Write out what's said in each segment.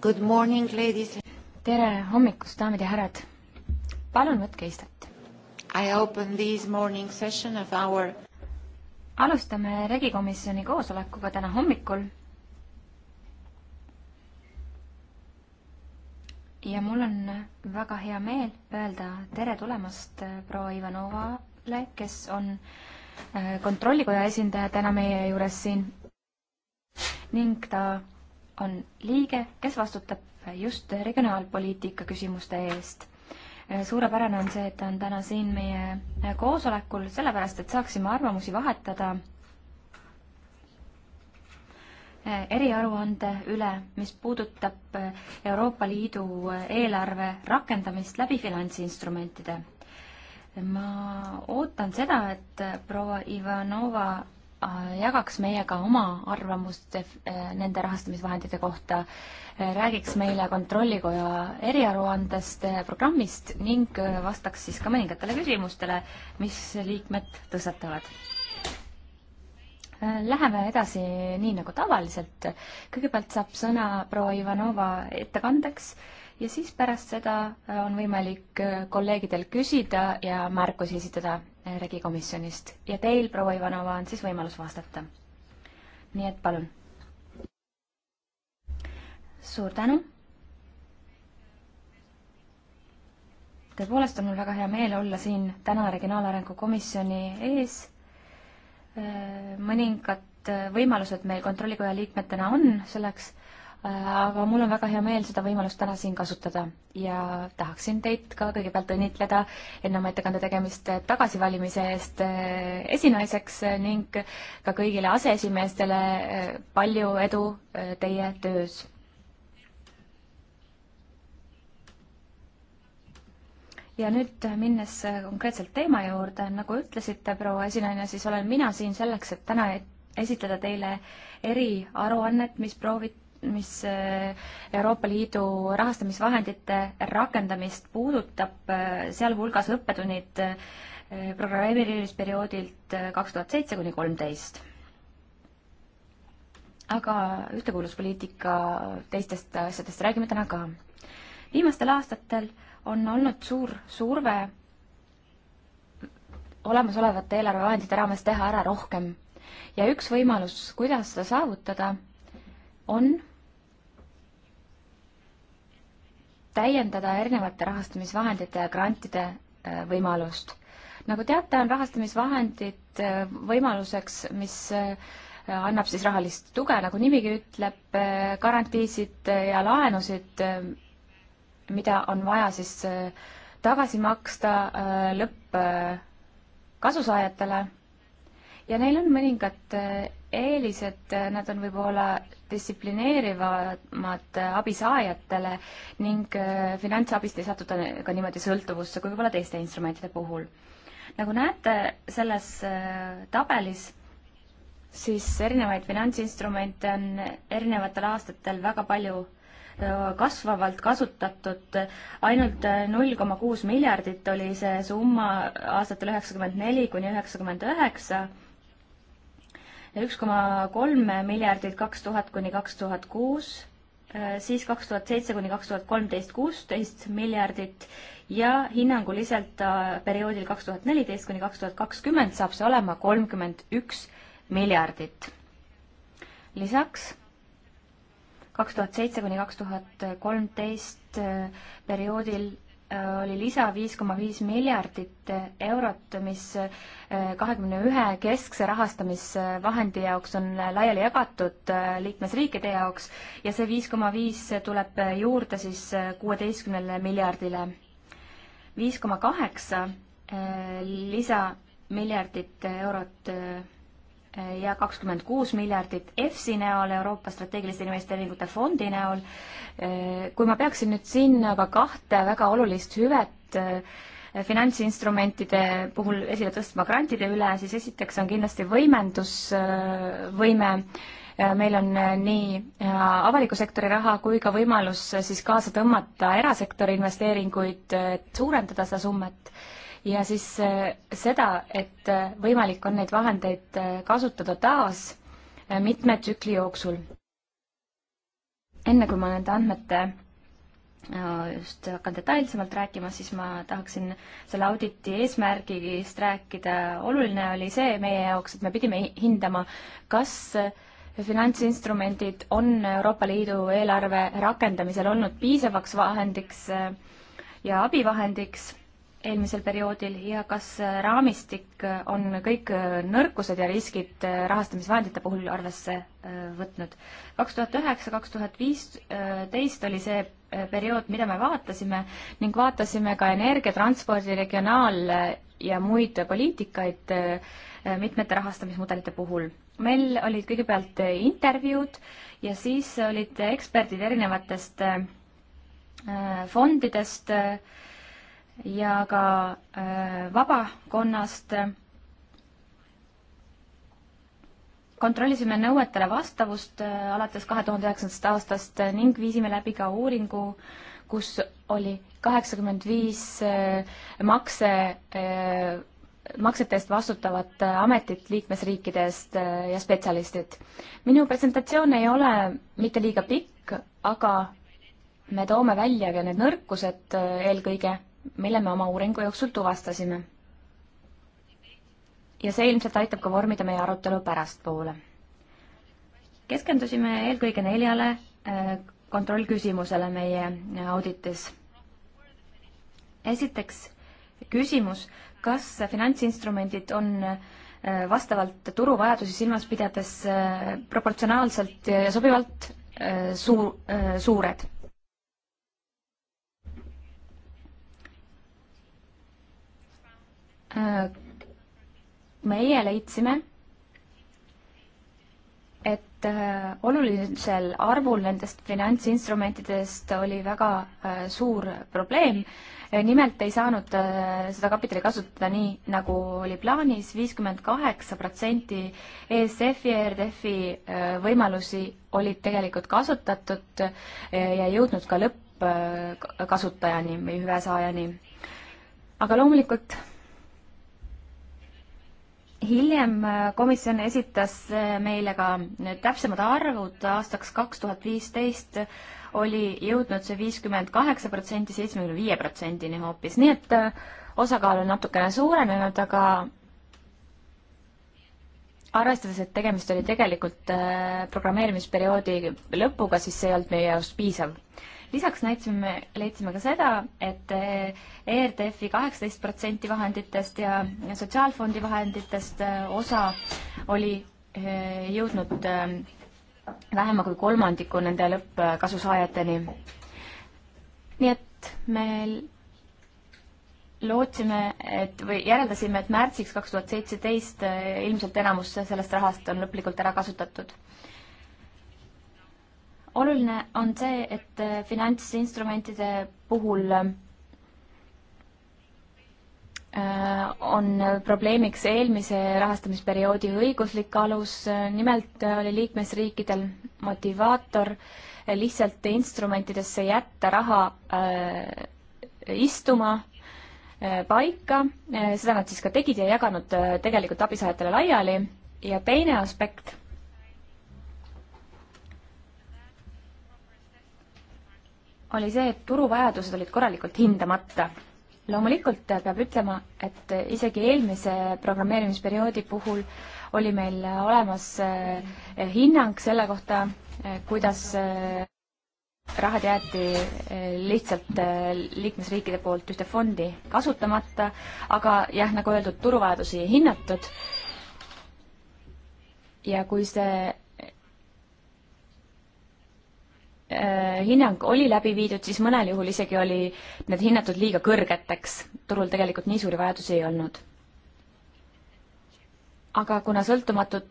Good morning, ladies. tere hommikust, daamid ja härrad. palun võtke istet. I open this morning session of our. alustame regikomisjoni koosolekuga täna hommikul. ja mul on väga hea meel öelda tere tulemast proua Ivanovale, kes on äh, kontrollikoja esindaja täna meie juures siin. ning ta on liige, kes vastutab just regionaalpoliitika küsimuste eest. suurepärane on see, et ta on täna siin meie koosolekul, sellepärast et saaksime arvamusi vahetada eriaruande üle, mis puudutab Euroopa Liidu eelarve rakendamist läbi finantsinstrumentide. ma ootan seda, et proua Ivanova Äh, jagaks meiega oma arvamust eh, nende rahastamisvahendite kohta, eh, räägiks meile Kontrollikoja eriaruandest, eh, programmist ning vastaks siis ka mõningatele küsimustele, mis liikmed tõstatavad. Äh, läheme edasi nii nagu tavaliselt. kõigepealt saab sõna proua Ivanova ettekandeks ja siis pärast seda äh, on võimalik kolleegidel küsida ja märkusi esitada regikomisjonist ja teil, proua Ivanova, on siis võimalus vastata. nii et palun. suur tänu. tõepoolest on mul väga hea meel olla siin täna Regionaalarengu Komisjoni ees. Äh, mõningad äh, võimalused meil kontrollikoja liikmetena on selleks aga mul on väga hea meel seda võimalust täna siin kasutada ja tahaksin teid ka kõigepealt õnnitleda enne oma ettekande tegemist tagasivalimise eest eh, esinaiseks ning ka kõigile aseesimeestele eh, palju edu eh, teie töös. ja nüüd minnes konkreetselt teema juurde, nagu ütlesite, proua esinaine, siis olen mina siin selleks, et täna esitleda teile eriaruannet, mis proovib mis eh, Euroopa Liidu rahastamisvahendite rakendamist puudutab, eh, sealhulgas õppetunnid eh, programmeerimisperioodilt kaks tuhat seitse kuni kolmteist. aga ühtekuuluvuspoliitika teistest asjadest räägime täna ka. viimastel aastatel on olnud suur surve olemasolevate eelarvevahendite raames teha ära rohkem ja üks võimalus, kuidas seda saavutada, on täiendada erinevate rahastamisvahendite ja grantide äh, võimalust. nagu teate, on rahastamisvahendid äh, võimaluseks, mis äh, annab siis rahalist tuge, nagu nimigi ütleb, garantiisid ja laenusid, mida on vaja siis tagasi maksta lõppkasusaajatele ja neil on mõningad eelised, nad on võib-olla distsiplineerivamad abisaajatele ning äh, finantsabist ei satuta ka niimoodi sõltuvusse kui võib-olla teiste instrumentide puhul. nagu näete selles äh, tabelis, siis erinevaid finantsinstrumente on erinevatel aastatel väga palju äh, kasvavalt kasutatud, ainult null koma kuus miljardit oli see summa aastatel üheksakümmend neli kuni üheksakümmend üheksa üks koma kolm miljardit kaks tuhat kuni kaks tuhat kuus, äh, siis kaks tuhat seitse kuni kaks tuhat kolmteist kuusteist miljardit ja hinnanguliselt äh, perioodil kaks tuhat neliteist kuni kaks tuhat kakskümmend saab see olema kolmkümmend üks miljardit. lisaks kaks tuhat seitse kuni kaks tuhat kolmteist äh, perioodil oli lisa viis koma viis miljardit eurot, mis eh, kahekümne ühe keskse rahastamisvahendi jaoks on laiali jagatud eh, liikmesriikide jaoks ja see viis koma viis tuleb juurde siis eh, kuueteistkümnele miljardile. viis koma kaheksa lisa miljardit eurot ja kakskümmend kuus miljardit EFSI näol, Euroopa strateegiliste investeeringute fondi näol. kui ma peaksin nüüd siin aga kahte väga olulist hüvet eh, finantsinstrumentide puhul esile tõstma grantide üle, siis esiteks on kindlasti võimendusvõime. meil on eh, nii eh, avaliku sektori raha kui ka võimalus siis kaasa tõmmata erasektori investeeringuid, et suurendada seda summat ja siis eh, seda, et eh, võimalik on neid vahendeid eh, kasutada taas mitme tsükli jooksul. enne kui ma nende andmete just hakkan detailsemalt rääkima, siis ma tahaksin selle auditi eesmärgist rääkida. oluline oli see meie jaoks, et me pidime hindama, kas finantsinstrumendid on Euroopa Liidu eelarve rakendamisel olnud piisavaks vahendiks ja abivahendiks eelmisel perioodil ja kas raamistik on kõik nõrkused ja riskid rahastamisvahendite puhul arvesse äh, võtnud? kaks tuhat üheksa, kaks tuhat viisteist oli see äh, periood, mida me vaatasime ning vaatasime ka energia, transpordi, regionaal- äh, ja muid poliitikaid mitmete rahastamismudelite puhul. meil olid kõigepealt intervjuud ja siis olid eksperdid erinevatest fondidest äh, ja ka äh, vabakonnast. kontrollisime nõuetele vastavust äh, alates kahe tuhande üheksandast aastast äh, ning viisime läbi ka uuringu, kus oli kaheksakümmend viis makse, maksete eest vastutavat ametit liikmesriikidest ja spetsialistid. minu presentatsioon ei ole mitte liiga pikk, aga me toome välja ka need nõrkused eelkõige mille me oma uuringu jooksul tuvastasime. ja see ilmselt aitab ka vormida meie arutelu pärastpoole. keskendusime eelkõige neljale äh, kontrollküsimusele meie äh, auditis. esiteks küsimus, kas finantsinstrumendid on äh, vastavalt turuvajadusi silmas pidades proportsionaalselt ja sobivalt suur, suured Äh, meie leidsime, et äh, olulisel arvul nendest finantsinstrumentidest oli väga äh, suur probleem. nimelt ei saanud seda kapitali kasutada nii, nagu oli plaanis, viiskümmend kaheksa protsenti ESF-i ja e RDF-i võimalusi olid tegelikult kasutatud ja jõudnud ka lõppkasutajani või hüvesaajani. aga loomulikult hiljem äh, komisjon esitas äh, meile ka äh, täpsemad arvud, aastaks kaks tuhat viisteist oli jõudnud see viiskümmend kaheksa protsenti seitsmekümne viie protsendini hoopis, nii et osakaal on natukene suurenenud, aga arvestades, et tegemist oli tegelikult programmeerimisperioodi lõpuga, siis see ei olnud meie jaoks piisav lisaks näitasime, leidsime ka seda, et ERDF-i eh, e kaheksateist protsenti vahenditest ja Sotsiaalfondi vahenditest eh, osa oli eh, jõudnud vähema kui kolmandiku nende lõppkasusaajateni. nii et me lootsime, et või järeldasime, et märtsiks kaks tuhat seitseteist ilmselt enamus sellest rahast on lõplikult ära kasutatud oluline on see, et äh, finantsinstrumentide puhul äh, on probleemiks eelmise rahastamisperioodi õiguslik alus, nimelt äh, oli liikmesriikidel motivaator lihtsalt instrumentidesse jätta raha istuma paika, seda nad siis ka tegid ja jaganud tegelikult abisaajatele laiali ja teine aspekt oli see, et turuvajadused olid korralikult hindamata. loomulikult peab ütlema, et isegi eelmise programmeerimisperioodi puhul oli meil olemas eh, hinnang selle kohta, eh, kuidas eh, rahad jäeti lihtsalt liikmesriikide poolt ühte fondi kasutamata, aga jah, nagu öeldud, turuvajadusi ei hinnatud. ja kui see Äh, hinnang oli läbi viidud, siis mõnel juhul isegi oli need hinnatud liiga kõrgeteks. turul tegelikult nii suuri vajadusi ei olnud. aga kuna sõltumatud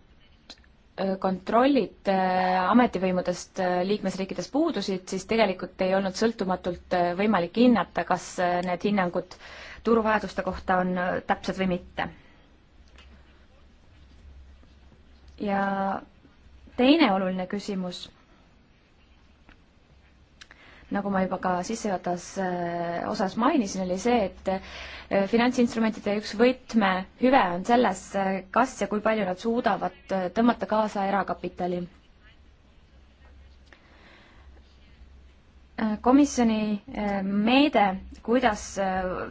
äh, kontrollid äh, ametivõimudest liikmesriikides puudusid, siis tegelikult ei olnud sõltumatult võimalik hinnata, kas need hinnangud turuvajaduste kohta on täpsed või mitte. ja teine oluline küsimus nagu ma juba ka sissejuhatavas äh, osas mainisin, oli see, et äh, finantsinstrumentide üks võtmehüve on selles, äh, kas ja kui palju nad suudavad tõmmata kaasa erakapitali. komisjoni meede, kuidas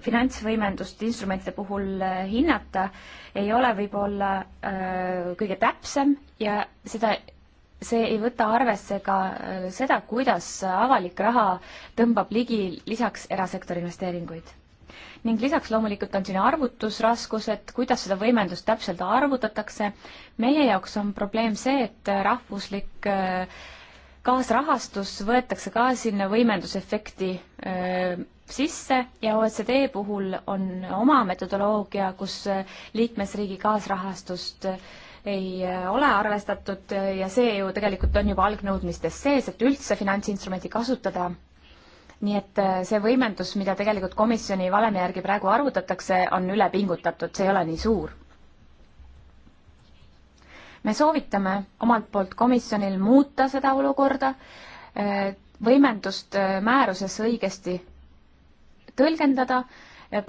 finantsvõimendust instrumentide puhul hinnata, ei ole võib-olla kõige täpsem ja seda see ei võta arvesse ka äh, seda, kuidas avalik raha tõmbab ligi lisaks erasektori investeeringuid. ning lisaks loomulikult on siin arvutusraskused, kuidas seda võimendust täpselt arvutatakse. meie jaoks on probleem see, et rahvuslik äh, kaasrahastus võetakse ka sinna võimendusefekti äh, sisse ja OECD puhul on oma metodoloogia, kus liikmesriigi kaasrahastust äh, ei äh, ole arvestatud ja see ju tegelikult on juba algnõudmistes sees, et üldse finantsinstrumenti kasutada. nii et äh, see võimendus, mida tegelikult komisjoni valemi järgi praegu arvutatakse, on üle pingutatud, see ei ole nii suur. me soovitame omalt poolt komisjonil muuta seda olukorda, äh, võimendust määruses õigesti tõlgendada,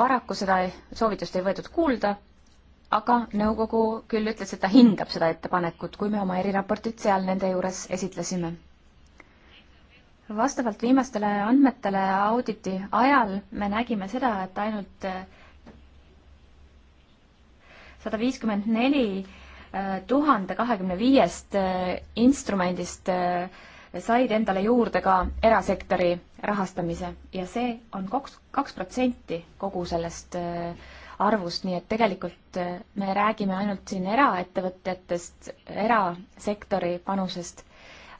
paraku seda soovitust ei võetud kuulda aga nõukogu küll ütles, et ta hindab seda ettepanekut, kui me oma eriraportit seal nende juures esitlesime. vastavalt viimastele andmetele auditi ajal me nägime seda, et ainult eh, sada viiskümmend neli eh, tuhande kahekümne viiest eh, instrumendist said endale juurde ka erasektori rahastamise ja see on kaks, kaks protsenti kogu sellest äh, arvust, nii et tegelikult äh, me räägime ainult siin eraettevõtjatest, erasektori panusest,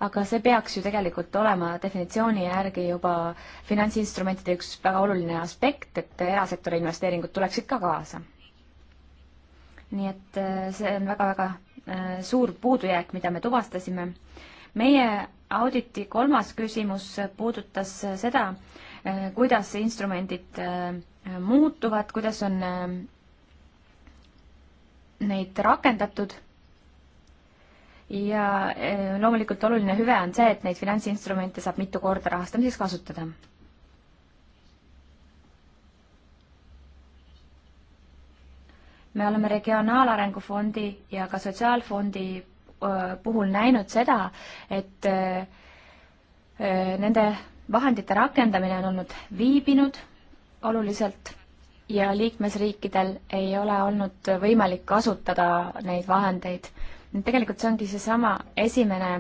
aga see peaks ju tegelikult olema definitsiooni järgi juba finantsinstrumentide üks väga oluline aspekt, et erasektori investeeringud tuleksid ka kaasa. nii et äh, see on väga-väga äh, suur puudujääk, mida me tuvastasime. meie auditi kolmas küsimus puudutas seda, Äh, kuidas instrumendid äh, muutuvad, kuidas on äh, neid rakendatud. ja loomulikult oluline hüve on see, et neid finantsinstrumente saab mitu korda rahastamiseks kasutada. me oleme Regionaalarengu Fondi ja ka Sotsiaalfondi puhul näinud seda, et nende vahendite rakendamine on olnud viibinud oluliselt ja liikmesriikidel ei ole olnud võimalik kasutada neid vahendeid. tegelikult see ongi seesama esimene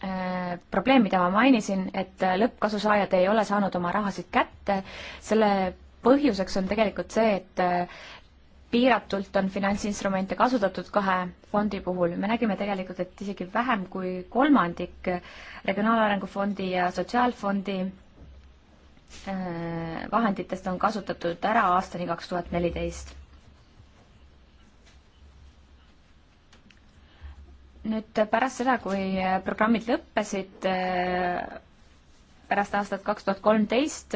äh, probleem, mida ma mainisin, et lõppkasusaajad ei ole saanud oma rahasid kätte, selle põhjuseks on tegelikult see, et äh, piiratult on finantsinstrumente kasutatud kahe fondi puhul. me nägime tegelikult, et isegi vähem kui kolmandik Regionaalarengu Fondi ja Sotsiaalfondi äh, vahenditest on kasutatud ära aastani kaks tuhat neliteist. nüüd pärast seda, kui programmid lõppesid, äh, pärast aastat kaks tuhat kolmteist,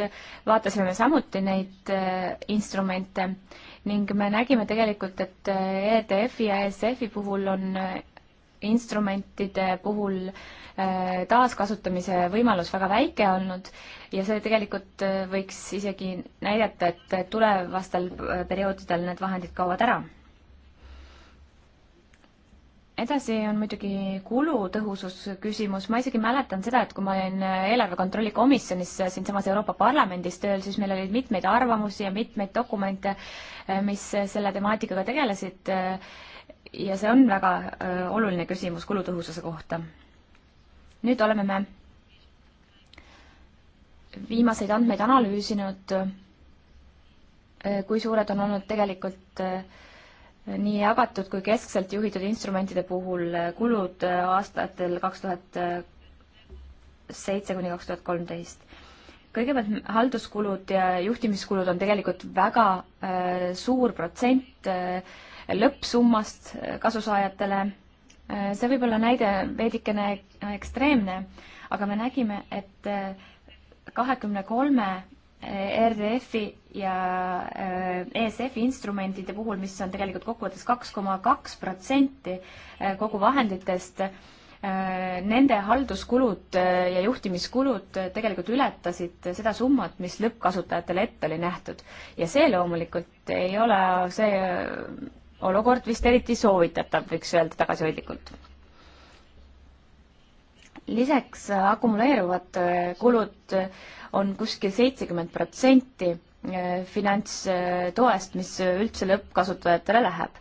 vaatasime samuti neid äh, instrumente ning me nägime tegelikult, et EDF-i ja ESF-i puhul on äh, instrumentide puhul äh, taaskasutamise võimalus väga väike olnud ja see tegelikult äh, võiks isegi näidata, et tulevastel perioodidel need vahendid kaovad ära edasi on muidugi kulutõhusus küsimus, ma isegi mäletan seda, et kui ma olin eelarve kontrolli komisjonis siinsamas Euroopa Parlamendis tööl, siis meil oli mitmeid arvamusi ja mitmeid dokumente, mis selle temaatikaga tegelesid. ja see on väga oluline küsimus kulutõhususe kohta. nüüd oleme me viimaseid andmeid analüüsinud, kui suured on olnud tegelikult äh, nii jagatud kui keskselt juhitud instrumentide puhul äh, kulud äh, aastatel kaks tuhat äh, seitse kuni kaks tuhat kolmteist. kõigepealt halduskulud ja juhtimiskulud on tegelikult väga äh, suur protsent äh, lõppsummast kasusaajatele äh,. see võib olla näide veidikene ekstreemne, aga me nägime, et kahekümne kolme RF-i ja äh, ESF-i instrumentide puhul, mis on tegelikult kokkuvõttes kaks koma kaks protsenti äh, kogu vahenditest, äh, nende halduskulud ja juhtimiskulud tegelikult ületasid seda summat, mis lõppkasutajatele ette oli nähtud. ja see loomulikult ei ole see olukord vist eriti soovitatav, võiks öelda tagasihoidlikult lisaks akumuleeruvad kulud on kuskil seitsekümmend protsenti äh, finantstoest, mis üldse lõppkasutajatele läheb.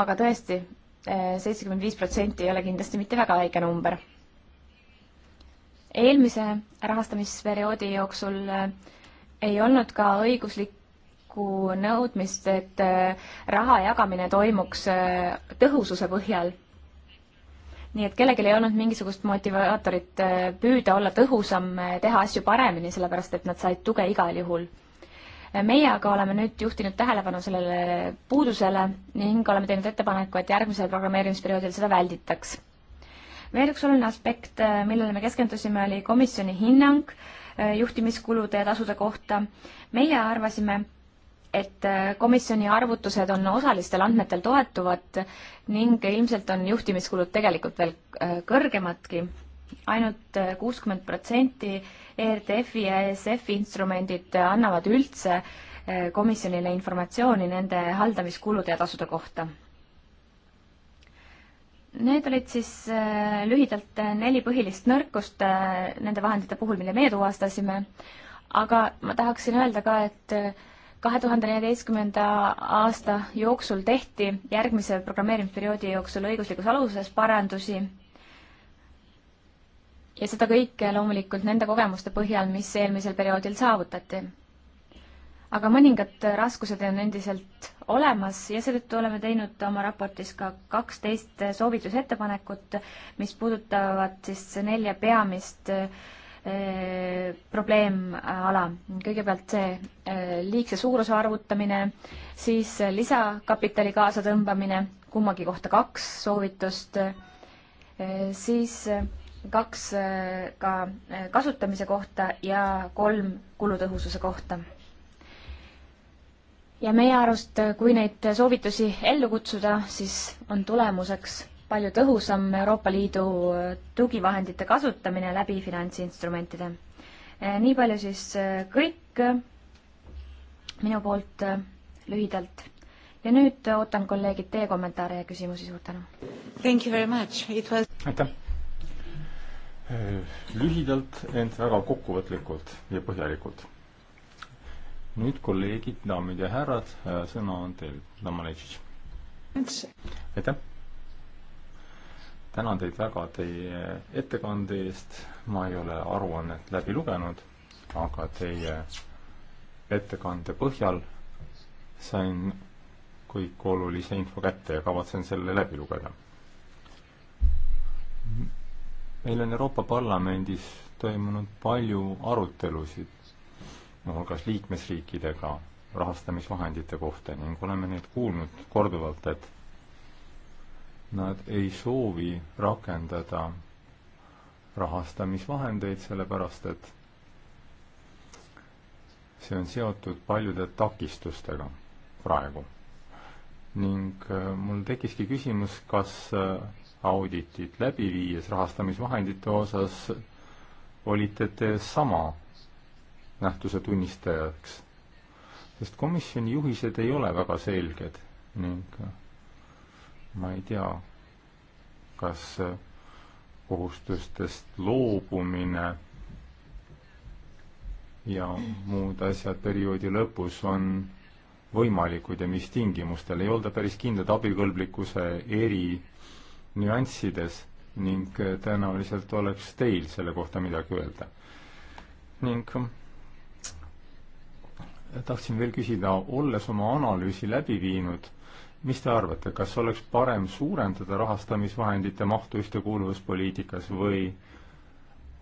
aga tõesti, äh, seitsekümmend viis protsenti ei ole kindlasti mitte väga väike number. eelmise rahastamisperioodi jooksul äh, ei olnud ka õiguslikku nõudmist, et raha jagamine toimuks tõhususe põhjal nii et kellelgi ei olnud mingisugust motivaatorit äh, püüda olla tõhusam, äh, teha asju paremini, sellepärast et nad said tuge igal juhul. Äh, meie aga oleme nüüd juhtinud tähelepanu sellele puudusele ning oleme teinud ettepaneku, et järgmisel programmeerimisperioodil seda välditaks. veel üks oluline aspekt, millele me keskendusime, oli komisjoni hinnang juhtimiskulude ja tasude kohta. meie arvasime, et äh, komisjoni arvutused on osalistel andmetel toetuvad ning ilmselt on juhtimiskulud tegelikult veel äh, kõrgemadki ainult. ainult äh, kuuskümmend protsenti ERTF-i ja ESF-i instrumendid annavad üldse komisjonile informatsiooni nende haldamiskulude ja tasude kohta. Need olid siis lühidalt neli põhilist nõrkust nende vahendite puhul, mille meie tuvastasime, aga ma tahaksin öelda ka, et kahe tuhande neljateistkümnenda aasta jooksul tehti järgmise programmeerimisperioodi jooksul õiguslikus aluses parandusi ja seda kõike loomulikult nende kogemuste põhjal, mis eelmisel perioodil saavutati. aga mõningad raskused on endiselt olemas ja seetõttu oleme teinud oma raportis ka kaksteist soovitusettepanekut, mis puudutavad siis nelja peamist äh, Eh, probleemala. kõigepealt see eh, liigse suuruse arvutamine, siis eh, lisakapitali kaasatõmbamine, kummagi kohta kaks soovitust, siis kaks ka kasutamise kohta ja kolm kulutõhususe kohta ja meie arust, kui neid soovitusi ellu kutsuda, siis on tulemuseks palju tõhusam Euroopa Liidu tugivahendite kasutamine läbi finantsinstrumentide. Eh, nii palju siis eh, kõik eh, minu poolt lühidalt. ja nüüd ootan, kolleegid, teie kommentaare ja küsimusi, suur tänu! Was... aitäh! lühidalt, ent väga kokkuvõtlikult ja põhjalikult. nüüd kolleegid, daamid ja härrad, sõna on teil, Lamanetšitš. aitäh! tänan teid väga teie ettekande eest, ma ei ole aruannet läbi lugenud, aga teie ettekande põhjal sain kõik olulise info kätte ja kavatsen selle läbi lugeda. meil on Euroopa Parlamendis toimunud palju arutelusid, muuhulgas liikmesriikidega rahastamisvahendite kohta ning oleme nüüd kuulnud korduvalt, et nad ei soovi rakendada rahastamisvahendeid, sellepärast et see on seotud paljude takistustega praegu. ning äh, mul tekkiski küsimus, kas äh, auditit läbi viies rahastamisvahendite osas olite te sama nähtuse tunnistajaks? sest komisjoni juhised ei ole väga selged ning äh, ma ei tea, kas kohustustest loobumine ja muud asjad perioodi lõpus on võimalikud ja mis tingimustel. ei olda päris kindlad abikõlblikkuse eri nüanssides ning tõenäoliselt oleks teil selle kohta midagi öelda. ning tahtsin veel küsida, olles oma analüüsi läbi viinud mis te arvate, kas oleks parem suurendada rahastamisvahendite mahtu ühtekuuluvuspoliitikas või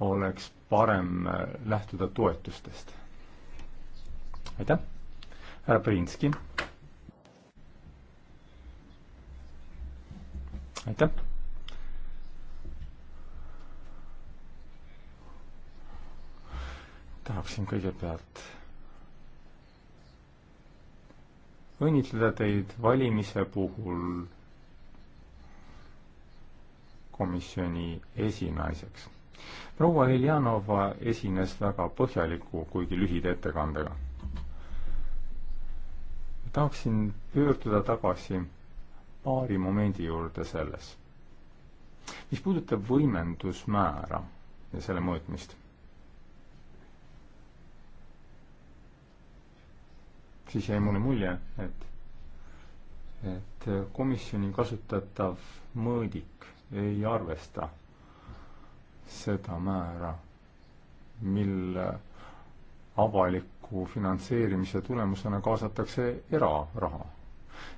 oleks parem äh, lähtuda toetustest? aitäh, härra Prinski. aitäh. tahaksin kõigepealt õnnitleda teid valimise puhul komisjoni esinaiseks. proua Iljanova esines väga põhjaliku, kuigi lühida ettekandega. tahaksin pöörduda tagasi paari momendi juurde selles, mis puudutab võimendusmäära ja selle mõõtmist siis jäi mulle mulje, et, et komisjoni kasutatav mõõdik ei arvesta seda määra, mille avaliku finantseerimise tulemusena kaasatakse eraraha.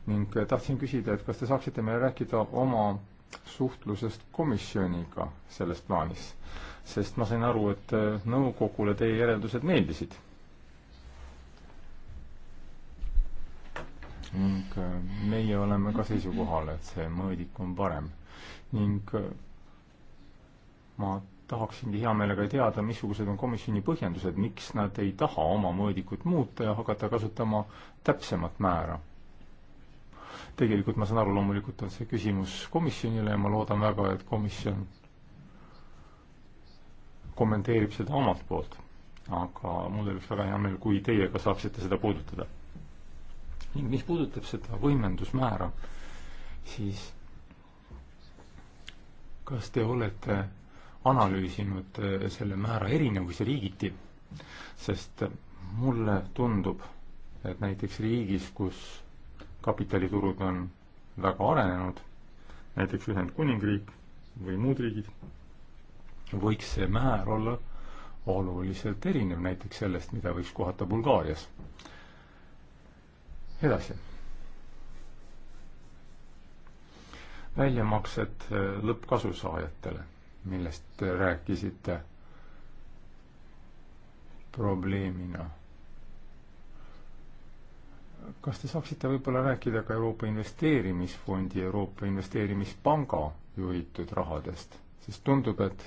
ning tahtsin küsida, et kas te saaksite meile rääkida oma suhtlusest komisjoniga selles plaanis, sest ma sain aru, et nõukogule teie järeldused meeldisid ning äh, meie oleme ka seisukohal, et see mõõdik on parem. ning äh, ma tahaksingi hea meelega teada, missugused on komisjoni põhjendused, miks nad ei taha oma mõõdikut muuta ja hakata kasutama täpsemat määra. tegelikult ma saan aru, loomulikult on see küsimus komisjonile ja ma loodan väga, et komisjon kommenteerib seda omalt poolt. aga mul oleks väga hea meel, kui teie ka saaksite seda puudutada ning mis puudutab seda võimendusmäära, siis kas te olete analüüsinud eh, selle määra erinevusi riigiti? sest mulle tundub, et näiteks riigis, kus kapitaliturud on väga arenenud, näiteks Ühendkuningriik või muud riigid, võiks see määr olla oluliselt erinev näiteks sellest, mida võiks kohata Bulgaarias edasi. väljamaksed eh, lõppkasusaajatele, millest rääkisite probleemina. kas te saaksite võib-olla rääkida ka Euroopa Investeerimisfondi, Euroopa Investeerimispanga juhitud rahadest, sest tundub, et,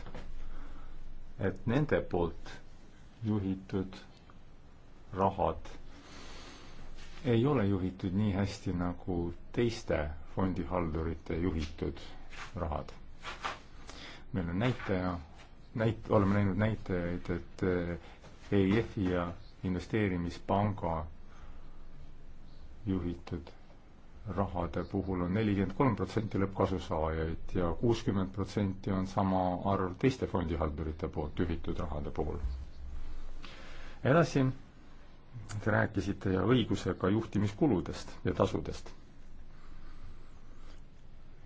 et nende poolt juhitud rahad ei ole juhitud nii hästi nagu teiste fondihaldurite juhitud rahad. meil on näitaja, näit-, oleme näinud näitajaid, et EIF-i eh, e ja investeerimispanga juhitud rahade puhul on nelikümmend kolm protsenti lõppkasusaajaid ja kuuskümmend protsenti on sama arv teiste fondihaldurite poolt juhitud rahade puhul. edasi Te rääkisite ja õigusega juhtimiskuludest ja tasudest.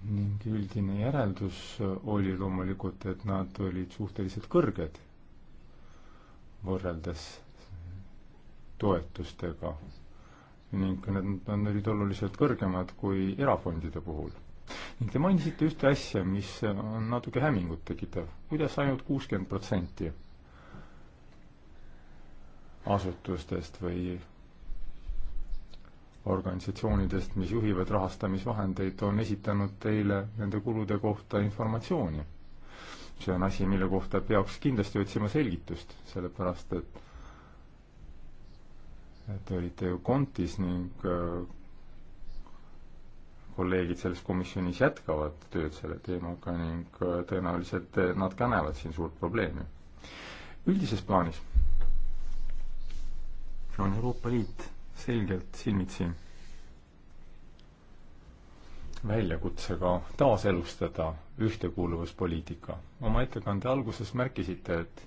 ning üldine järeldus oli loomulikult, et nad olid suhteliselt kõrged võrreldes toetustega ning need, nad olid oluliselt kõrgemad kui erafondide puhul. ning te mainisite ühte asja, mis on natuke hämmingut tekitav. kuidas ainult kuuskümmend protsenti? asutustest või organisatsioonidest, mis juhivad rahastamisvahendeid, on esitanud teile nende kulude kohta informatsiooni. see on asi, mille kohta peaks kindlasti otsima selgitust, sellepärast et te olite ju kontis ning äh, kolleegid selles komisjonis jätkavad tööd selle teemaga ning äh, tõenäoliselt nad ka näevad siin suurt probleemi. üldises plaanis on Euroopa Liit selgelt silmitsi väljakutsega taaselustada ühtekuuluvuspoliitika. oma ettekande alguses märkisite, et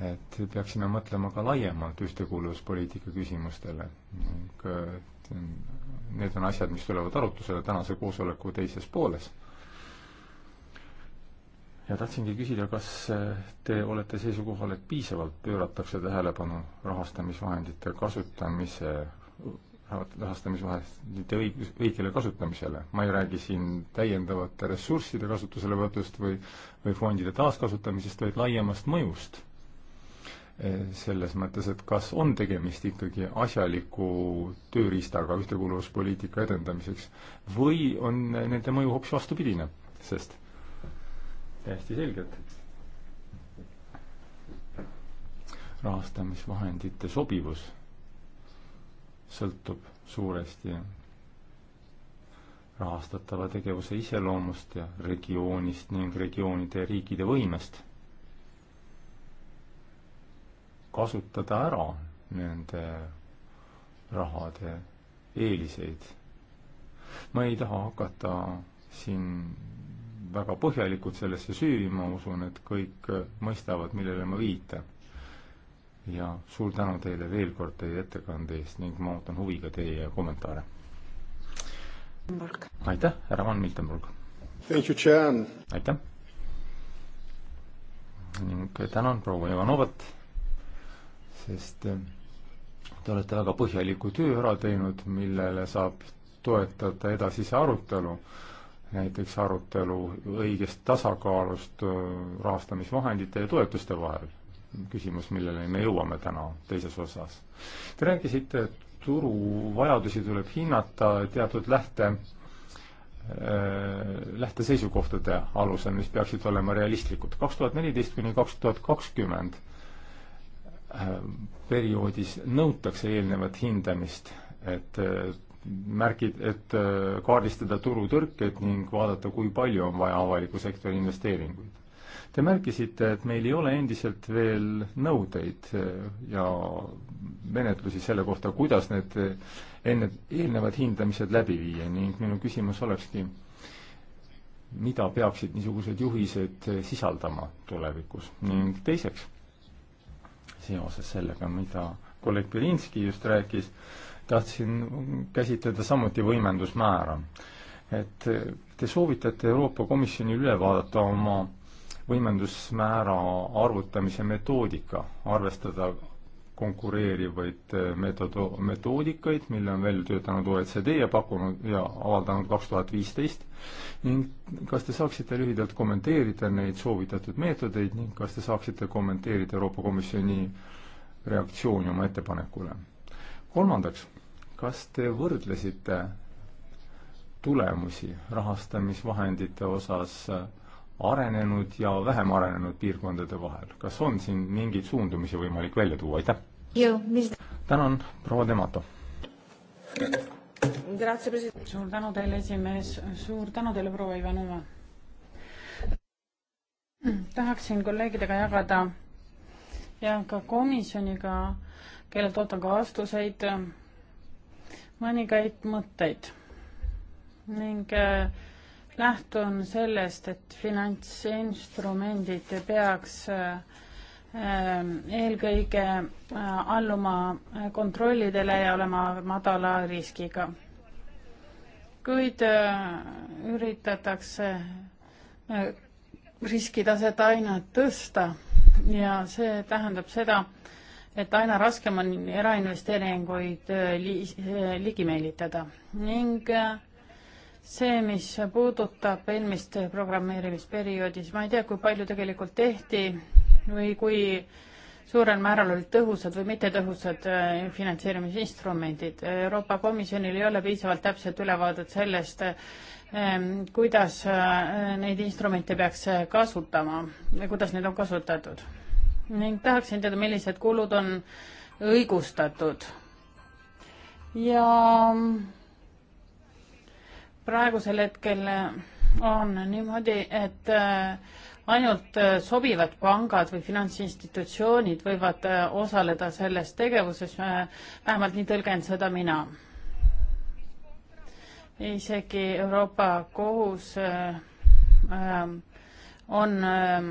et peaksime mõtlema ka laiemalt ühtekuuluvuspoliitika küsimustele. Need on asjad, mis tulevad arutusele tänase koosoleku teises pooles ja tahtsingi küsida, kas eh, te olete seisukohal, et piisavalt pööratakse tähelepanu rahastamisvahendite kasutamise, rahastamisvahendite õigus, õigele kasutamisele? ma ei räägi siin täiendavate ressursside kasutuselevõtust või, või fondide taaskasutamisest, vaid laiemast mõjust. Eh, selles mõttes, et kas on tegemist ikkagi asjaliku tööriistaga ühtekuuluvuspoliitika edendamiseks või on nende mõju hoopis vastupidine, sest täiesti selgelt. rahastamisvahendite sobivus sõltub suuresti rahastatava tegevuse iseloomust ja regioonist ning regioonide ja riikide võimest kasutada ära nende rahade eeliseid. ma ei taha hakata siin väga põhjalikult sellesse süüvi, ma usun, et kõik mõistavad, millele ma viitan. ja suur tänu teile veel kord teie ettekande eest ning ma ootan huviga teie kommentaare. aitäh, härra Van Miltenburg! aitäh! ning tänan proua Ivanovat, sest eh, te olete väga põhjaliku töö ära teinud, millele saab toetada edasise arutelu näiteks arutelu õigest tasakaalust äh, rahastamisvahendite ja toetuste vahel, küsimus, millele me jõuame täna teises osas. Te rääkisite, et turuvajadusi tuleb hinnata teatud lähte, äh, lähteseisukohtade alusel, mis peaksid olema realistlikud. kaks tuhat neliteist kuni kaks tuhat kakskümmend äh, perioodis nõutakse eelnevat hindamist, et märgid, et äh, kaardistada turutõrked ning vaadata, kui palju on vaja avaliku sektori investeeringuid. Te märkisite, et meil ei ole endiselt veel nõudeid äh, ja menetlusi selle kohta, kuidas need äh, enne, eelnevad hindamised läbi viia ning minu küsimus olekski, mida peaksid niisugused juhised sisaldama tulevikus ning teiseks, seoses sellega, mida kolleeg Berinski just rääkis, tahtsin käsitleda samuti võimendusmäära. et te soovitate Euroopa Komisjonil üle vaadata oma võimendusmäära arvutamise metoodika, arvestada konkureerivaid metodo-, metoodikaid, mille on välja töötanud OECD ja pakkunud ja avaldanud kaks tuhat viisteist ning kas te saaksite lühidalt kommenteerida neid soovitatud meetodeid ning kas te saaksite kommenteerida Euroopa Komisjoni reaktsiooni oma ettepanekule? kolmandaks, kas te võrdlesite tulemusi rahastamisvahendite osas arenenud ja vähem arenenud piirkondade vahel, kas on siin mingeid suundumisi võimalik välja tuua, aitäh! tänan, proua Demato! suur tänu teile, esimees, suur tänu teile, proua Ivanova! tahaksin kolleegidega jagada ja ka komisjoniga äh, kellelt ootan ka vastuseid, mõningaid mõtteid ning äh, lähtun sellest, et finantsinstrumendid peaks äh, eelkõige äh, alluma kontrollidele ja olema madala riskiga. kuid üritatakse riskitaset aina tõsta ja see tähendab seda, et aina raskem on erainvesteeringuid äh, äh, ligi meelitada ning äh, see, mis puudutab eelmist programmeerimisperioodi, siis ma ei tea, kui palju tegelikult tehti või kui suurel määral olid tõhusad või mittetõhusad finantseerimisinstrumendid. Euroopa Komisjonil ei ole piisavalt täpset ülevaadet sellest, ähm, kuidas neid instrumente peaks kasutama ja kuidas neid on kasutatud ning tahaksin teada, millised kulud on õigustatud. ja praegusel hetkel on niimoodi, et äh, ainult äh, sobivad pangad või finantsinstitutsioonid võivad äh, osaleda selles tegevuses, vähemalt nii tõlgen seda mina. isegi Euroopa Kohus on ähm,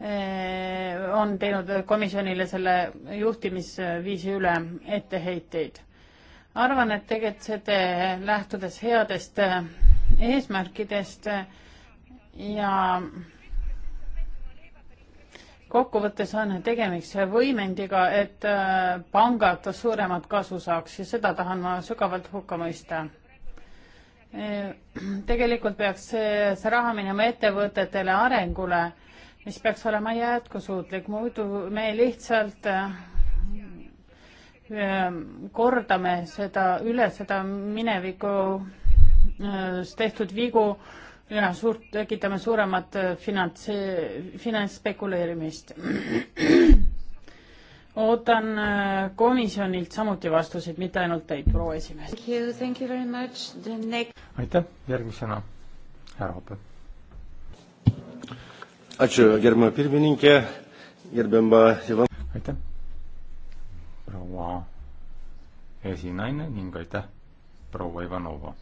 Äh, on teinud komisjonile selle juhtimisviisi üle etteheiteid. arvan, et tegutsete äh, lähtudes headest äh, eesmärkidest ja kokkuvõttes on tegemist võimendiga, et pangad suuremat kasu saaks ja seda tahan ma sügavalt hukka mõista tegelikult peaks see, see raha minema ettevõtetele arengule mis peaks olema jätkusuutlik, muidu me lihtsalt äh, äh, kordame seda üle, seda minevikus äh, tehtud vigu ja suurt, tekitame suuremat finants, finantsspekuleerimist ootan komisjonilt samuti vastuseid, mitte ainult teid, proua esimees. aitäh, järgmisena härra Ope aitäh, proua esinaine ning aitäh, proua Ivanova.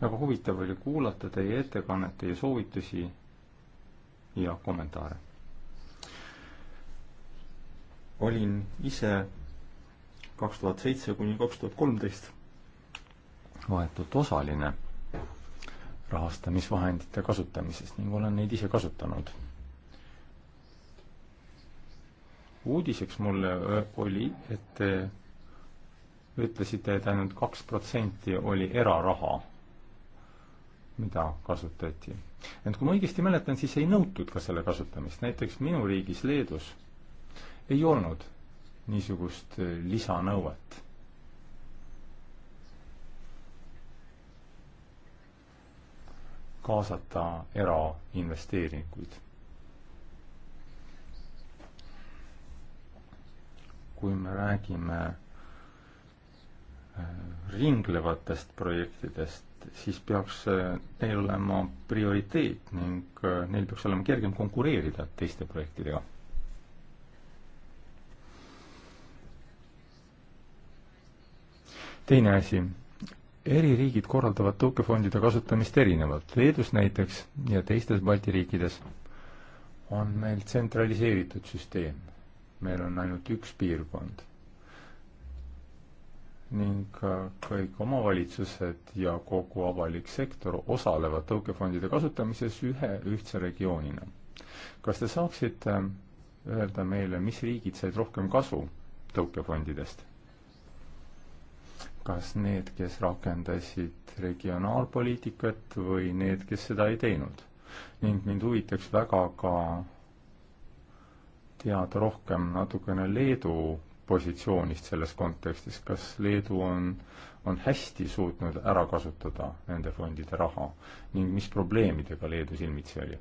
väga huvitav oli kuulata teie ettekannet, teie soovitusi ja kommentaare. olin ise kaks tuhat seitse kuni kaks tuhat kolmteist vahetult osaline rahastamisvahendite kasutamisest ning olen neid ise kasutanud. uudiseks mulle oli, et te ütlesite, et ainult kaks protsenti oli eraraha, mida kasutati. ent kui ma õigesti mäletan, siis ei nõutud ka selle kasutamist, näiteks minu riigis Leedus ei olnud niisugust äh, lisanõuet kaasata erainvesteeringuid. kui me räägime äh, ringlevatest projektidest, siis peaks äh, neil olema prioriteet ning äh, neil peaks olema kergem konkureerida teiste projektidega teine asi, eri riigid korraldavad tõukefondide kasutamist erinevalt. Leedus näiteks ja teistes Balti riikides on meil tsentraliseeritud süsteem. meil on ainult üks piirkond. ning kõik omavalitsused ja kogu avalik sektor osalevad tõukefondide kasutamises ühe ühtse regioonina. kas te saaksite öelda meile, mis riigid said rohkem kasu tõukefondidest? kas need, kes rakendasid regionaalpoliitikat või need, kes seda ei teinud. ning mind huvitaks väga ka teada rohkem natukene Leedu positsioonist selles kontekstis, kas Leedu on, on hästi suutnud ära kasutada nende fondide raha ning mis probleemidega Leedu silmitsi oli?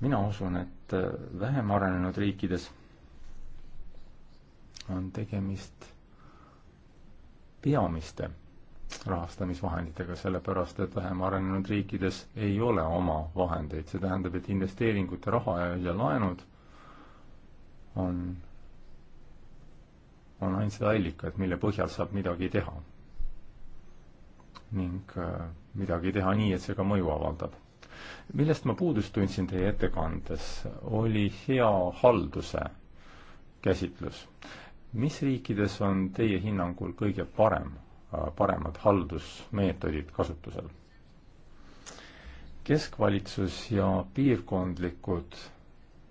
mina usun, et vähem arenenud riikides on tegemist peamiste rahastamisvahenditega, sellepärast et vähem arenenud riikides ei ole oma vahendeid, see tähendab, et investeeringute raha ja, ja laenud on, on ainsad allikad, mille põhjal saab midagi teha. ning äh, midagi teha nii, et see ka mõju avaldab. millest ma puudust tundsin teie ettekandes, oli hea halduse käsitlus mis riikides on teie hinnangul kõige parem, äh, paremad haldusmeetodid kasutusel? keskvalitsus ja piirkondlikud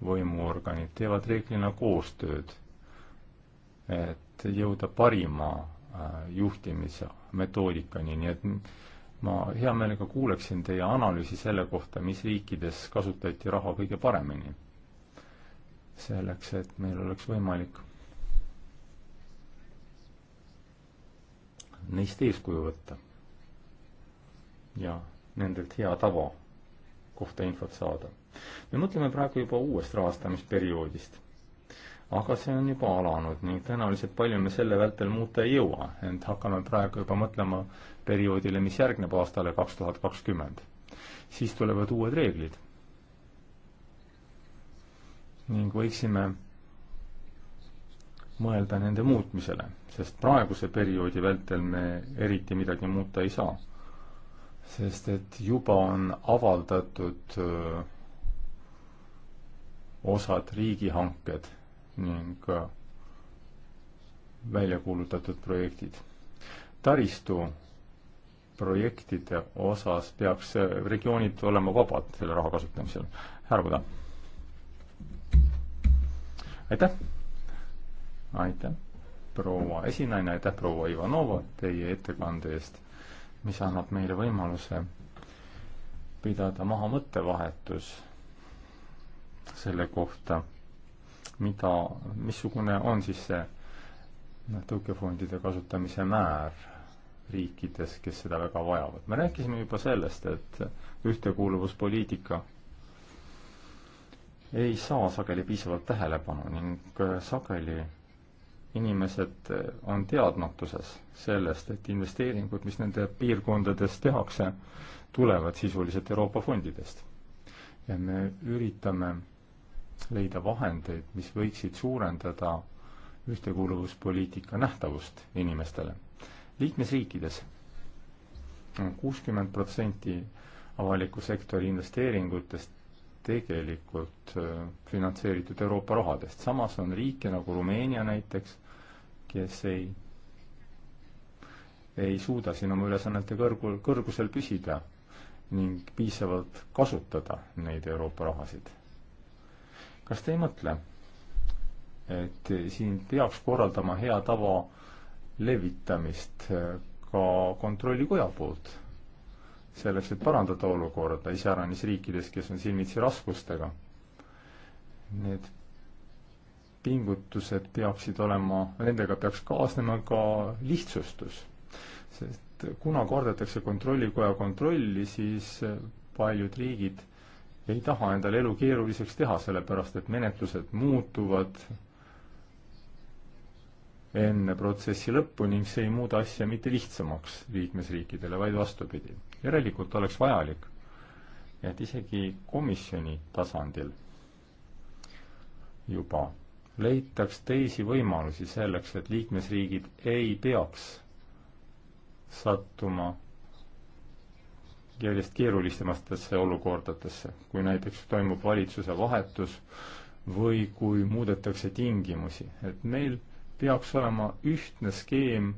võimuorganid teevad reeglina koostööd, et jõuda parima äh, juhtimise metoodikani, nii et ma hea meelega kuuleksin teie analüüsi selle kohta, mis riikides kasutati raha kõige paremini. selleks, et meil oleks võimalik neist eeskuju võtta ja nendelt hea tava kohta infot saada. me mõtleme praegu juba uuest rahastamisperioodist, aga see on juba alanud ning tõenäoliselt palju me selle vältel muuta ei jõua, ent hakkame praegu juba mõtlema perioodile, mis järgneb aastale kaks tuhat kakskümmend. siis tulevad uued reeglid ning võiksime mõelda nende muutmisele, sest praeguse perioodi vältel me eriti midagi muuta ei saa. sest et juba on avaldatud öö, osad riigihanked ning öö, välja kuulutatud projektid. taristu projektide osas peaks regioonid olema vabad selle raha kasutamisel. härra Koda. aitäh! aitäh, proua esinaine, aitäh, proua Ivanova, teie ettekande eest, mis annab meile võimaluse pidada maha mõttevahetus selle kohta, mida, missugune on siis see noh, tõukefondide kasutamise määr riikides, kes seda väga vajavad. me rääkisime juba sellest, et ühtekuuluvuspoliitika ei saa sageli piisavalt tähelepanu ning sageli inimesed eh, on teadmatuses sellest, et investeeringud, mis nende piirkondades tehakse, tulevad sisuliselt Euroopa fondidest. ja me üritame leida vahendeid, mis võiksid suurendada ühtekuuluvuspoliitika nähtavust inimestele. liikmesriikides kuuskümmend protsenti avaliku sektori investeeringutest tegelikult äh, finantseeritud Euroopa rahadest. samas on riike nagu Rumeenia näiteks, kes ei, ei suuda siin oma ülesannete kõrgul, kõrgusel püsida ning piisavalt kasutada neid Euroopa rahasid. kas te ei mõtle, et siin peaks korraldama hea tava levitamist äh, ka kontrollikoja poolt? selleks, et parandada olukorda iseäranis riikides, kes on silmitsi raskustega. Need pingutused peaksid olema, nendega peaks kaasnema ka lihtsustus. sest kuna kardetakse Kontrollikoja kontrolli, siis paljud riigid ei taha endale elu keeruliseks teha, sellepärast et menetlused muutuvad enne protsessi lõppu ning see ei muuda asja mitte lihtsamaks liikmesriikidele, vaid vastupidi järelikult oleks vajalik, et isegi komisjoni tasandil juba leitaks teisi võimalusi selleks, et liikmesriigid ei peaks sattuma järjest keerulisematesse olukordadesse, kui näiteks toimub valitsuse vahetus või kui muudetakse tingimusi, et meil peaks olema ühtne skeem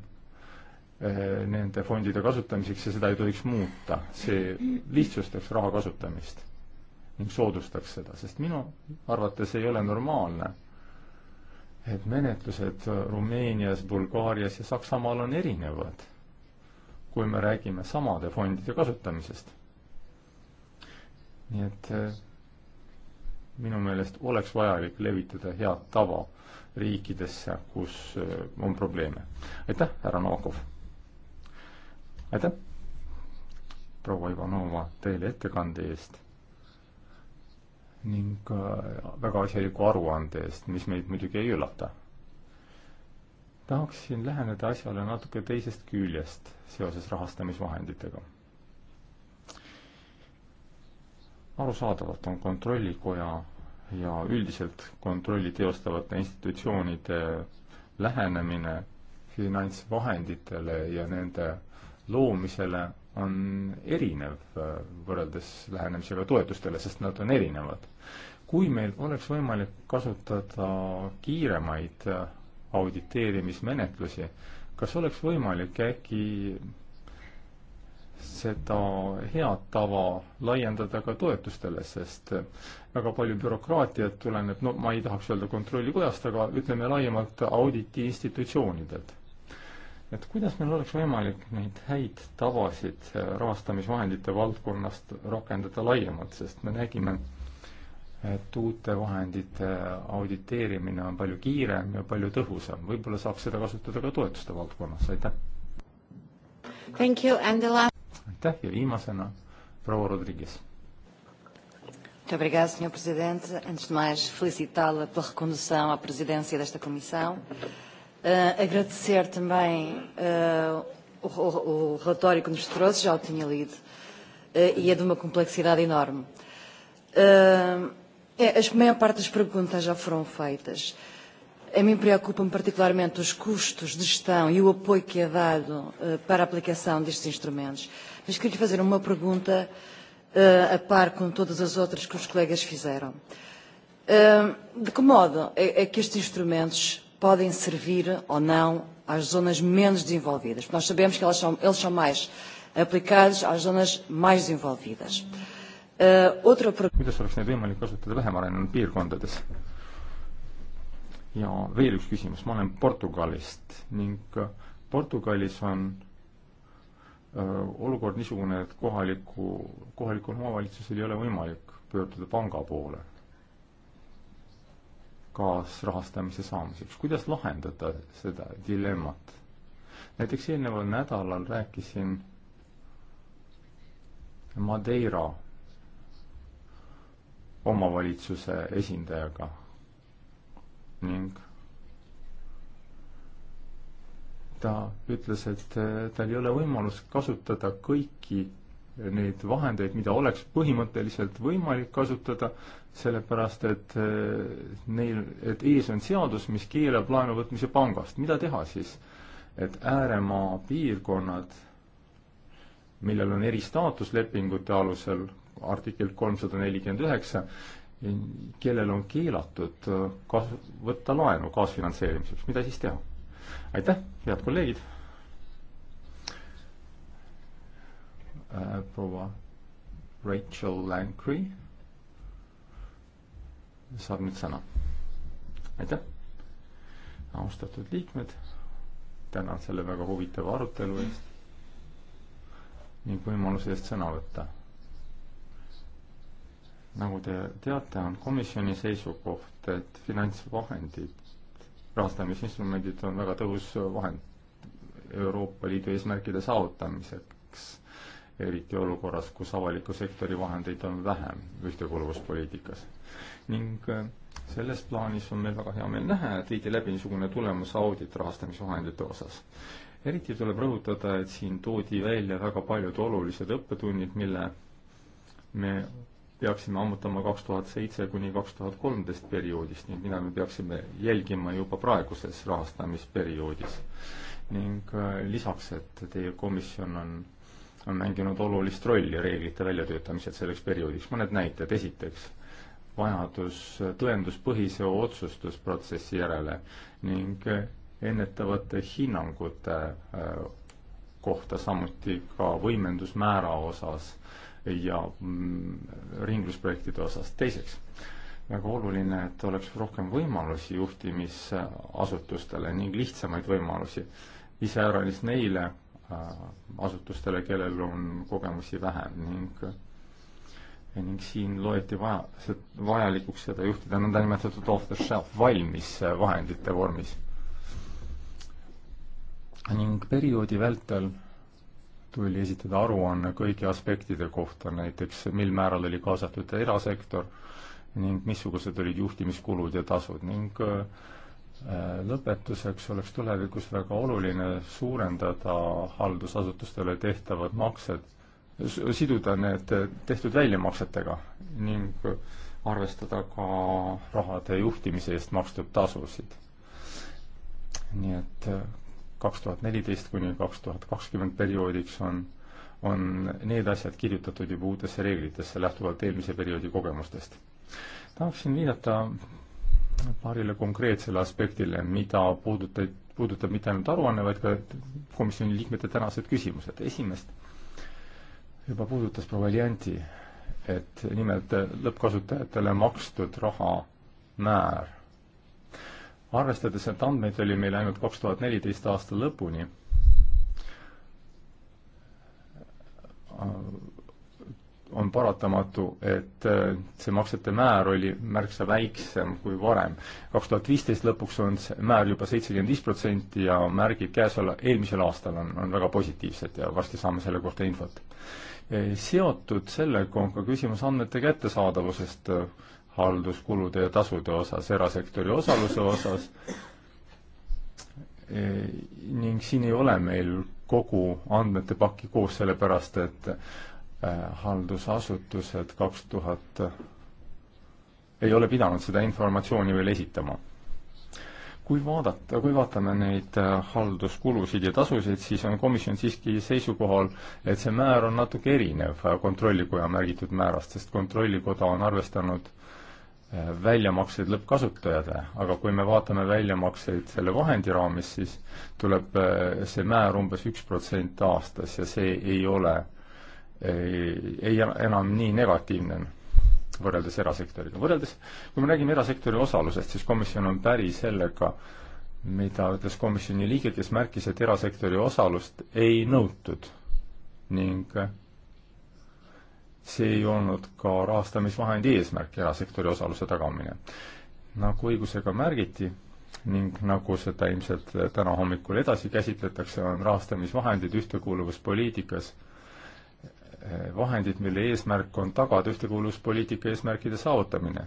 Eh, nende fondide kasutamiseks ja seda ei tohiks muuta. see lihtsustaks raha kasutamist ning soodustaks seda, sest minu arvates ei ole normaalne, et menetlused Rumeenias, Bulgaarias ja Saksamaal on erinevad, kui me räägime samade fondide kasutamisest. nii et eh, minu meelest oleks vajalik levitada head tava riikidesse, kus eh, on probleeme. aitäh, härra Novakov! aitäh, proua Ivanova, teile ettekande eest ning äh, väga asjaliku aruande eest, mis meid muidugi ei üllata. tahaksin läheneda asjale natuke teisest küljest seoses rahastamisvahenditega. arusaadavalt on Kontrollikoja ja üldiselt kontrolli teostavate institutsioonide lähenemine finantsvahenditele ja nende loomisele on erinev äh, võrreldes lähenemisega toetustele, sest nad on erinevad. kui meil oleks võimalik kasutada kiiremaid äh, auditeerimismenetlusi, kas oleks võimalik äkki seda head tava laiendada ka toetustele, sest äh, väga palju bürokraatiat tuleneb, no ma ei tahaks öelda kontrollikojast, aga ütleme laiemalt auditi institutsioonidelt et kuidas meil oleks võimalik neid häid tavasid äh, rahastamisvahendite valdkonnast rakendada laiemalt, sest me nägime, et uute vahendite auditeerimine on palju kiirem ja palju tõhusam. võib-olla saaks seda kasutada ka toetuste valdkonnas, aitäh! aitäh ja viimasena proua Rodriguez. Muito obrigada, Sr. Presidente. Antes de mais, felicitá-la pela recondução à presidência desta Comissão. Uh, Uh, agradecer também uh, o, o, o relatório que nos trouxe, já o tinha lido, uh, e é de uma complexidade enorme. Uh, é, a maior parte das perguntas já foram feitas. A mim preocupam particularmente os custos de gestão e o apoio que é dado uh, para a aplicação destes instrumentos. Mas queria fazer uma pergunta uh, a par com todas as outras que os colegas fizeram. Uh, de que modo é, é que estes instrumentos podem servir ou não às zonas menos desenvolvidas. Nós sabemos que elas são, eles são mais aplicados às zonas mais desenvolvidas. Uh, eh, outra... kuidas oleks neid võimalik kasutada vähem arenenud piirkondades? ja veel üks küsimus, ma olen Portugalist ning eh, Portugalis on öö, eh, olukord niisugune, et kohaliku, kohalikul omavalitsusel ei ole võimalik pöörduda panga poole kaasrahastamise saamiseks. kuidas lahendada seda dilemmat? näiteks eelneval nädalal rääkisin Madeira omavalitsuse esindajaga ning ta ütles, et tal ei ole võimalust kasutada kõiki neid vahendeid, mida oleks põhimõtteliselt võimalik kasutada, sellepärast et eh, neil, et ees on seadus, mis keelab laenu võtmise pangast. mida teha siis? et ääremaa piirkonnad, millel on eristaatus lepingute alusel, artikkel kolmsada nelikümmend üheksa, kellel on keelatud eh, kas-, võtta laenu kaasfinantseerimiseks, mida siis teha? aitäh, head kolleegid! proua uh, Rachel Lankry saab nüüd sõna. aitäh, austatud liikmed, tänan selle väga huvitava arutelu eest ning võimaluse eest sõna võtta. nagu te teate, on komisjoni seisukoht, et finantsvahendid, rahastamisinstrumendid on väga tõhus vahend Euroopa Liidu eesmärkide saavutamiseks eriti olukorras, kus avaliku sektori vahendeid on vähem ühtekuuluvuspoliitikas. ning äh, selles plaanis on meil väga hea meel näha, et viidi läbi niisugune tulemusaudit rahastamisvahendite osas. eriti tuleb rõhutada, et siin toodi välja väga paljud olulised õppetunnid, mille me peaksime ammutama kaks tuhat seitse kuni kaks tuhat kolmteist perioodist ning mida me peaksime jälgima juba praeguses rahastamisperioodis. ning äh, lisaks, et teie komisjon on on mänginud olulist rolli reeglite väljatöötamisel selleks perioodiks. mõned näited, esiteks vajadus tõenduspõhise otsustusprotsessi järele ning ennetavate hinnangute äh, kohta, samuti ka võimendusmäära osas ja mm, ringlusprojektide osas. teiseks, väga oluline, et oleks rohkem võimalusi juhtimisasutustele ning lihtsamaid võimalusi, iseäranis neile, Äh, asutustele, kellel on kogemusi vähem ning ning siin loeti vaja, vajalikuks seda juhtida nõndanimetatud off-the-shelf valmis äh, vahendite vormis. ning perioodi vältel tuli esitada aruanne kõigi aspektide kohta, näiteks mil määral oli kaasatud erasektor ning missugused olid juhtimiskulud ja tasud ning äh, Äh, lõpetuseks oleks tulevikus väga oluline suurendada haldusasutustele tehtavad maksed, siduda need tehtud väljamaksetega ning arvestada ka rahade juhtimise eest makstud tasusid. nii et äh, kaks tuhat neliteist kuni kaks tuhat kakskümmend perioodiks on, on need asjad kirjutatud juba uutesse reeglitesse lähtuvalt eelmise perioodi kogemustest. tahaksin viidata paarile konkreetsele aspektile, mida puudutab, puudutab mitte ainult aruanne, vaid ka komisjoni liikmete tänased küsimused. esimest juba puudutas proua Elianti, et nimelt lõppkasutajatele makstud raha määr. arvestades, et andmeid oli meil ainult kaks tuhat neliteist aasta lõpuni, on paratamatu, et äh, see maksete määr oli märksa väiksem kui varem. kaks tuhat viisteist lõpuks on see määr juba seitsekümmend viis protsenti ja märgid käesoleva, eelmisel aastal on, on väga positiivsed ja varsti saame selle kohta infot. Äh, seotud sellega on ka küsimus andmete kättesaadavusest äh, halduskulude ja tasude osas, erasektori osaluse osas, ning siin ei ole meil kogu andmete pakki koos, sellepärast et Äh, haldusasutused kaks tuhat ei ole pidanud seda informatsiooni veel esitama. kui vaadata, kui vaatame neid äh, halduskulusid ja tasusid, siis on komisjon siiski seisukohal, et see määr on natuke erinev äh, Kontrollikoja märgitud määrast, sest Kontrollikoda on arvestanud väljamakseid lõppkasutajale, aga kui me vaatame väljamakseid selle vahendi raames, siis tuleb see määr umbes üks protsent aastas ja see ei ole äh, ei, ei enam nii negatiivne võrreldes erasektoriga. võrreldes, kui me räägime erasektori osalusest, siis komisjon on päri sellega, mida ütles komisjoni liige, kes märkis, et erasektori osalust ei nõutud ning see ei olnud ka rahastamisvahendi eesmärk, erasektori osaluse tagamine. nagu õigusega märgiti ning nagu seda ilmselt täna hommikul edasi käsitletakse, on rahastamisvahendid ühtekuuluvuspoliitikas vahendid, mille eesmärk on tagada ühtekuuluvuspoliitika eesmärkide saavutamine.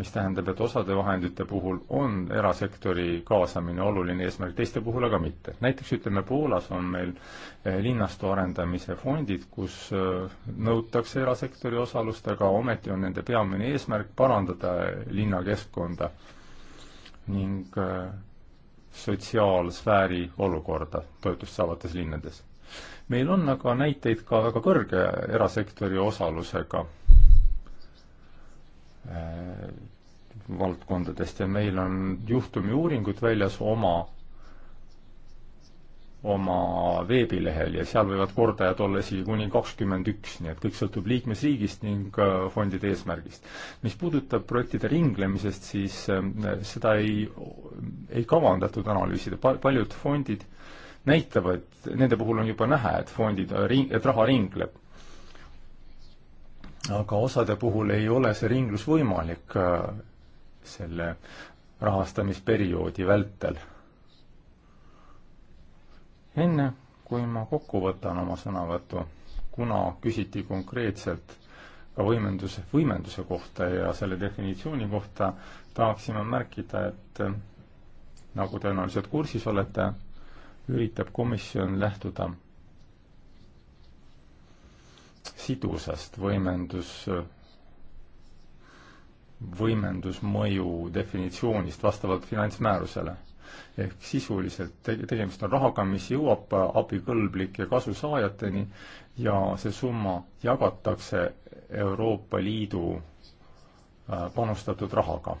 mis tähendab, et osade vahendite puhul on erasektori kaasamine oluline eesmärk, teiste puhul aga mitte. näiteks ütleme, Poolas on meil eh, linnastu arendamise fondid, kus eh, nõutakse erasektori osalust, aga ometi on nende peamine eesmärk parandada linnakeskkonda ning eh, sotsiaalsfääri olukorda toetust saavates linnades meil on aga näiteid ka väga kõrge erasektori osalusega äh, valdkondadest ja meil on juhtumiuuringud väljas oma oma veebilehel ja seal võivad kordajad olla isegi kuni kakskümmend üks, nii et kõik sõltub liikmesriigist ning äh, fondide eesmärgist. mis puudutab projektide ringlemisest, siis äh, seda ei, ei kavandatud analüüsida pa,, paljud fondid näitavad, nende puhul on juba näha, et fondid, et raha ringleb. aga osade puhul ei ole see ringlus võimalik äh, selle rahastamisperioodi vältel. enne, kui ma kokku võtan oma sõnavõtu, kuna küsiti konkreetselt ka võimenduse, võimenduse kohta ja selle definitsiooni kohta, tahaksime märkida, et äh, nagu tõenäoliselt kursis olete, üritab komisjon lähtuda sidusast võimendus, võimendusmõju definitsioonist vastavalt finantsmäärusele. ehk sisuliselt tege-, tegemist on rahaga, mis jõuab abikõlblike kasusaajateni ja see summa jagatakse Euroopa Liidu äh, panustatud rahaga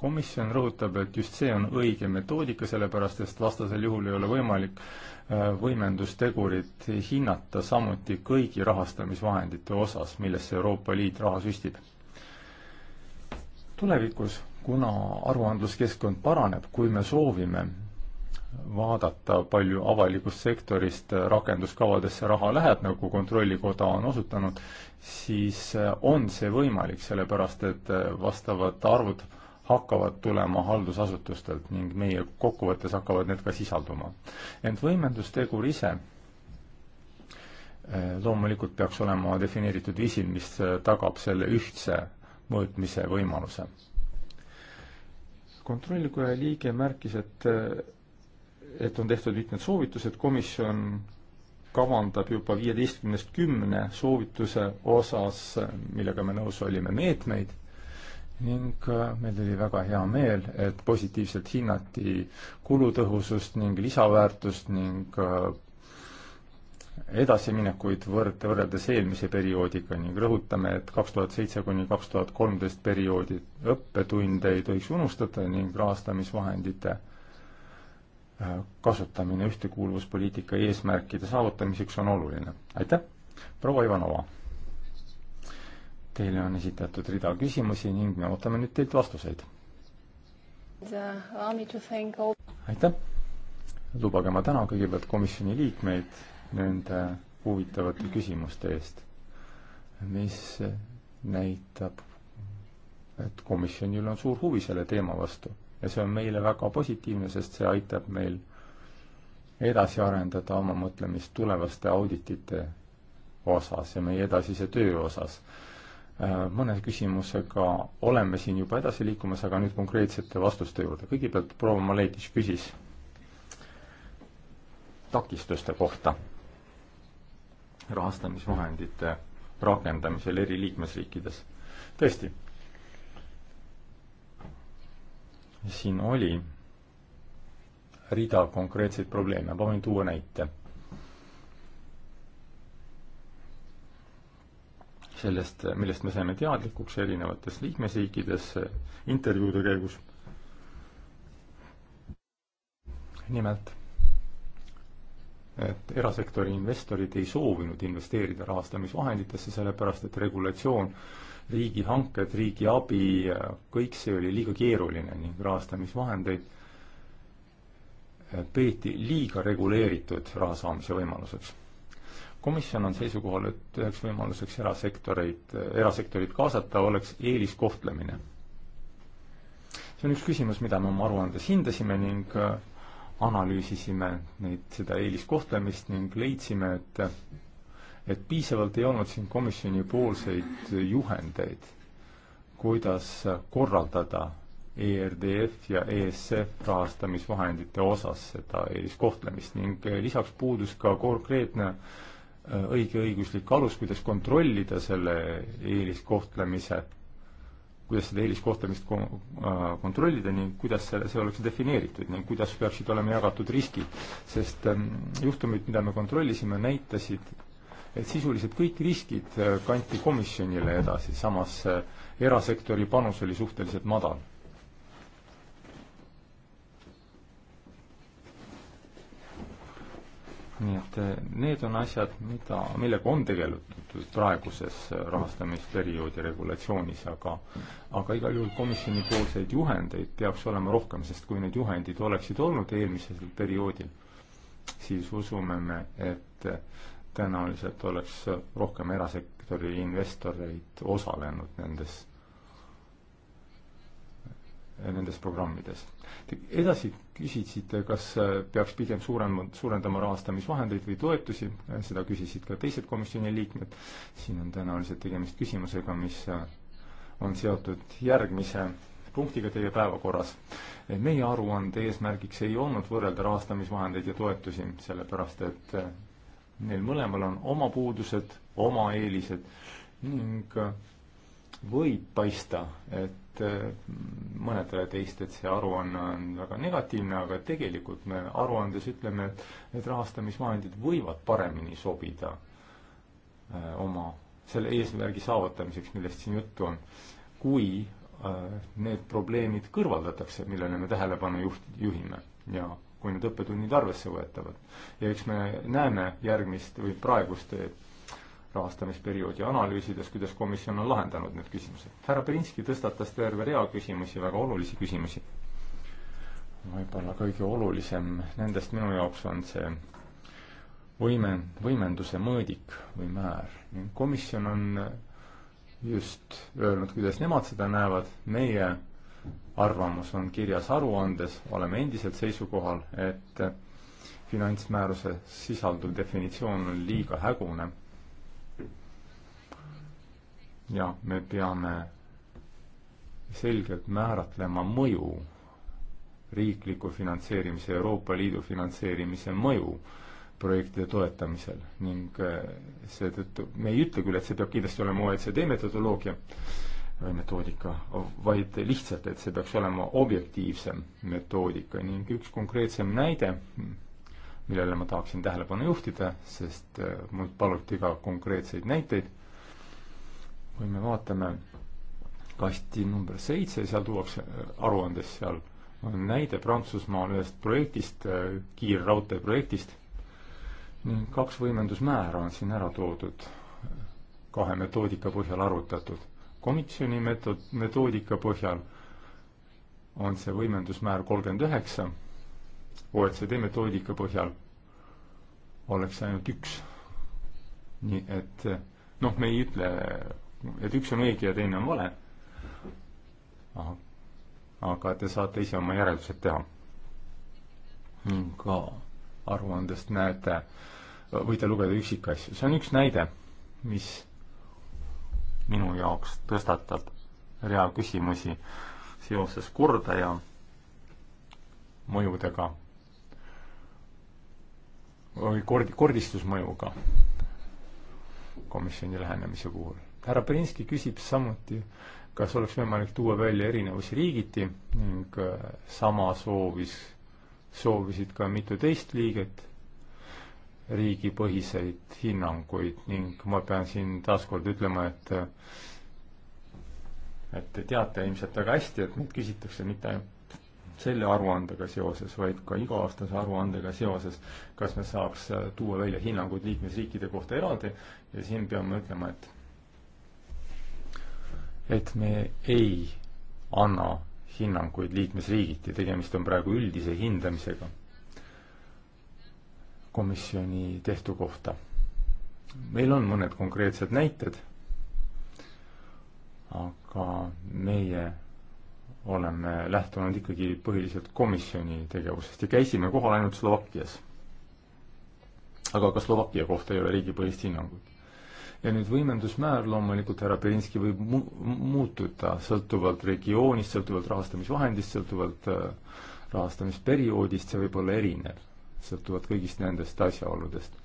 komisjon rõhutab, et just see on õige metoodika, sellepärast et vastasel juhul ei ole võimalik äh, võimendustegurit hinnata samuti kõigi rahastamisvahendite osas, millesse Euroopa Liit raha süstib. tulevikus, kuna aruandluskeskkond paraneb, kui me soovime vaadata, palju avalikust sektorist äh, rakenduskavadesse raha läheb, nagu Kontrollikoda on osutanud, siis äh, on see võimalik, sellepärast et vastavad arvud hakkavad tulema haldusasutustelt ning meie kokkuvõttes hakkavad need ka sisalduma. ent võimendustegur ise eh, loomulikult peaks olema defineeritud viisil, mis eh, tagab selle ühtse mõõtmise võimaluse. kontrollikoja liige märkis, et, eh, et on tehtud mitmed soovitused, komisjon kavandab juba viieteistkümnest kümne soovituse osas, millega me nõus olime, meetmeid ning äh, meil oli väga hea meel, et positiivselt hinnati kulutõhusust ning lisaväärtust ning äh, edasiminekuid võrd-, võrreldes eelmise perioodiga ning rõhutame, et kaks tuhat seitse kuni kaks tuhat kolmteist perioodi õppetunde ei tohiks unustada ning rahastamisvahendite äh, kasutamine ühtekuuluvuspoliitika eesmärkide saavutamiseks on oluline. aitäh, proua Ivanova! Teile on esitatud rida küsimusi ning me ootame nüüd teilt vastuseid. aitäh! lubage ma täna kõigepealt komisjoni liikmeid nende huvitavate küsimuste eest, mis näitab, et komisjonil on suur huvi selle teema vastu ja see on meile väga positiivne, sest see aitab meil edasi arendada oma mõtlemist tulevaste auditite osas ja meie edasise töö osas Äh, mõne küsimusega oleme siin juba edasi liikumas, aga nüüd konkreetsete vastuste juurde. kõigepealt proua Maletis küsis takistuste kohta rahastamisvahendite rakendamisel eri liikmesriikides. tõesti, siin oli rida konkreetseid probleeme, ma võin tuua näite sellest, millest me saime teadlikuks erinevates liikmesriikides eh, intervjuude käigus. nimelt, et erasektori investorid ei soovinud investeerida rahastamisvahenditesse, sellepärast et regulatsioon, riigihanked, riigiabi, kõik see oli liiga keeruline ning rahastamisvahendeid eh, peeti liiga reguleeritud raha saamise võimaluseks komisjon on seisukohal, et üheks võimaluseks erasektoreid, erasektorit kaasata oleks eeliskohtlemine. see on üks küsimus, mida me oma aruandes hindasime ning äh, analüüsisime neid, seda eeliskohtlemist ning leidsime, et et piisavalt ei olnud siin komisjonipoolseid juhendeid, kuidas korraldada ERDF ja ESF rahastamisvahendite osas seda eeliskohtlemist ning äh, lisaks puudus ka konkreetne äh, Äh, õige õiguslik alus, kuidas kontrollida selle eeliskohtlemise, kuidas seda eeliskohtlemist äh, kontrollida ning kuidas selle, see oleks defineeritud ning kuidas peaksid olema jagatud riskid. sest ähm, juhtumid, mida me kontrollisime, näitasid, et sisuliselt kõik riskid äh, kanti komisjonile edasi, samas erasektori panus oli suhteliselt madal nii et eh, need on asjad, mida, millega on tegeletud praeguses eh, rahastamisperioodi regulatsioonis, aga aga igal juhul komisjonipoolseid juhendeid peaks olema rohkem, sest kui need juhendid oleksid olnud eelmisel perioodil, siis usume me, et eh, tõenäoliselt oleks rohkem erasektori investoreid osalenud nendes nendes programmides. edasi küsisite, kas äh, peaks pigem suurema, suurendama rahastamisvahendeid või toetusi, äh, seda küsisid ka teised komisjoni liikmed. siin on tõenäoliselt tegemist küsimusega, mis äh, on seotud järgmise punktiga teie päevakorras. meie aruande eesmärgiks ei olnud võrrelda rahastamisvahendeid ja toetusi, sellepärast et neil mõlemal on oma puudused, oma eelised ning võib paista, et äh, mõnedele teist, et see aruanne on väga negatiivne, aga tegelikult me aruandes ütleme, et need rahastamisvahendid võivad paremini sobida äh, oma, selle eesmärgi saavutamiseks, millest siin juttu on, kui äh, need probleemid kõrvaldatakse, millele me tähelepanu juht-, juhime ja kui need õppetunnid arvesse võetavad. ja eks me näeme järgmist või praegust, et rahastamisperioodi analüüsides, kuidas komisjon on lahendanud need küsimused. härra Berinski tõstatas terve rea küsimusi, väga olulisi küsimusi. võib-olla kõige olulisem nendest minu jaoks on see võime, võimenduse mõõdik või määr. komisjon on just öelnud, kuidas nemad seda näevad, meie arvamus on kirjas aruandes, oleme endiselt seisukohal, et finantsmääruse sisalduv definitsioon on liiga hägune ja me peame selgelt määratlema mõju, riikliku finantseerimise, Euroopa Liidu finantseerimise mõju projektide toetamisel ning eh, seetõttu me ei ütle küll, et see peab kindlasti olema OECD metodoloogia või metoodika, vaid lihtsalt, et see peaks olema objektiivsem metoodika ning üks konkreetsem näide, millele ma tahaksin tähelepanu juhtida, sest eh, mult paluti ka konkreetseid näiteid kui me vaatame kasti number seitse, seal tuuakse äh, aruandes, seal on näide Prantsusmaal ühest projektist, äh, kiirraudtee projektist ning kaks võimendusmäära on siin ära toodud, kahe metoodika põhjal arvutatud. komisjoni metood, metoodika põhjal on see võimendusmäär kolmkümmend üheksa, OECD metoodika põhjal oleks ainult üks. nii et äh, noh, me ei ütle et üks on õige ja teine on vale. aga te saate ise oma järeldused teha. ka aruandest näete, võite lugeda üksikasju, see on üks näide, mis minu jaoks tõstatab rea küsimusi seoses kordaja mõjudega või kord, kordistusmõjuga komisjoni lähenemise puhul härra Berinski küsib samuti, kas oleks võimalik tuua välja erinevusi riigiti ning äh, sama soovis, soovisid ka mitu teist liiget riigipõhiseid hinnanguid ning ma pean siin taaskord ütlema, et äh, et te teate ilmselt väga hästi, et meid küsitakse mitte ainult selle aruandega seoses, vaid ka iga-aastase aruandega seoses, kas me saaks äh, tuua välja hinnangud liikmesriikide kohta eraldi ja siin peame ütlema, et et me ei anna hinnanguid liikmesriigiti, tegemist on praegu üldise hindamisega komisjoni tehtu kohta. meil on mõned konkreetsed näited, aga meie oleme lähtunud ikkagi põhiliselt komisjoni tegevusest ja käisime kohal ainult Slovakkias. aga ka Slovakkia kohta ei ole riigipõhist hinnangut ja nüüd võimendusmäär loomulikult, härra Berinski, võib mu-, muutuda sõltuvalt regioonist, sõltuvalt rahastamisvahendist, sõltuvalt äh, rahastamisperioodist, see võib olla erinev, sõltuvalt kõigist nendest asjaoludest.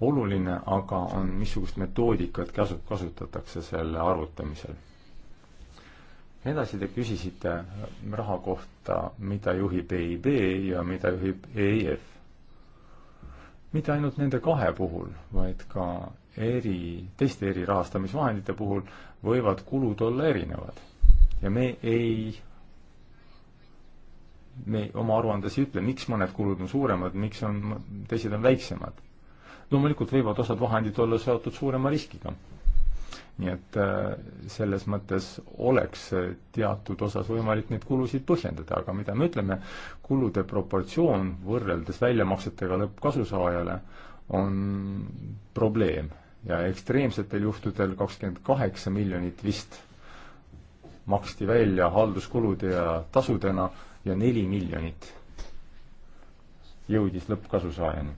oluline aga on, missugust metoodikat kasu-, kasutatakse selle arvutamisel edasi te küsisite raha kohta, mida juhib EIB ja mida juhib EIF. mitte ainult nende kahe puhul, vaid ka eri, teiste eri rahastamisvahendite puhul võivad kulud olla erinevad. ja me ei, me ei, oma aruandes ei ütle, miks mõned kulud on suuremad, miks on, teised on väiksemad. loomulikult võivad osad vahendid olla seotud suurema riskiga. nii et äh, selles mõttes oleks teatud osas võimalik neid kulusid põhjendada, aga mida me ütleme, kulude proportsioon võrreldes väljamaksetega lõppkasusaajale on probleem ja ekstreemsetel juhtudel kakskümmend kaheksa miljonit vist maksti välja halduskulude ja tasudena ja neli miljonit jõudis lõppkasusaajani.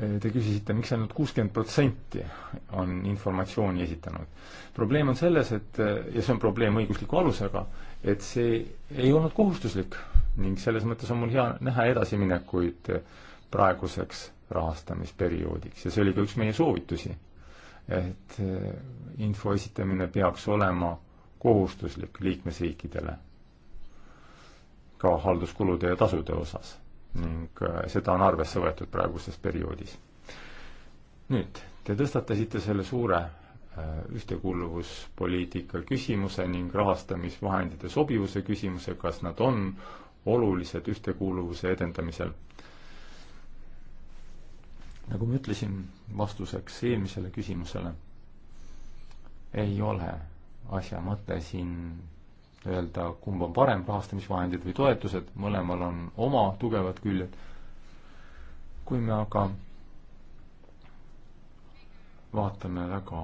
Te küsisite, miks ainult kuuskümmend protsenti on informatsiooni esitanud. probleem on selles, et, ja see on probleem õigusliku alusega, et see ei olnud kohustuslik ning selles mõttes on mul hea näha edasiminekuid äh, praeguseks rahastamisperioodiks ja see oli ka üks meie soovitusi, et eh, info esitamine peaks olema kohustuslik liikmesriikidele ka halduskulude ja tasude osas ning eh, seda on arvesse võetud praeguses perioodis. nüüd, te tõstatasite selle suure eh, ühtekuuluvuspoliitika küsimuse ning rahastamisvahendite sobivuse küsimuse, kas nad on olulised ühtekuuluvuse edendamisel nagu ma ütlesin vastuseks eelmisele küsimusele, ei ole asja mõte siin öelda, kumb on parem, rahastamisvahendid või toetused, mõlemal on oma tugevad küljed. kui me aga vaatame väga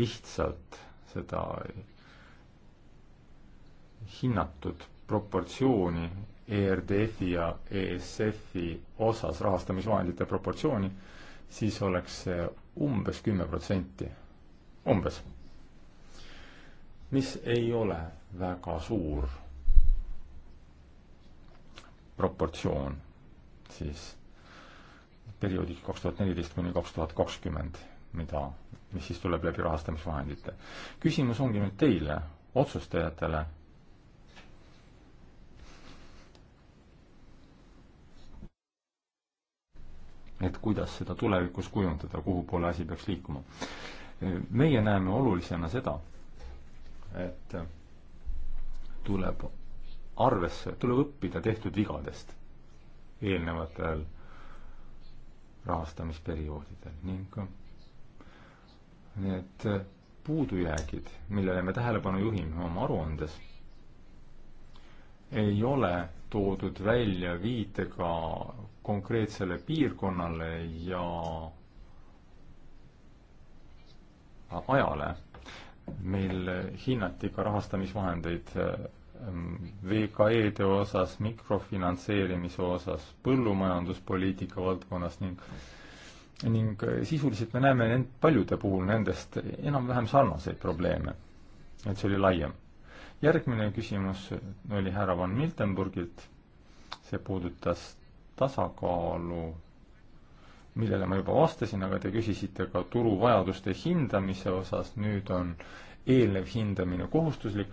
lihtsalt seda hinnatud proportsiooni ERDF-i ja ESF-i osas rahastamisvahendite proportsiooni, siis oleks see umbes kümme protsenti, umbes. mis ei ole väga suur proportsioon siis perioodis kaks tuhat neliteist kuni kaks tuhat kakskümmend, mida, mis siis tuleb läbi rahastamisvahendite. küsimus ongi nüüd teile, otsustajatele et kuidas seda tulevikus kujundada, kuhu poole asi peaks liikuma. meie näeme olulisena seda, et tuleb arvesse, tuleb õppida tehtud vigadest eelnevatel rahastamisperioodidel ning need puudujäägid, millele me tähelepanu juhime oma aruandes, ei ole toodud välja viitega konkreetsele piirkonnale ja ajale. meil hinnati ka rahastamisvahendeid ehm, VKE-de osas, mikrofinantseerimise osas, põllumajanduspoliitika valdkonnas ning ning sisuliselt me näeme end paljude puhul nendest enam-vähem sarnaseid probleeme. et see oli laiem. järgmine küsimus oli härra Van Miltenburgilt, see puudutas tasakaalu, millele ma juba vastasin, aga te küsisite ka turuvajaduste hindamise osas, nüüd on eelnev hindamine kohustuslik.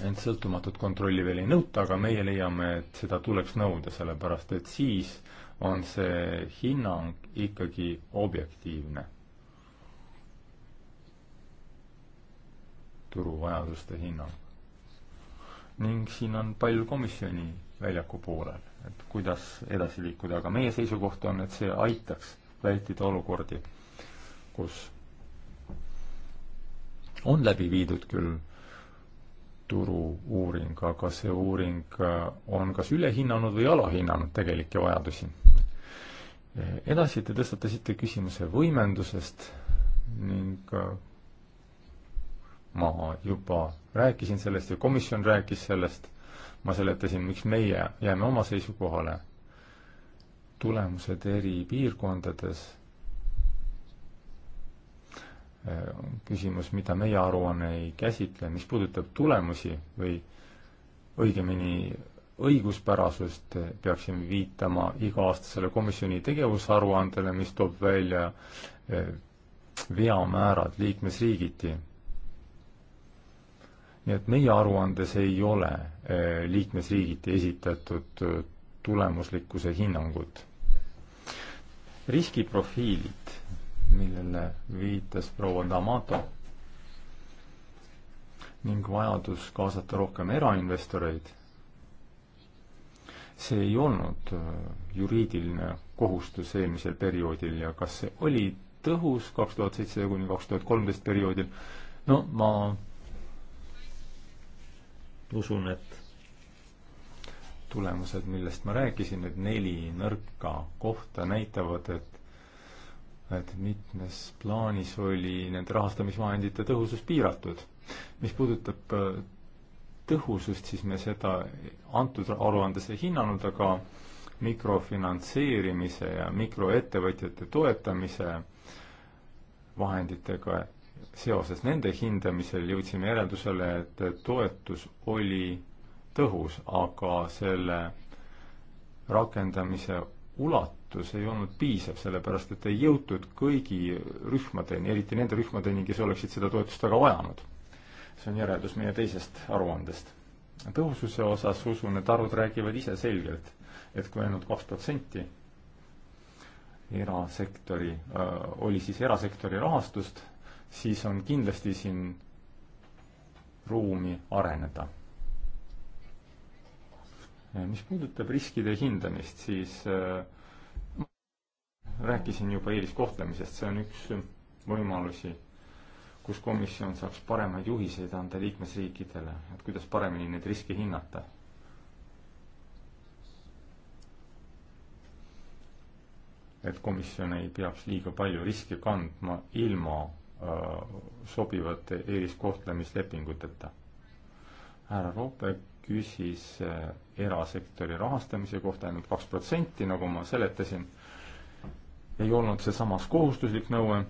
ent sõltumatut kontrolli veel ei nõuta, aga meie leiame, et seda tuleks nõuda, sellepärast et siis on see hinnang ikkagi objektiivne. turuvajaduste hinnang ning siin on pall komisjoni väljaku poolel, et kuidas edasi liikuda, aga meie seisukoht on, et see aitaks vältida olukordi, kus on läbi viidud küll turu-uuring, aga see uuring äh, on kas ülehinnanud või alahinnanud tegelikke vajadusi. edasi te tõstatasite küsimuse võimendusest ning äh, ma juba rääkisin sellest ja komisjon rääkis sellest, ma seletasin, miks meie jääme oma seisukohale, tulemused eri piirkondades, küsimus, mida meie aruanne ei käsitle, mis puudutab tulemusi või õigemini õiguspärasust, peaksime viitama iga-aastasele komisjoni tegevusaruandele, mis toob välja eh, veamäärad liikmesriigiti nii et meie aruandes ei ole eh, liikmesriigiti esitatud eh, tulemuslikkuse hinnangut. riskiprofiilid, millele viitas proua D'Amato ning vajadus kaasata rohkem erainvestoreid, see ei olnud eh, juriidiline kohustus eelmisel perioodil ja kas see oli tõhus kaks tuhat seitse kuni kaks tuhat kolmteist perioodil, no ma usun, et tulemused, millest ma rääkisin, need neli nõrka kohta näitavad, et et mitmes plaanis oli nende rahastamisvahendite tõhusus piiratud. mis puudutab äh, tõhusust, siis me seda antud aruandes ei hinnanud, aga mikrofinantseerimise ja mikroettevõtjate toetamise vahenditega seoses nende hindamisel jõudsime järeldusele, et toetus oli tõhus, aga selle rakendamise ulatus ei olnud piisav, sellepärast et ei jõutud kõigi rühmadeni, eriti nende rühmadeni, kes oleksid seda toetust väga vajanud. see on järeldus meie teisest aruandest. tõhususe osas usun, et arvud räägivad ise selgelt, et kui ainult kaks protsenti erasektori äh,, oli siis erasektori rahastust siis on kindlasti siin ruumi areneda. mis puudutab riskide hindamist, siis äh, rääkisin juba eeliskohtlemisest, see on üks võimalusi, kus komisjon saaks paremaid juhiseid anda liikmesriikidele, et kuidas paremini neid riske hinnata. et komisjon ei peaks liiga palju riske kandma ilma Äh, sobivate eeliskohtlemislepinguteta. härra Roope küsis äh, erasektori rahastamise kohta ainult kaks protsenti, nagu ma seletasin, ei olnud see samas kohustuslik nõue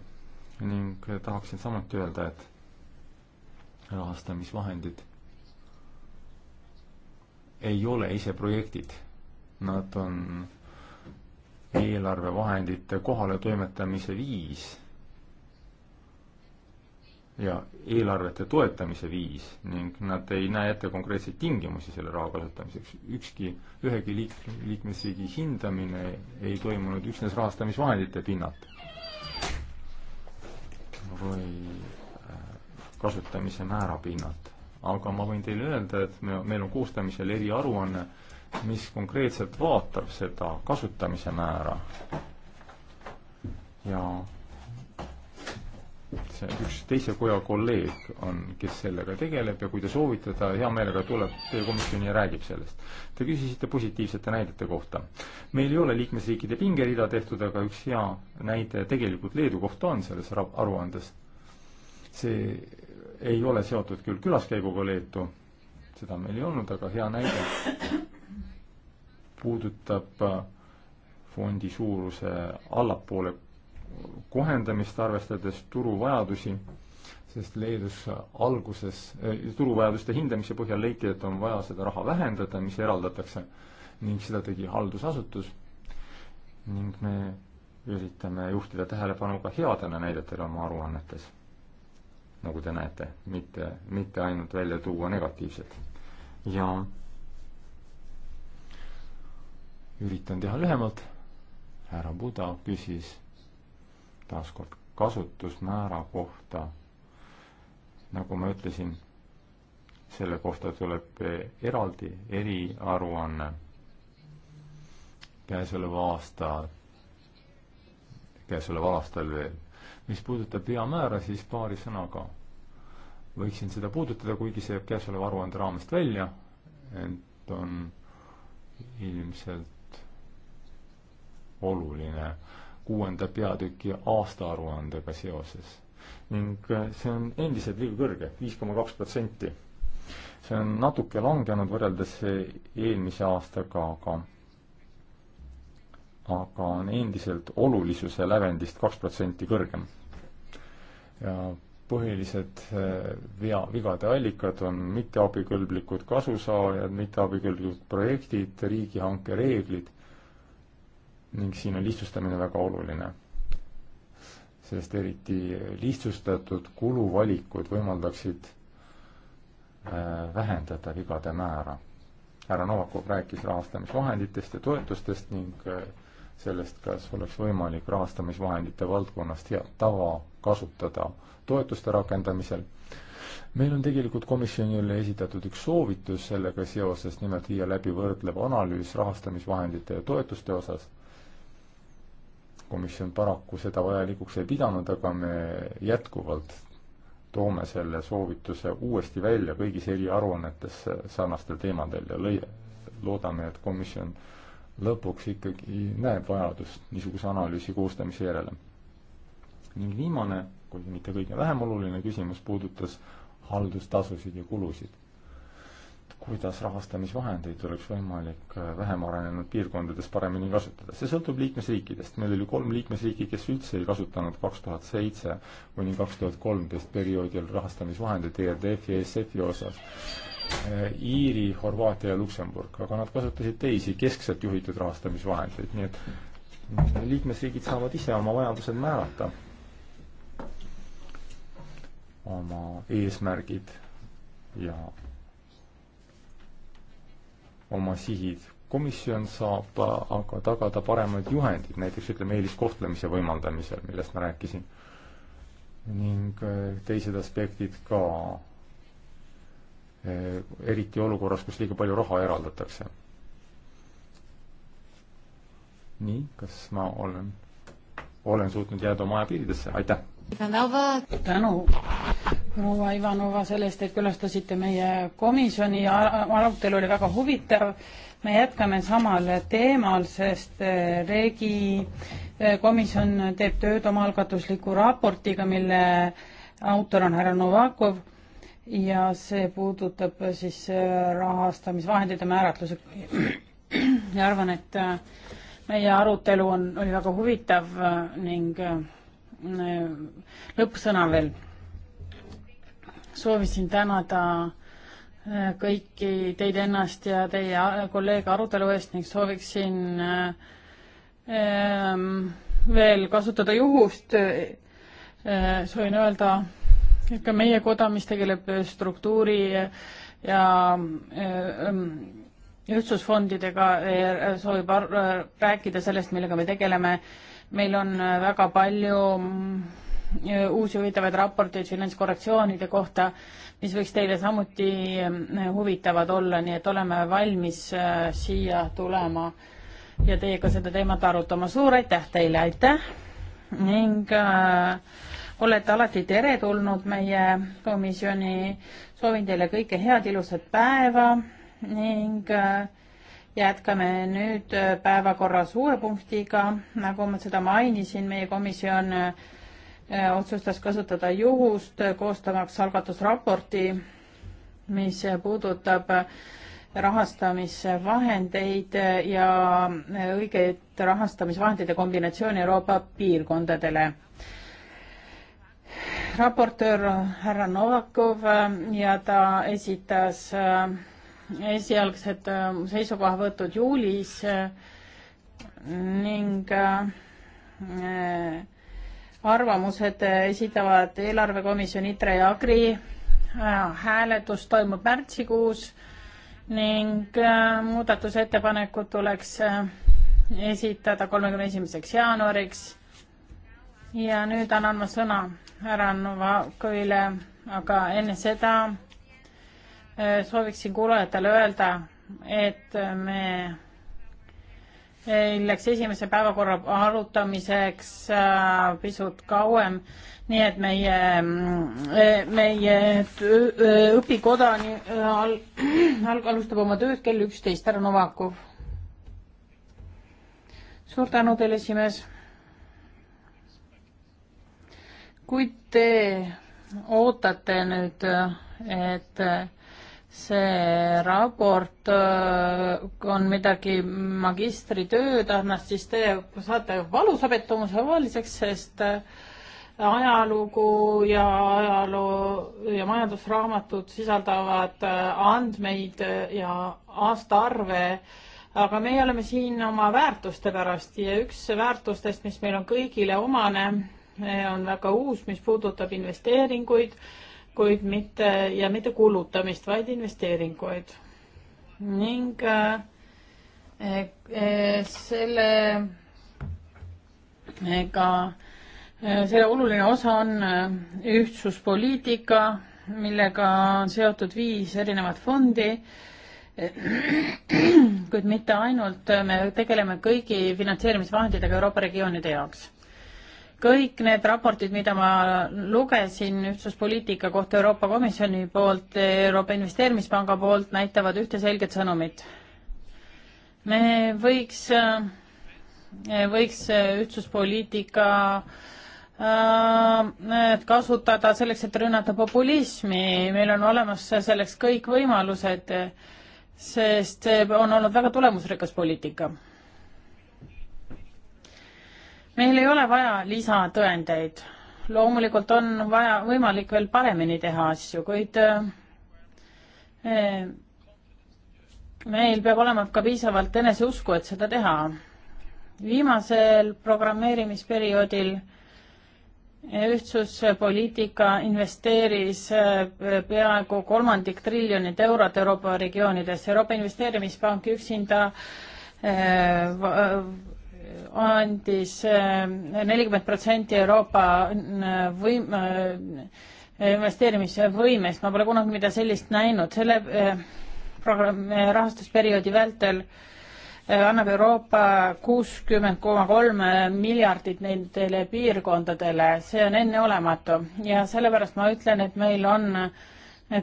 ning tahaksin samuti öelda, et rahastamisvahendid ei ole ise projektid, nad on eelarvevahendite kohaletoimetamise viis ja eelarvete toetamise viis ning nad ei näe ette konkreetseid tingimusi selle raha kasutamiseks. ükski, ühegi liik-, liikmesriigi hindamine ei toimunud üksnes rahastamisvahendite pinnalt või äh, kasutamise määra pinnalt. aga ma võin teile öelda, et me, meil on koostamisel eriaruanne, mis konkreetselt vaatab seda kasutamise määra ja et üks teise koja kolleeg on, kes sellega tegeleb ja kui te soovite, ta hea meelega tuleb teie komisjoni ja räägib sellest. Te küsisite positiivsete näidete kohta. meil ei ole liikmesriikide pingerida tehtud, aga üks hea näide tegelikult Leedu kohta on selles aruandes. see ei ole seotud küll külaskäiguga Leetu, seda meil ei olnud, aga hea näide puudutab äh, fondi suuruse allapoole kohendamist, arvestades turuvajadusi, sest Leedus alguses eh,, turuvajaduste hindamise põhjal leiti, et on vaja seda raha vähendada, mis eraldatakse, ning seda tegi haldusasutus ning me üritame juhtida tähelepanu ka headele näidetele oma aruannetes, nagu te näete, mitte, mitte ainult välja tuua negatiivset. ja üritan teha lühemalt, härra Buda küsis taaskord kasutusmäära kohta, nagu ma ütlesin, selle kohta tuleb eraldi eriaruanne käesoleva aasta, käesoleval aastal veel. mis puudutab veamäära, siis paari sõnaga võiksin seda puudutada, kuigi see jääb käesoleva aruande raamest välja, ent on ilmselt oluline äh, kuuenda peatüki aastaaruandega seoses. ning äh, see on endiselt liiga kõrge, viis koma kaks protsenti. see on natuke langenud võrreldes eelmise aastaga, aga aga on endiselt olulisuse lävendist kaks protsenti kõrgem. ja põhilised äh, vea, vigade allikad on mitteabikõlblikud kasusaajad, mitteabikõlblikud projektid, riigihanke reeglid ning siin on lihtsustamine väga oluline. sest eriti lihtsustatud kuluvalikud võimaldaksid äh, vähendada vigade määra. härra Novakov rääkis rahastamisvahenditest ja toetustest ning äh, sellest, kas oleks võimalik rahastamisvahendite valdkonnast head tava kasutada toetuste rakendamisel. meil on tegelikult komisjonile esitatud üks soovitus sellega seoses, nimelt viia läbi võrdlev analüüs rahastamisvahendite ja toetuste osas komisjon paraku seda vajalikuks ei pidanud, aga me jätkuvalt toome selle soovituse uuesti välja kõigis eriaruannetes sarnastel teemadel ja lõi-, loodame, et komisjon lõpuks ikkagi näeb vajadust niisuguse analüüsi koostamise järele. ning viimane, kuigi mitte kõige vähem oluline küsimus puudutas haldustasusid ja kulusid kuidas rahastamisvahendeid oleks võimalik äh, vähem arenenud piirkondades paremini kasutada. see sõltub liikmesriikidest, meil oli kolm liikmesriiki, kes üldse ei kasutanud kaks tuhat seitse kuni kaks tuhat kolmteist perioodil rahastamisvahendeid ERDF-i ja ESF-i osas. Äh, Iiri, Horvaatia ja Luksemburg, aga nad kasutasid teisi keskselt juhitud rahastamisvahendeid, nii et liikmesriigid saavad ise oma vajadused määrata, oma eesmärgid ja oma sihid. komisjon saab äh, aga tagada paremad juhendid, näiteks ütleme, eeliskohtlemise võimaldamisel, millest ma rääkisin. ning äh, teised aspektid ka, äh, eriti olukorras, kus liiga palju raha eraldatakse. nii, kas ma olen, olen suutnud jääda oma aja piiridesse, aitäh! tänu, proua Ivanova, selle eest, et külastasite meie komisjoni ja arutelu oli väga huvitav. me jätkame samal teemal, sest eh, Regi eh, komisjon teeb tööd omaalgatusliku raportiga, mille autor on härra Novakov ja see puudutab eh, siis rahastamisvahendite määratluse. ja arvan, et meie arutelu on, oli väga huvitav ning Äh, lõppsõna veel. soovisin tänada äh, kõiki teid ennast ja teie äh, kolleege arutelu eest ning sooviksin ähm, veel kasutada juhust, soovin öelda, et ka meie koda, mis tegeleb struktuuri ja ähm, ühtsusfondidega, soovib rääkida sellest, millega me tegeleme meil on äh, väga palju mm, äh, uusi huvitavaid raporteid finantskorrektsioonide kohta, mis võiks teile samuti mm, huvitavad olla, nii et oleme valmis äh, siia tulema ja teiega seda teemat arutama. suur aitäh teile, aitäh ning äh, olete alati teretulnud meie komisjoni. soovin teile kõike head, ilusat päeva ning äh, jätkame nüüd äh, päevakorras uue punktiga, nagu ma seda mainisin, meie komisjon äh, otsustas kasutada juhust äh, koostamaks algatusraporti, mis puudutab rahastamisvahendeid ja õigeid rahastamisvahendite kombinatsiooni Euroopa piirkondadele. raportöör härra Novakov ja ta esitas esialgsed äh, seisukohavõtud juulis äh, ning äh, arvamused esitavad eelarvekomisjon ITRE ja AGRI. hääletus toimub märtsikuus ning muudatusettepanekud tuleks esitada kolmekümne esimeseks jaanuariks. ja nüüd annan ma sõna härra Novakovile, aga enne seda Äh, sooviksin kuulajatele öelda, et me läks esimese päevakorra arutamiseks äh, pisut kauem, nii et meie, mm, meie äh, õpikoda al, al, alustab oma tööd kell üksteist, härra Novakov. suur tänu teile, esimees. kui te ootate nüüd, et see raport äh, on midagi magistritööd, annast siis te saate valusa pettumuse valiseks, sest äh, ajalugu ja ajaloo ja majandusraamatud sisaldavad äh, andmeid ja aastaarve, aga meie oleme siin oma väärtuste pärast ja üks väärtustest, mis meil on kõigile omane, on väga uus, mis puudutab investeeringuid kuid mitte ja mitte kulutamist, vaid investeeringuid. ning äh, äh, selle ega äh, äh, selle oluline osa on äh, ühtsuspoliitika, millega on seotud viis erinevat fondi kuid mitte ainult, me tegeleme kõigi finantseerimisvahenditega Euroopa regioonide jaoks kõik need raportid, mida ma lugesin ühtsuspoliitika kohta Euroopa Komisjoni poolt, Euroopa Investeerimispanga poolt, näitavad ühte selget sõnumit. me võiks, äh, võiks äh, ühtsuspoliitika äh, kasutada selleks, et rünnata populismi, meil on olemas selleks kõik võimalused, sest see on olnud väga tulemusrikas poliitika meil ei ole vaja lisatõendeid. loomulikult on vaja, võimalik veel paremini teha asju, kuid äh, meil peab olema ka piisavalt eneseusku, et seda teha. viimasel programmeerimisperioodil ühtsuspoliitika investeeris äh, peaaegu kolmandik triljonit eurot Euroopa regioonides. Euroopa Investeerimispank üksinda äh, andis eh, nelikümmend protsenti Euroopa eh, võim-, eh, investeerimisvõimest, ma pole kunagi midagi sellist näinud, selle programmi rahastusperioodi vältel annab Euroopa kuuskümmend koma kolm miljardit nendele piirkondadele, see on enneolematu ja sellepärast ma ütlen, et meil on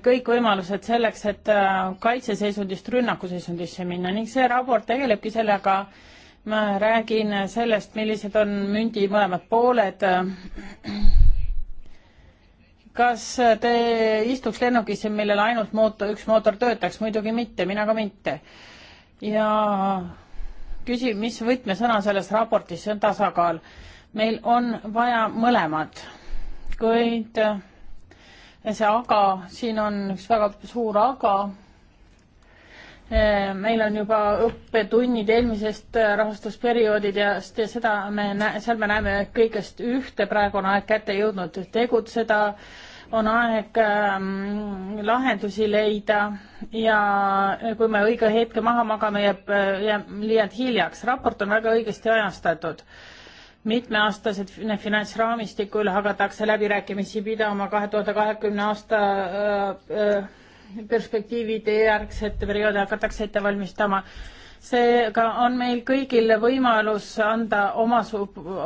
kõik võimalused selleks, et kaitseseisundist rünnakuseisundisse minna ning see raport tegelebki sellega, ma räägin sellest, millised on mündi mõlemad pooled. kas te istuks lennukisse, millel ainult mootor, üks mootor töötaks? muidugi mitte, mina ka mitte. ja küsi, mis võtmesõna selles raportis, see on tasakaal. meil on vaja mõlemat, kuid see aga, siin on üks väga suur aga Ehm, meil on juba õppetunnid eelmisest äh, rahastusperioodidest ja seda me näe-, seal me näeme kõigest ühte, praegu on aeg kätte jõudnud tegutseda, on aeg ähm, lahendusi leida ja kui me õige hetke maha magame, jääb, äh, jääb liialt hiljaks. raport on väga õigesti ajastatud. mitmeaastased finantsraamistiku üle hakatakse läbirääkimisi pidama kahe tuhande kahekümne aasta äh, äh, perspektiivide järgset perioodi hakatakse ette valmistama. seega on meil kõigil võimalus anda oma,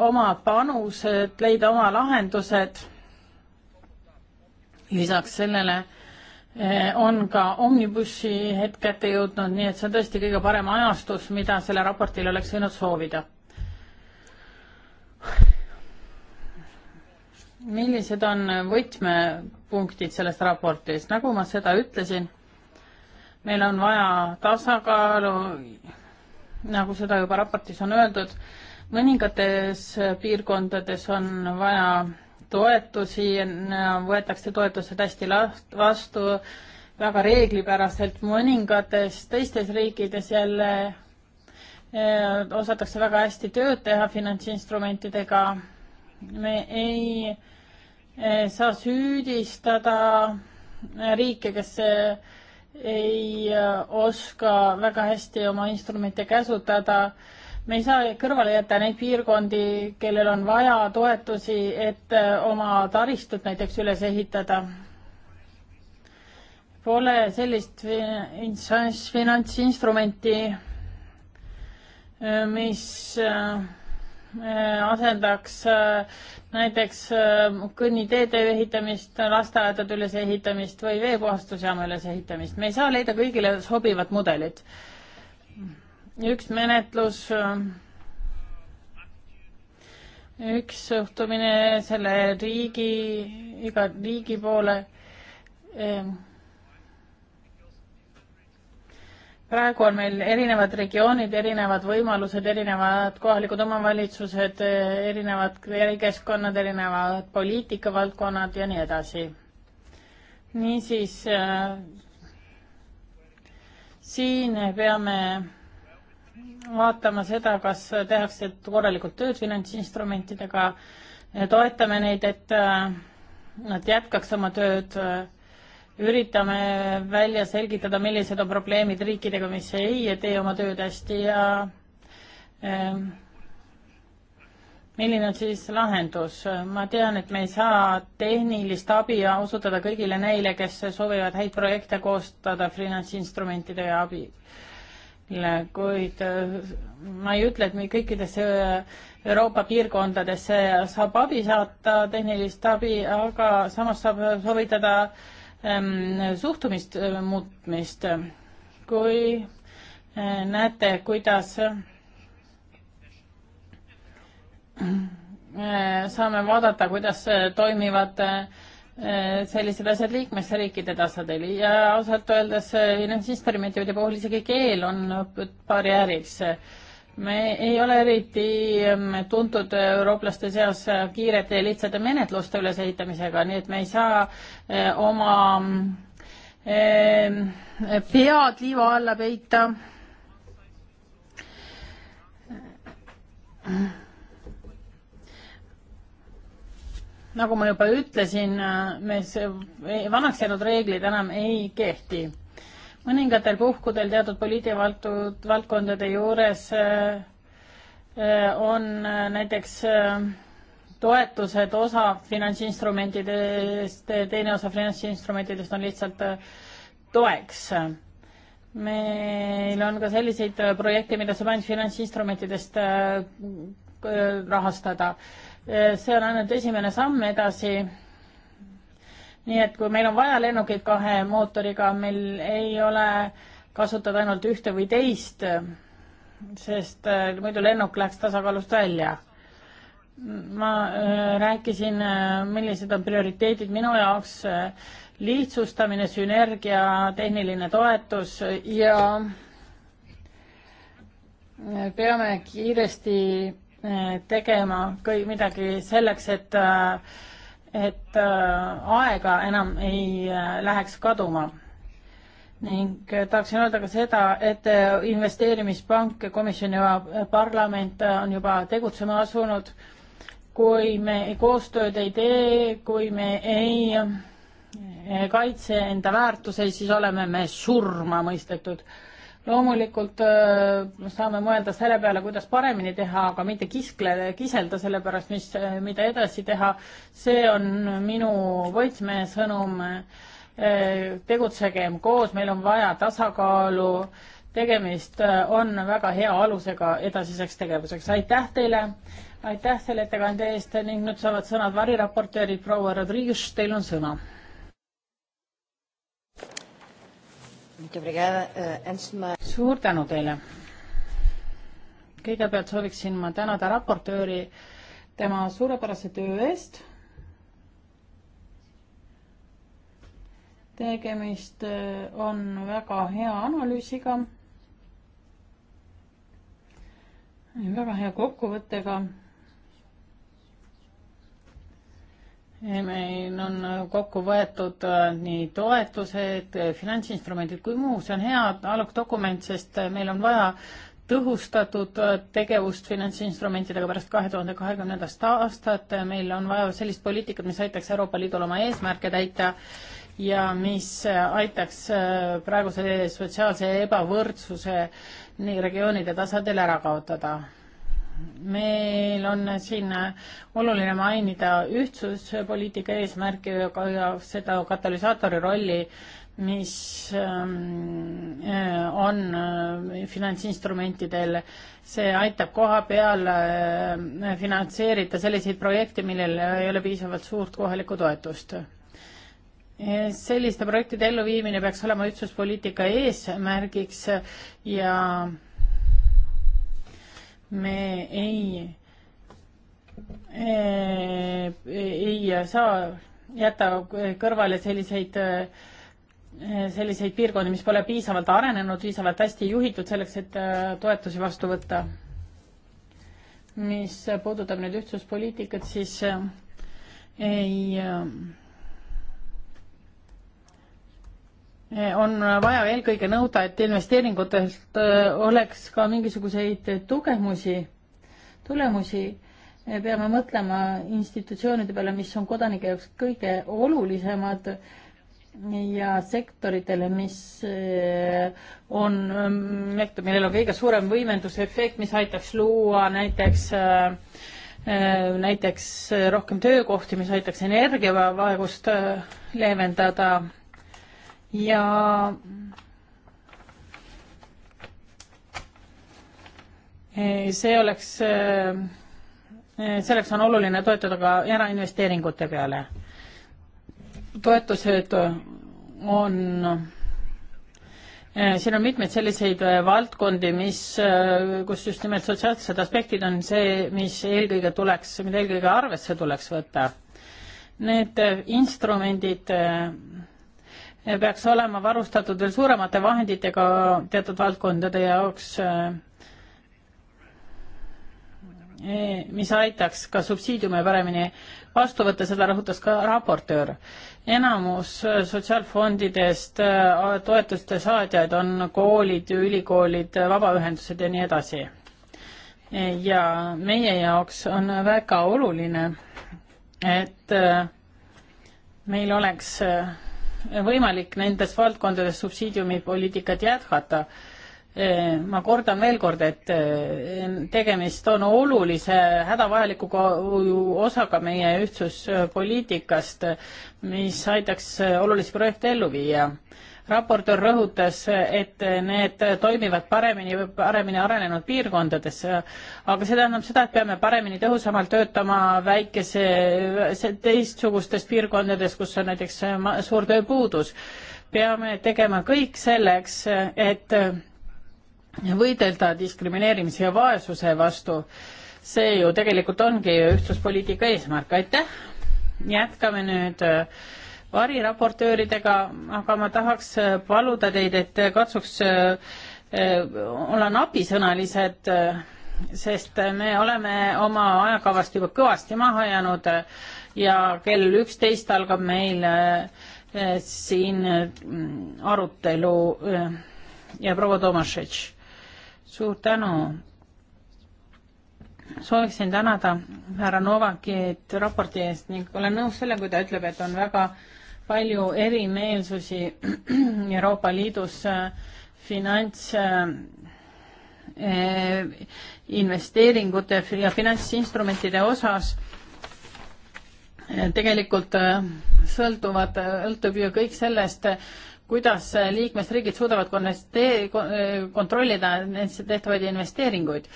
oma panused, leida oma lahendused. lisaks sellele eh, on ka omnibussi hetk kätte jõudnud, nii et see on tõesti kõige parem ajastus, mida selle raportile oleks võinud soovida millised on võtmepunktid sellest raportist, nagu ma seda ütlesin, meil on vaja tasakaalu, nagu seda juba raportis on öeldud, mõningates piirkondades on vaja toetusi, võetakse toetused hästi last-, vastu, väga reeglipäraselt, mõningates teistes riikides jälle eh, osatakse väga hästi tööd teha finantsinstrumentidega me ei eh, saa süüdistada eh, riike, kes eh, ei oska väga hästi oma instrumente käsutada. me ei saa kõrvale jätta neid piirkondi, kellel on vaja toetusi, et oma taristut näiteks üles ehitada. Pole sellist finantsinstrumenti, mis äh, Äh, asendaks äh, näiteks äh, kõnniteede ehitamist, lasteaedade üles ehitamist või veepuhastusjaama üles ehitamist. me ei saa leida kõigile sobivat mudelit. üks menetlus, üks suhtumine selle riigi, iga riigi poole praegu on meil erinevad regioonid, erinevad võimalused, erinevad kohalikud omavalitsused, erinevad keskkonnad, erinevad poliitikavaldkonnad ja nii edasi. niisiis äh, siin peame vaatama seda, kas tehakse korralikult tööd finantsinstrumentidega, toetame neid, et äh, nad jätkaks oma tööd äh, üritame välja selgitada, millised on probleemid riikidega, mis ei tee oma tööd hästi ja ähm, milline on siis lahendus? ma tean, et me ei saa tehnilist abi osutada kõigile neile, kes soovivad häid projekte koostada finantsinstrumentide abil. kuid äh, ma ei ütle, et me kõikidesse äh, Euroopa piirkondadesse äh, saab abi saata, tehnilist abi, aga samas saab soovitada äh, Ähm, suhtumist äh, muutmist. kui äh, näete, kuidas äh, saame vaadata, kuidas toimivad sellised asjad liikmesriikide tasandil ja ausalt öeldes finantsinstrumentide puhul isegi keel on barjääriks me ei ole eriti tuntud eurooplaste seas kiirete ja lihtsate menetluste ülesehitamisega, nii et me ei saa eh, oma pead liiva alla peita. nagu ma juba ütlesin, me, vanaks jäänud reeglid enam ei kehti mõningatel puhkudel teatud poliitivaldkond, valdkondade juures äh, äh, on äh, näiteks toetused osa finantsinstrumentidest, teine osa finantsinstrumentidest on lihtsalt toeks. meil on ka selliseid projekte, mida saab ainult finantsinstrumentidest rahastada. see on ainult esimene samm edasi nii et kui meil on vaja lennukeid kahe mootoriga, meil ei ole kasutada ainult ühte või teist, sest äh, muidu lennuk läheks tasakaalust välja. ma äh, rääkisin, äh, millised on prioriteedid minu jaoks, lihtsustamine, sünergia, tehniline toetus ja peame kiiresti tegema kõik midagi selleks, et äh, et äh, aega enam ei äh, läheks kaduma. ning äh, tahaksin öelda ka seda, et investeerimispank, komisjon ja parlament on juba tegutsema asunud. kui me koostööd ei tee, kui me ei kaitse enda väärtuseid, siis oleme me surma mõistetud loomulikult äh, saame mõelda selle peale, kuidas paremini teha, aga mitte kiskle, kiselda selle pärast, mis, äh, mida edasi teha. see on minu võtmesõnum. Äh, tegutsegem koos, meil on vaja tasakaalu. tegemist on väga hea alusega edasiseks tegevuseks. aitäh teile, aitäh selle ettekande eest ning nüüd saavad sõnad variraportöörid, proua Rodriguez, teil on sõna Eh, suur tänu teile. kõigepealt sooviksin ma tänada raportööri tema suurepärase töö eest. tegemist eh, on väga hea analüüsiga, väga hea kokkuvõttega meil on kokku võetud äh, nii toetused, äh, finantsinstrumendid kui muu, see on hea algdokument, sest äh, meil on vaja tõhustatud tegevust finantsinstrumentidega pärast kahe tuhande kahekümnendast aastat, meil on vaja sellist poliitikat, mis aitaks Euroopa Liidul oma eesmärke täita ja mis aitaks praeguse sotsiaalse ebavõrdsuse nii regioonide tasandil ära kaotada meil on siin oluline mainida ühtsuspoliitika eesmärke ja seda katalüsaatori rolli, mis ähm, äh, on äh, finantsinstrumentidel. see aitab koha peal äh, finantseerida selliseid projekte, millel ei ole piisavalt suurt kohalikku toetust selliste projektide elluviimine peaks olema ühtsuspoliitika eesmärgiks ja me ei, eh, ei saa jätta kõrvale selliseid, eh, selliseid piirkondi, mis pole piisavalt arenenud, piisavalt hästi juhitud selleks, et eh, toetusi vastu võtta. mis puudutab nüüd ühtsuspoliitikat, siis ei on vaja eelkõige nõuda, et investeeringutest äh, oleks ka mingisuguseid tugevusi, tulemusi. me peame mõtlema institutsioonide peale, mis on kodanike jaoks kõige olulisemad ja sektoritele, mis äh, on, ähm, millel on kõige suurem võimendusefekt, mis aitaks luua näiteks äh, näiteks rohkem töökohti, mis aitaks energiavaegust leevendada ja e, see oleks, e, e, selleks on oluline toetuda ka erainvesteeringute peale. toetused on, siin on mitmeid selliseid valdkondi, mis, kus just nimelt sotsiaalsed aspektid on see, mis eelkõige tuleks, mida eelkõige arvesse tuleks võtta. Need instrumendid peaks olema varustatud veel suuremate vahenditega teatud valdkondade jaoks, eh, eh, mis aitaks ka subsiidiume paremini vastu võtta, seda rõhutas ka raportöör. enamus sotsiaalfondidest eh, toetuste saadjaid on koolid, ülikoolid, vabaühendused ja nii edasi. ja meie jaoks on väga oluline, et meil oleks võimalik nendes valdkondades subsiidiumipoliitikat jätkata. ma kordan veel kord, et eh, tegemist on olulise hädavajaliku osaga meie ühtsuspoliitikast, mis aitaks olulisi projekte ellu viia raportöör rõhutas, et need toimivad paremini, paremini arenenud piirkondades, aga see tähendab seda, et peame paremini, tõhusamalt töötama väikese, teistsugustes piirkondades, kus on näiteks suur tööpuudus. peame tegema kõik selleks, et võidelda diskrimineerimise ja vaesuse vastu. see ju tegelikult ongi ühtsuspoliitika eesmärk, aitäh! jätkame nüüd äh, variraportööridega, aga ma tahaks äh, paluda teid, et äh, katsuks äh, olla napisõnalised, sest me oleme oma ajakavast juba kõvasti maha jäänud ja kell üksteist algab meil siin arutelu ja proua Tomašetš, suur tänu sooviksin tänada härra Novakit raporti eest ning olen nõus sellega, kui ta ütleb, et on väga palju erimeelsusi Euroopa Liidus äh, finants äh, investeeringute ja finantsinstrumentide osas äh, tegelikult sõltuvad, sõltub ju kõik sellest, kuidas liikmesriigid suudavad kontrollida neisse tehtavaid investeeringuid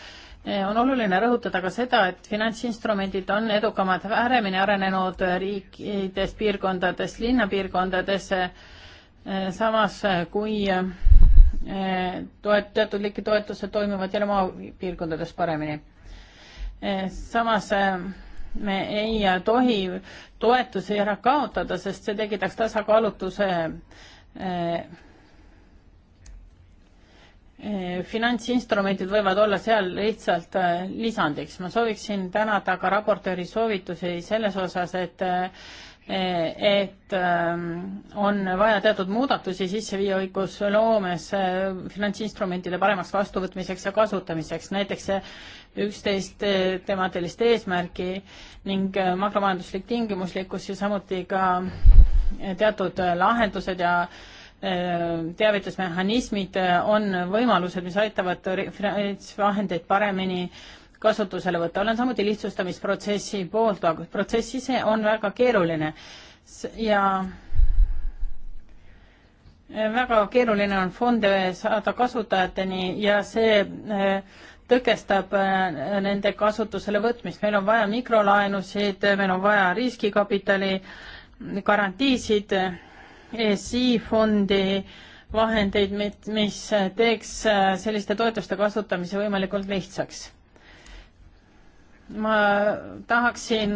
Eh, on oluline rõhutada ka seda, et finantsinstrumendid on edukamad paremini arenenud riikides, piirkondades, linnapiirkondades, eh, samas kui eh, toet-, teatud liiki toetused toimivad jälle maapiirkondades paremini. samas me ei tohi toetusi ära kaotada, sest see tekitaks tasakaalutuse Eh, finantsinstrumendid võivad olla seal lihtsalt eh, lisandiks. ma sooviksin tänada ka raportööri soovitusi selles osas, et eh, et on vaja teatud muudatusi sisse viia õigusloomes finantsinstrumentide paremaks vastuvõtmiseks ja kasutamiseks, näiteks üksteist temaatilist eesmärki ning makromajanduslik tingimuslikkus ja samuti ka teatud lahendused ja äh, teavitusmehhanismid äh, on võimalused, mis aitavad finantsvahendeid paremini kasutusele võtta. olen samuti lihtsustamisprotsessi poolt, aga protsess ise on väga keeruline ja äh, väga keeruline on fonde saada kasutajateni ja see äh, tõkestab nende kasutusele võtmist. meil on vaja mikrolaenusid, meil on vaja riskikapitali, garantiisid ESI fondi vahendeid, mis teeks äh, selliste toetuste kasutamise võimalikult lihtsaks. ma tahaksin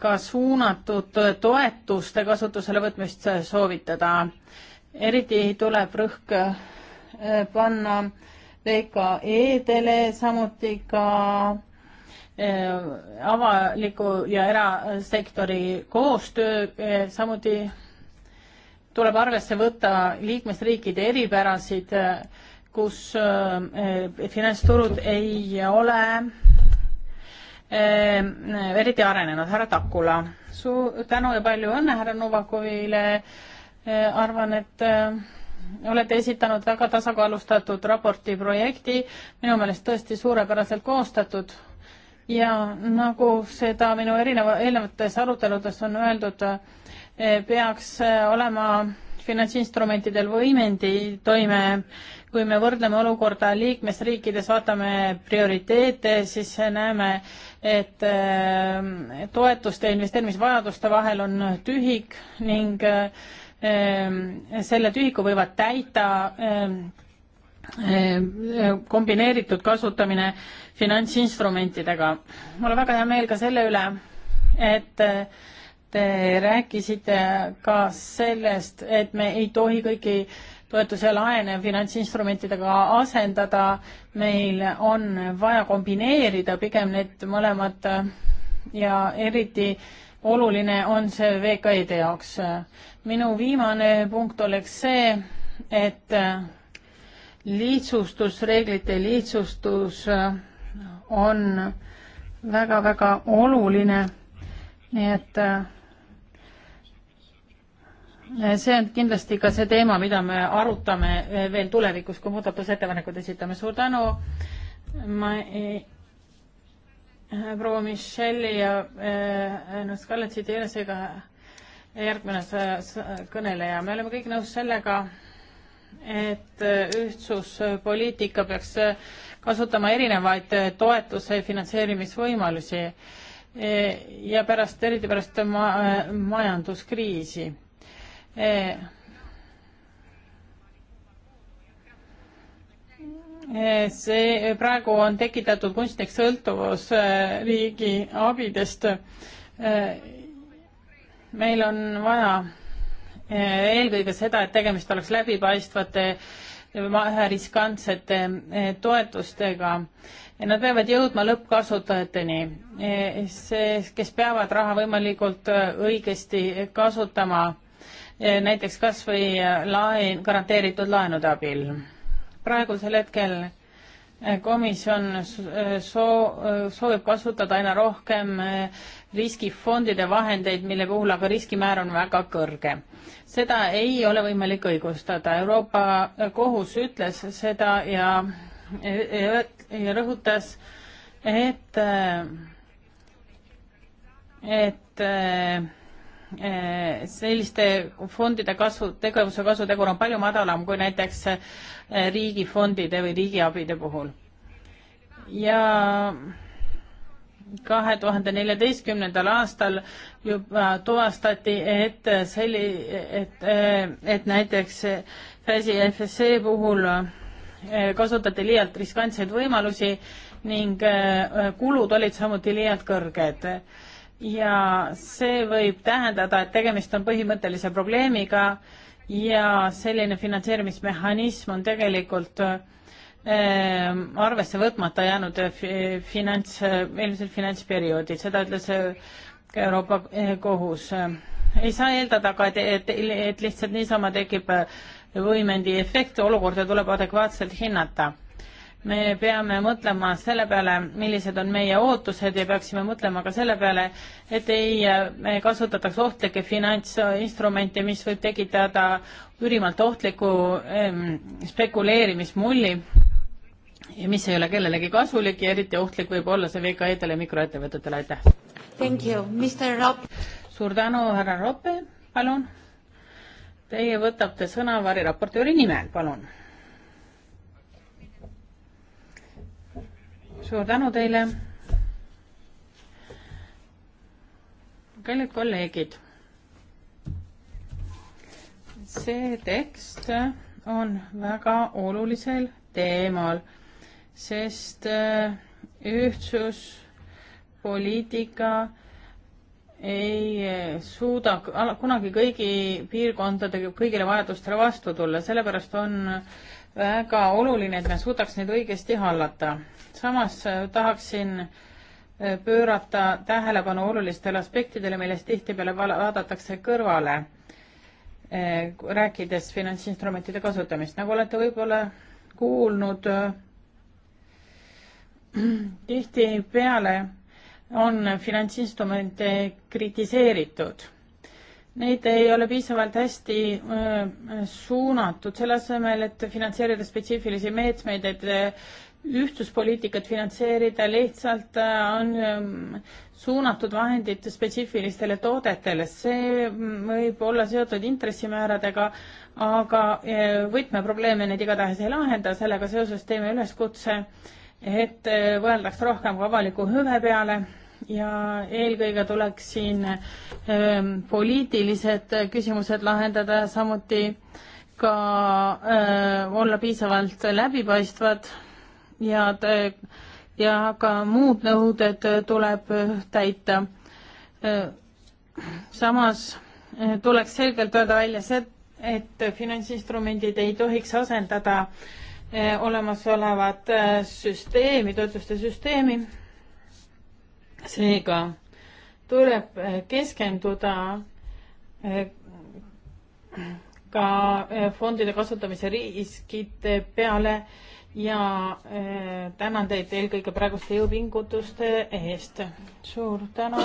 ka suunatud toetuste kasutusele võtmist soovitada. eriti tuleb rõhk äh, panna VKE-dele, samuti ka äh, avaliku ja erasektori koostöö, samuti tuleb arvesse võtta liikmesriikide eripärasid, äh, kus äh, finantsturud ei ole äh, eriti arenenud. härra Takula, suur tänu ja palju õnne härra Novakovile. arvan, et olete esitanud väga tasakaalustatud raporti projekti, minu meelest tõesti suurepäraselt koostatud ja nagu seda minu erineva, eelnevates aruteludes on öeldud, peaks äh, olema finantsinstrumentidel võimendi toime, kui me võrdleme olukorda liikmesriikides, vaatame prioriteete, siis näeme, et äh, toetuste ja investeerimisvajaduste vahel on tühik ning äh, selle tühiku võivad täita kombineeritud kasutamine finantsinstrumentidega. mul on väga hea meel ka selle üle, et Te rääkisite ka sellest, et me ei tohi kõiki toetuse laene finantsinstrumentidega asendada, meil on vaja kombineerida pigem need mõlemad ja eriti oluline on see VKE-de jaoks. minu viimane punkt oleks see, et lihtsustus, reeglite lihtsustus on väga-väga oluline, nii et äh, Äh, see on kindlasti ka see teema, mida me arutame äh, veel tulevikus, kui muudatusettepanekud esitame. suur tänu. ma ei, äh, proua Michelli ja no Scarletti teenusega järgmine kõneleja, me oleme kõik nõus sellega, et ühtsuspoliitika peaks kasutama erinevaid toetuse finantseerimisvõimalusi ja pärast, eriti pärast ma, majanduskriisi Eh, eh, see eh, praegu on tekitatud kunstnik sõltuvus riigi abidest. meil on vaja eelkõige seda, et tegemist oleks läbipaistvate riskantsete toetustega. Nad peavad jõudma lõppkasutajateni, see, kes peavad raha võimalikult õigesti kasutama Eh, näiteks kas või eh, laen, garanteeritud laenude abil. praegusel hetkel eh, komisjon soo-, soovib kasutada aina rohkem riskifondide vahendeid, mille puhul aga riskimäär on väga kõrge. seda ei ole võimalik õigustada, Euroopa Kohus ütles seda ja, ja, ja rõhutas, et, et Eh, selliste fondide kasu, tegevuse kasutegur on palju madalam kui näiteks eh, riigifondide või riigiabide puhul. ja kahe tuhande neljateistkümnendal aastal juba tuvastati, et selli-, et, eh, et näiteks FASi ja FSC e puhul kasutati liialt riskantseid võimalusi ning kulud olid samuti liialt kõrged ja see võib tähendada, et tegemist on põhimõttelise probleemiga ja selline finantseerimismehhanism on tegelikult äh, arvesse võtmata jäänud äh, finants, äh, eelmisel finantsperioodil, seda ütles ka Euroopa Kohus. ei saa eeldada ka, et, et lihtsalt niisama tekib võimendi efekt, olukorda tuleb adekvaatselt hinnata me peame mõtlema selle peale, millised on meie ootused ja peaksime mõtlema ka selle peale, et ei kasutataks ohtlikke finantsinstrumente, mis võib tekitada ülimalt ohtliku spekuleerimismulli ja mis ei ole kellelegi kasulik ja eriti ohtlik võib olla see VKE-dele ja mikroettevõtetele, aitäh! Thank you, Mr Ropp. suur tänu, härra Roppe, palun. Teie võtate sõna variraportööri nimel, palun suur tänu teile. kallid kolleegid. see tekst on väga olulisel teemal, sest äh, ühtsuspoliitika ei äh, suuda kunagi kõigi piirkondade kõigile vajadustele vastu tulla, sellepärast on väga oluline, et me suudaks neid õigesti hallata. samas äh, tahaksin äh, pöörata tähelepanu olulistele aspektidele, millest tihtipeale vaadatakse kõrvale, äh, rääkides finantsinstrumentide kasutamist. nagu olete võib-olla kuulnud, tihtipeale on finantsinstrumente kritiseeritud neid ei ole piisavalt hästi suunatud, selle asemel, et finantseerida spetsiifilisi meetmeid, et ühtsuspoliitikat finantseerida, lihtsalt on suunatud vahendid spetsiifilistele toodetele, see võib olla seotud intressimääradega, aga võtmeprobleeme need igatahes ei lahenda, sellega seoses teeme üleskutse, et mõeldaks rohkem ka avaliku hüve peale ja eelkõige tuleks siin ähm, poliitilised küsimused lahendada, samuti ka äh, olla piisavalt läbipaistvad ja, äh, ja ka muud nõuded tuleb täita äh,. samas äh, tuleks selgelt öelda välja see, et finantsinstrumendid ei tohiks asendada äh, olemasolevat äh, süsteemi, toetuste süsteemi seega tuleb äh, keskenduda äh, ka äh, fondide kasutamise riskide peale ja tänan teid eelkõige praeguste jõupingutuste eest. suur tänu.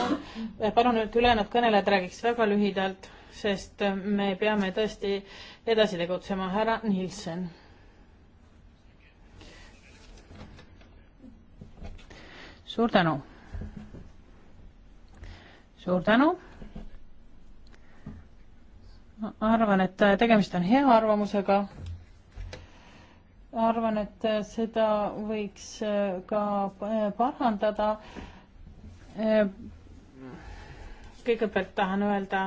palun, et ülejäänud kõnelejad räägiks väga lühidalt, sest me peame tõesti edasi tegutsema. härra Nilsen suur tänu suur tänu. ma arvan, et tegemist on hea arvamusega. arvan, et seda võiks ka parandada. kõigepealt tahan öelda,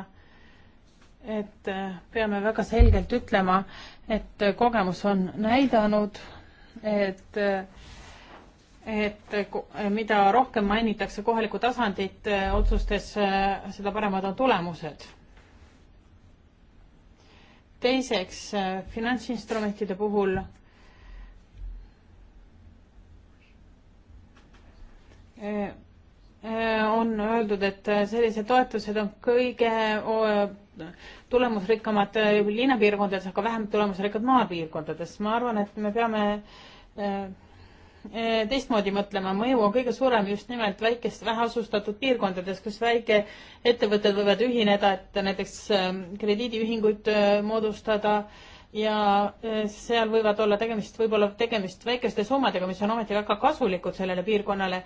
et peame väga selgelt ütlema, et kogemus on näidanud, et äh, et mida rohkem mainitakse kohalikku tasandit eh, otsustes, eh, seda paremad on tulemused. teiseks, eh, finantsinstrumentide puhul on öeldud, et sellised toetused on kõige tulemusrikkamad linnapiirkondades, aga vähem tulemusrikkad maapiirkondades. ma arvan, et me peame Äh, teistmoodi mõtlema, mõju on kõige suurem just nimelt väikest, väheasustatud piirkondades, kus väikeettevõtted võivad ühineda, et näiteks ähm, krediidiühinguid äh, moodustada ja äh, seal võivad olla tegemist, võib-olla tegemist väikeste summadega, mis on ometi väga kasulikud sellele piirkonnale.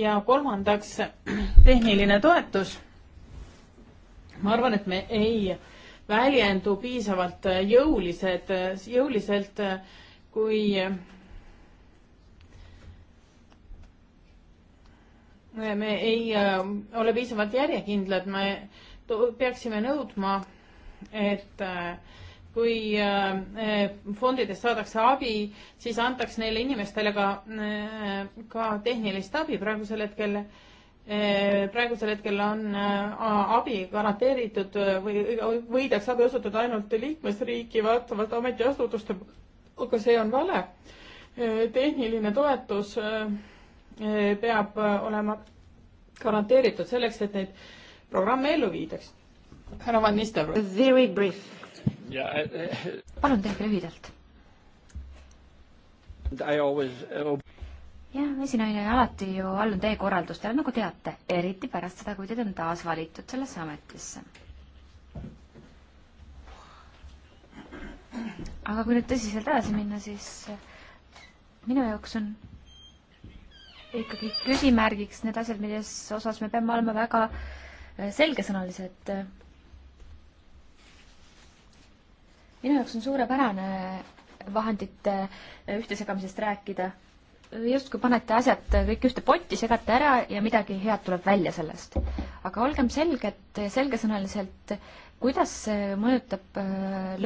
ja kolmandaks, tehniline toetus. ma arvan, et me ei väljendu piisavalt jõulised, jõuliselt, kui me ei äh, ole piisavalt järjekindlad, me peaksime nõudma, et äh, kui äh, fondidest saadakse abi, siis antaks neile inimestele ka, ka tehnilist abi. praegusel hetkel, praegusel hetkel on abi garanteeritud või võidaks abi osutada ainult liikmesriiki vaatavalt ametiasutuste, aga see on vale. tehniline toetus Äh, peab äh, olema garanteeritud selleks, et neid programme ellu viidaks. härra Van Nistelrooy. Very brief yeah.. palun tehke lühidalt. Uh, jah, esinaine alati ju allun teie korraldustele, nagu teate, eriti pärast seda, kui teid on taas valitud sellesse ametisse aga kui nüüd tõsiselt edasi minna, siis minu jaoks on ikkagi küsimärgiks need asjad, milles osas me peame olema väga äh, selgesõnalised. minu jaoks on suurepärane vahendite äh, ühtesegamisest rääkida. justkui panete asjad äh, kõik ühte potti, segate ära ja midagi head tuleb välja sellest. aga olgem selged, selgesõnaliselt, kuidas see mõjutab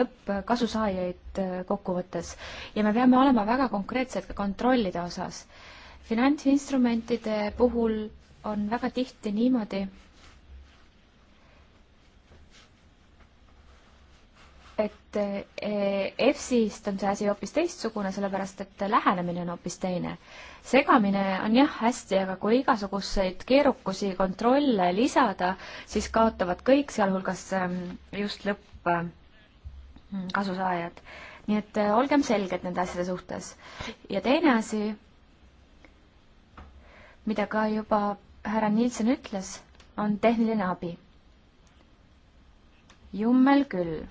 lõppkasusaajaid kokkuvõttes ja me peame olema väga konkreetsed ka kontrollide osas finantsinstrumentide puhul on väga tihti niimoodi, et eh, EFSist on see asi hoopis teistsugune, sellepärast et lähenemine on hoopis teine. segamine on jah hästi, aga kui igasuguseid keerukusi kontrolle lisada, siis kaotavad kõik, sealhulgas ehm, just lõppkasusaajad. Ehm, nii et eh, olgem selged nende asjade suhtes. ja teine asi mida ka juba härra Nielsen ütles, on tehniline abi. jummel küll.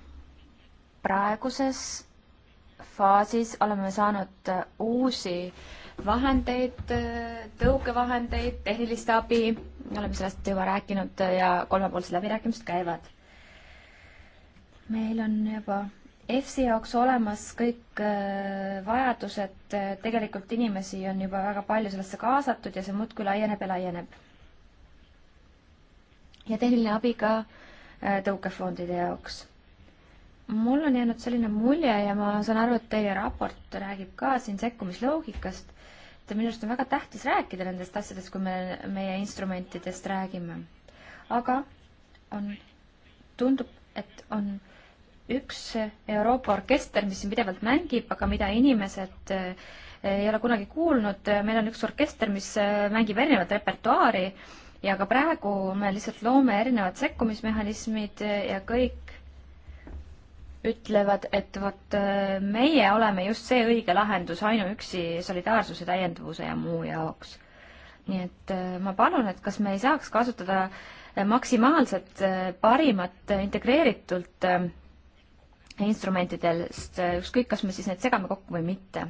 praeguses faasis oleme saanud äh, uusi vahendeid, äh, tõukevahendeid, tehnilist abi, oleme sellest juba rääkinud äh, ja kolmepoolsed läbirääkimised käivad. meil on juba EFSi jaoks olemas kõik äh, vajadused, äh, tegelikult inimesi on juba väga palju sellesse kaasatud ja see muudkui laieneb ja laieneb. ja tehniline abi ka äh, tõukefondide jaoks. mul on jäänud selline mulje ja ma saan aru, et teie raport räägib ka siin sekkumisloogikast, et minu arust on väga tähtis rääkida nendest asjadest, kui me meie instrumentidest räägime. aga on, tundub, et on äh, üks Euroopa orkester, mis siin pidevalt mängib, aga mida inimesed äh, ei ole kunagi kuulnud, meil on üks orkester, mis äh, mängib erinevat repertuaari ja ka praegu me lihtsalt loome erinevad sekkumismehhanismid äh, ja kõik ütlevad, et vot meie oleme just see õige lahendus ainuüksi solidaarsuse, täienduvuse ja muu jaoks. nii et ma palun, et kas me ei saaks kasutada maksimaalselt parimat integreeritult instrumentidest, ükskõik, kas me siis need segame kokku või mitte.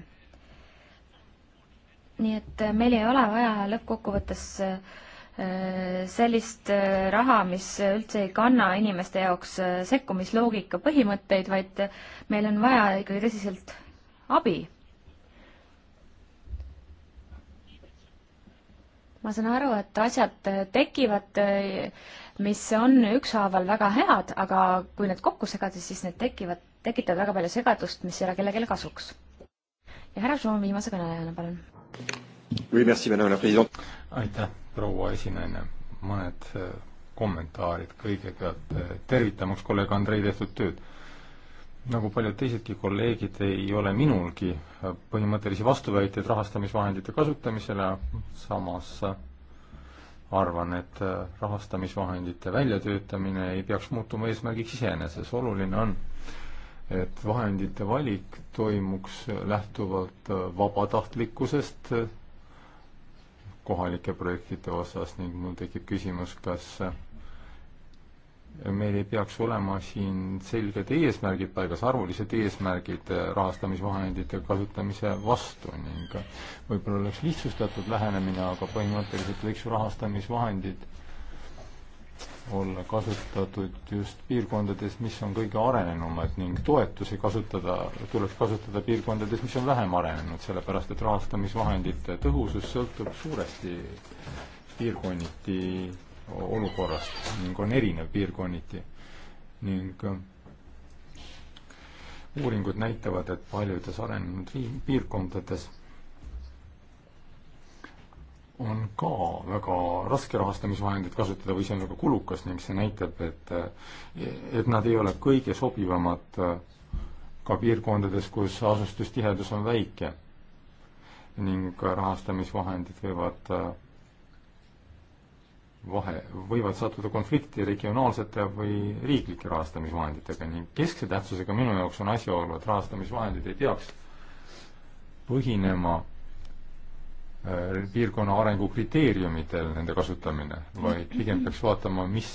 nii et äh, meil ei ole vaja lõppkokkuvõttes äh, sellist äh, raha, mis üldse ei kanna inimeste jaoks sekkumisloogika põhimõtteid, vaid meil on vaja ikkagi tõsiselt abi. ma saan aru, et asjad tekivad mis on ükshaaval väga head, aga kui need kokku segada, siis need tekivad, tekitavad väga palju segadust, mis ei ole kellelegi kasuks. ja härra Šoom viimase kõnelejana, palun. aitäh, proua esinaine, mõned äh, kommentaarid kõigepealt, äh, tervitamaks kolleeg Andrei tehtud tööd. nagu paljud teisedki kolleegid, ei ole minulgi äh, põhimõttelisi vastuväiteid rahastamisvahendite kasutamisele, samas arvan, et äh, rahastamisvahendite väljatöötamine ei peaks muutuma eesmärgiks iseeneses, oluline on, et vahendite valik toimuks lähtuvalt äh, vabatahtlikkusest äh, kohalike projektide osas ning mul tekib küsimus, kas meil ei peaks olema siin selged eesmärgid paigas, arvulised eesmärgid rahastamisvahendite kasutamise vastu ning võib-olla oleks lihtsustatud lähenemine, aga põhimõtteliselt võiks ju rahastamisvahendid olla kasutatud just piirkondades, mis on kõige arenenumad ning toetusi kasutada, tuleks kasutada piirkondades, mis on vähem arenenud, sellepärast et rahastamisvahendite tõhusus sõltub suuresti piirkonniti olukorrast ning on erinev piirkonniti ning äh, uuringud näitavad, et paljudes arenenud piirkondades on ka väga raske rahastamisvahendeid kasutada või see on väga kulukas ning see näitab, et, äh, et nad ei ole kõige sobivamad äh, ka piirkondades, kus asustustihedus on väike. ning rahastamisvahendid võivad vahe, võivad sattuda konflikti regionaalsete või riiklike rahastamisvahenditega ning keskse tähtsusega minu jaoks on asjaolu, et rahastamisvahendid ei peaks põhinema äh, piirkonna arengu kriteeriumitel nende kasutamine, vaid pigem peaks vaatama, mis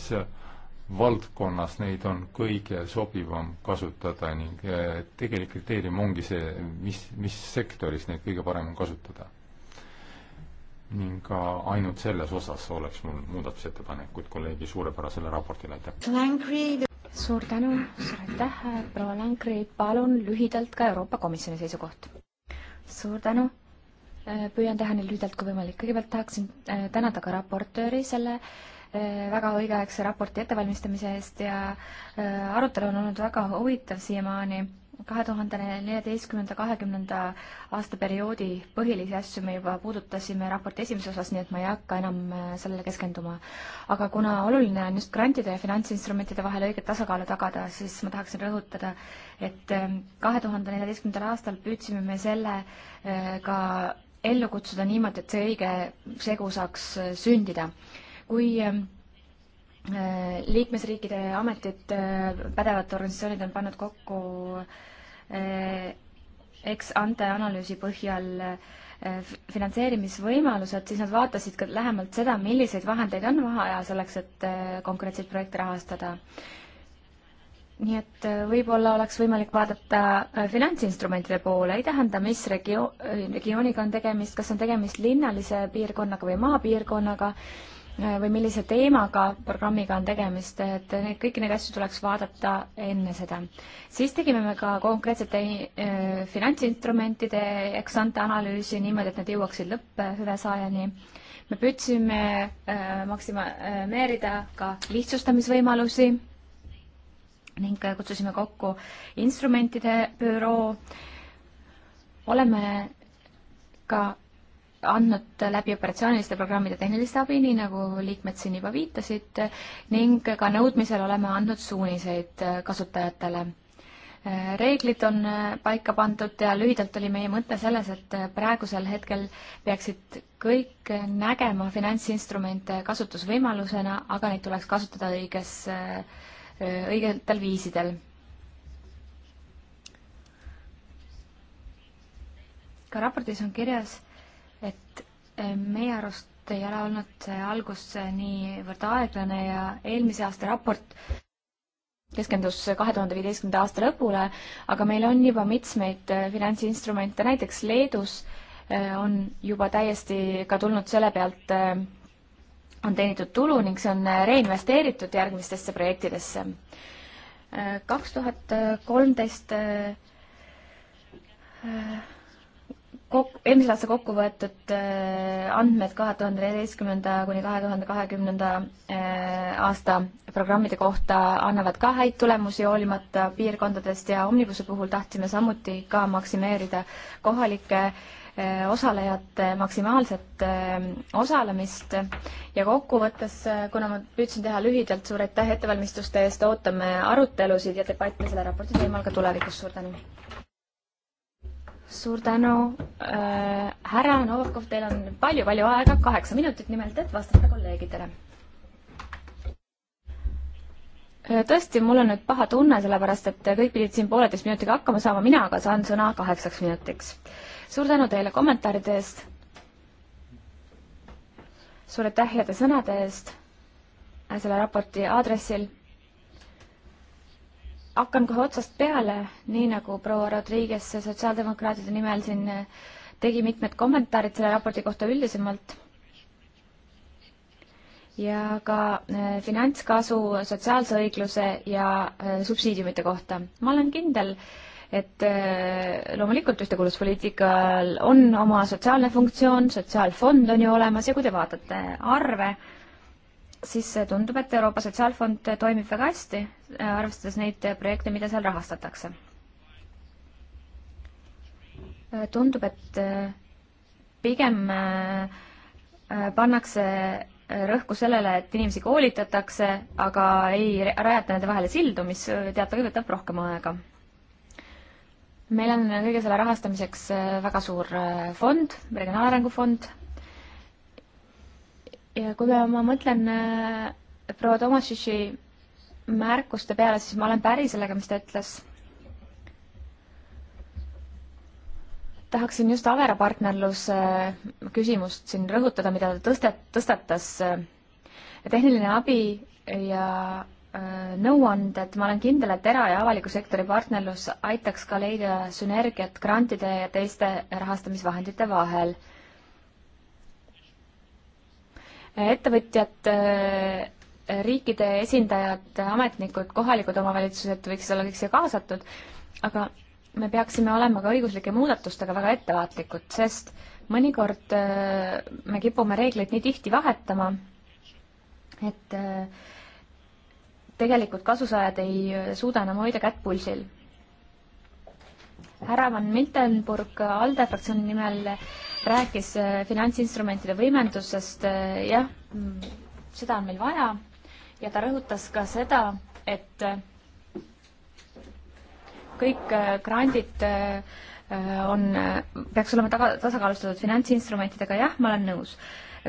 valdkonnas neid on kõige sobivam kasutada ning äh, tegelik kriteerium ongi see, mis, mis sektoris neid kõige parem on kasutada ning ka ainult selles osas oleks mul muudatusettepanekud kolleegi suurepärasele raportile, aitäh! suur tänu, suur aitäh, proua Lankri, palun lühidalt ka Euroopa Komisjoni seisukoht. suur tänu, äh, püüan teha nii lühidalt kui võimalik, kõigepealt tahaksin äh, tänada ka raportööri selle äh, väga õigeaegse raporti ettevalmistamise eest ja arutelu on olnud väga huvitav siiamaani kahe tuhande neljateistkümnenda, kahekümnenda aasta perioodi põhilisi asju me juba puudutasime raporti esimeses osas, nii et ma ei hakka enam äh, sellele keskenduma. aga kuna oluline on just grantide ja finantsinstrumentide vahel õiget tasakaalu tagada, siis ma tahaksin rõhutada, et äh, kahe tuhande neljateistkümnendal aastal püüdsime me selle äh, ka ellu kutsuda niimoodi, et see õige segu saaks sündida. kui liikmesriikide ametid, pädevad organisatsioonid on pannud kokku äh, eks eh, ante analüüsi põhjal eh, finantseerimisvõimalused, siis nad vaatasid ka lähemalt seda, milliseid vahendeid on vaja selleks, et eh, konkreetseid projekte rahastada. nii et võib-olla oleks võimalik vaadata finantsinstrumentide poole, ei tähenda, mis regio-, regiooniga on tegemist, kas on tegemist linnalise piirkonnaga või maapiirkonnaga Äh, või millise teemaga, programmiga on tegemist, et neid, kõiki neid asju tuleks vaadata enne seda. siis tegime me ka konkreetsete äh, finantsinstrumentide eksante analüüsi niimoodi, et need jõuaksid lõpphüve saajani. me püüdsime äh, maksimeerida ka lihtsustamisvõimalusi ning kutsusime kokku instrumentide büroo. oleme ka andnud läbi operatsiooniliste programmide tehnilist abi, nii nagu liikmed siin juba viitasid, ning ka nõudmisel oleme andnud suuniseid kasutajatele. reeglid on paika pandud ja lühidalt oli meie mõte selles, et praegusel hetkel peaksid kõik nägema finantsinstrumente kasutusvõimalusena, aga neid tuleks kasutada õiges, õigetel viisidel ka raportis on kirjas, meie arust ei ole olnud see algus niivõrd aeglane ja eelmise aasta raport keskendus kahe tuhande viieteistkümnenda aasta lõpule, aga meil on juba mitmeid äh, finantsinstrumente, näiteks Leedus äh, on juba täiesti ka tulnud selle pealt, äh, on teenitud tulu ning see on reinvesteeritud järgmistesse projektidesse. kaks tuhat kolmteist kok-, eelmise aasta kokku võetud äh, andmed kahe tuhande neljateistkümnenda kuni kahe tuhande kahekümnenda äh, aasta programmide kohta annavad ka häid tulemusi hoolimata piirkondadest ja Omnibuse puhul tahtsime samuti ka maksimeerida kohalike äh, osalejate maksimaalset osalemist ja kokkuvõttes, kuna ma püüdsin teha lühidalt, suur aitäh ettevalmistuste eest, ootame arutelusid ja debatte selle raporti teemal ka tulevikus, suur tänu! suur tänu äh,, härra Novakov, teil on palju-palju aega, kaheksa minutit nimelt, et vastata kolleegidele. Äh, tõesti, mul on nüüd paha tunne, sellepärast et kõik pidid siin pooleteist minutiga hakkama saama, mina aga saan sõna kaheksaks minutiks. suur tänu teile kommentaaride eest. suur aitäh heade sõnade eest äh, selle raporti aadressil hakkan kohe otsast peale, nii nagu proua Rodriguez sotsiaaldemokraatide nimel siin eh, tegi mitmed kommentaarid selle raporti kohta üldisemalt ja ka eh, finantskasu, sotsiaalse õigluse ja eh, subsiidiumite kohta. ma olen kindel, et loomulikult ühtekuuluvuspoliitikal on oma sotsiaalne funktsioon, sotsiaalfond on ju olemas ja kui te vaatate arve, siis tundub, et Euroopa Sotsiaalfond toimib väga hästi, äh, arvestades neid projekte, mida seal rahastatakse. Äh, tundub, et äh, pigem pannakse rõhku sellele, et inimesi koolitatakse, aga ei rajata nende vahele sildu, mis teatavasti võtab rohkem aega. meil on kõige selle rahastamiseks väga suur fond, regionaalarengu fond ja kui ma mõtlen äh, proua Tomasiši märkuste peale, siis ma olen päri sellega, mis ta ütles. tahaksin just Avera partnerluse äh, küsimust siin rõhutada, mida ta tõstet-, tõstatas. Äh, tehniline abi ja nõuanded, ma olen kindel, et era- ja avaliku sektori partnerlus aitaks ka leida sünergiat grantide ja teiste rahastamisvahendite vahel ettevõtjad, äh, riikide esindajad, ametnikud, kohalikud omavalitsused võiksid olla kõik siia kaasatud, aga me peaksime olema ka õiguslike muudatustega väga ettevaatlikud, sest mõnikord äh, me kipume reegleid nii tihti vahetama, et äh, tegelikult kasusaajad ei suuda enam hoida kätt pulsil. härra Van Miltenburg ALDE fraktsiooni nimel rääkis äh, finantsinstrumentide võimendusest, äh, jah, mm, seda on meil vaja ja ta rõhutas ka seda, et äh, kõik grandid on, peaks olema taga, tasakaalustatud finantsinstrumentidega, jah, ma olen nõus.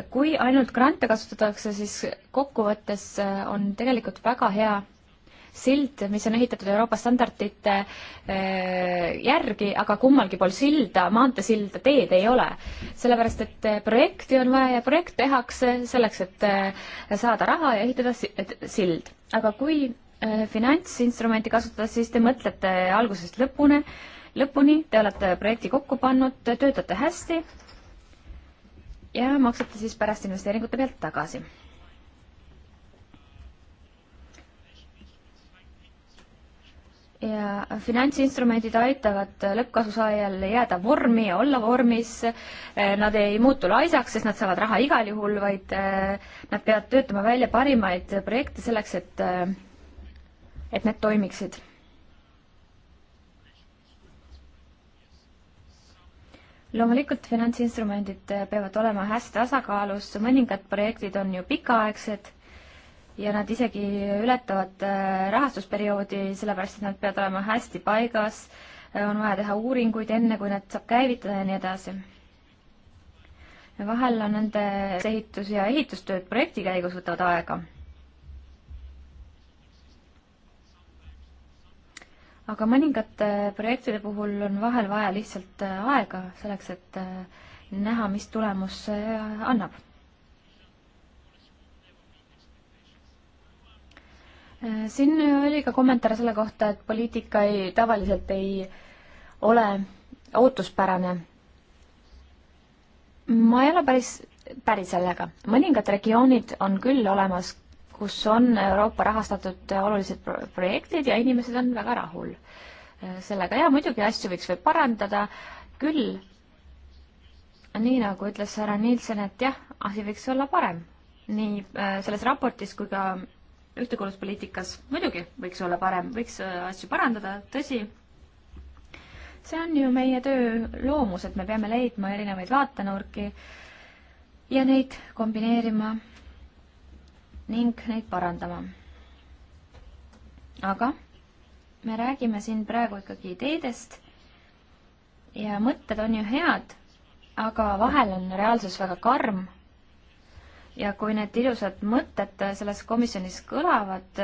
kui ainult grante kasutatakse, siis kokkuvõttes on tegelikult väga hea sild, mis on ehitatud Euroopa standardite äh, järgi, aga kummalgi pool silda, maanteesilda, teed ei ole. sellepärast, et äh, projekti on vaja ja projekt tehakse selleks, et äh, saada raha ja ehitada sild. aga kui finantsinstrumenti kasutada, siis te mõtlete algusest lõpuni, lõpuni, te olete projekti kokku pannud, töötate hästi ja maksate siis pärast investeeringute pealt tagasi ja finantsinstrumendid aitavad lõppkasusaajal jääda vormi ja olla vormis, eh, nad ei muutu laisaks, sest nad saavad raha igal juhul, vaid eh, nad peavad töötama välja parimaid projekte selleks, et, eh, et need toimiksid. loomulikult finantsinstrumendid peavad olema hästi tasakaalus, mõningad projektid on ju pikaaegsed ja nad isegi ületavad äh, rahastusperioodi, sellepärast et nad peavad olema hästi paigas, äh, on vaja teha uuringuid enne, kui nad saab käivitada ja nii edasi. vahel on nende ehitus- ja ehitustööd projekti käigus võtavad aega aga mõningate projektide puhul on vahel vaja lihtsalt äh, aega selleks, et näha, mis tulemus annab siin oli ka kommentaar selle kohta, et poliitika ei, tavaliselt ei ole ootuspärane. ma ei ole päris, päri sellega. mõningad regioonid on küll olemas, kus on Euroopa rahastatud olulised projektid ja inimesed on väga rahul e, sellega ja muidugi asju võiks veel parandada, küll nii nagu ütles härra Nielsen, et jah, asi võiks olla parem. nii e, selles raportis kui ka ühtekuuluvuspoliitikas. muidugi võiks olla parem, võiks äh, asju parandada, tõsi. see on ju meie töö loomus, et me peame leidma erinevaid vaatenurki ja neid kombineerima ning neid parandama. aga me räägime siin praegu ikkagi ideedest ja mõtted on ju head, aga vahel on reaalsus väga karm ja kui need ilusad mõtted selles komisjonis kõlavad,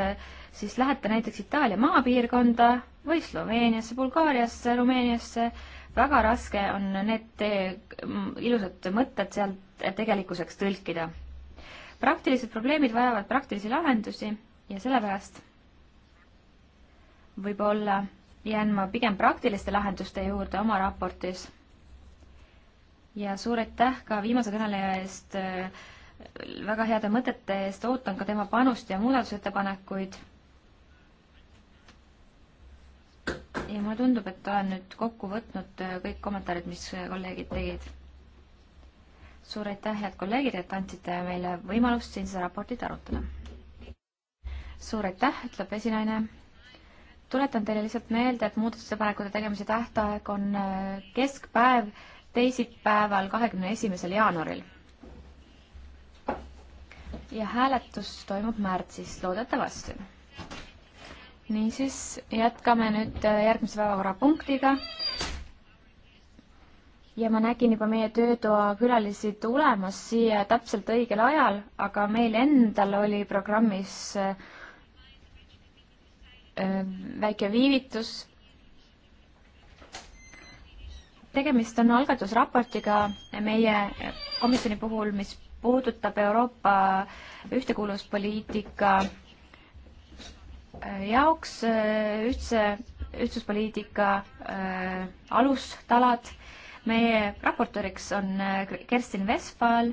siis lähete näiteks Itaalia maapiirkonda või Sloveeniasse, Bulgaariasse, Rumeeniasse, väga raske on need mm, ilusad mõtted sealt tegelikkuseks tõlkida. praktilised probleemid vajavad praktilisi lahendusi ja sellepärast võib-olla jään ma pigem praktiliste lahenduste juurde oma raportis. ja suur aitäh ka viimase kõneleja eest äh, väga heade mõtete eest, ootan ka tema panust ja muudatusettepanekuid. ja mulle tundub, et olen nüüd kokku võtnud äh, kõik kommentaarid, mis kolleegid tegid. suur aitäh, head kolleegid, et andsite meile võimalust siin seda raportit arutada. suur aitäh, ütleb esinaine. tuletan teile lihtsalt meelde, et muudatusettepanekute tegemise tähtaeg on äh, keskpäev teisipäeval, kahekümne esimesel jaanuaril ja hääletus toimub märtsis loodetavasti. niisiis, jätkame nüüd äh, järgmise päevakorrapunktiga. ja ma nägin juba meie töötoa külalisi tulemas siia täpselt õigel ajal, aga meil endal oli programmis äh, äh, väike viivitus. tegemist on algatusraportiga meie komisjoni puhul, mis puudutab Euroopa ühtekuuluvuspoliitika äh, jaoks äh, ühtse, ühtsuspoliitika äh, alustalad. meie raportööriks on äh, Kerstin Vesfaal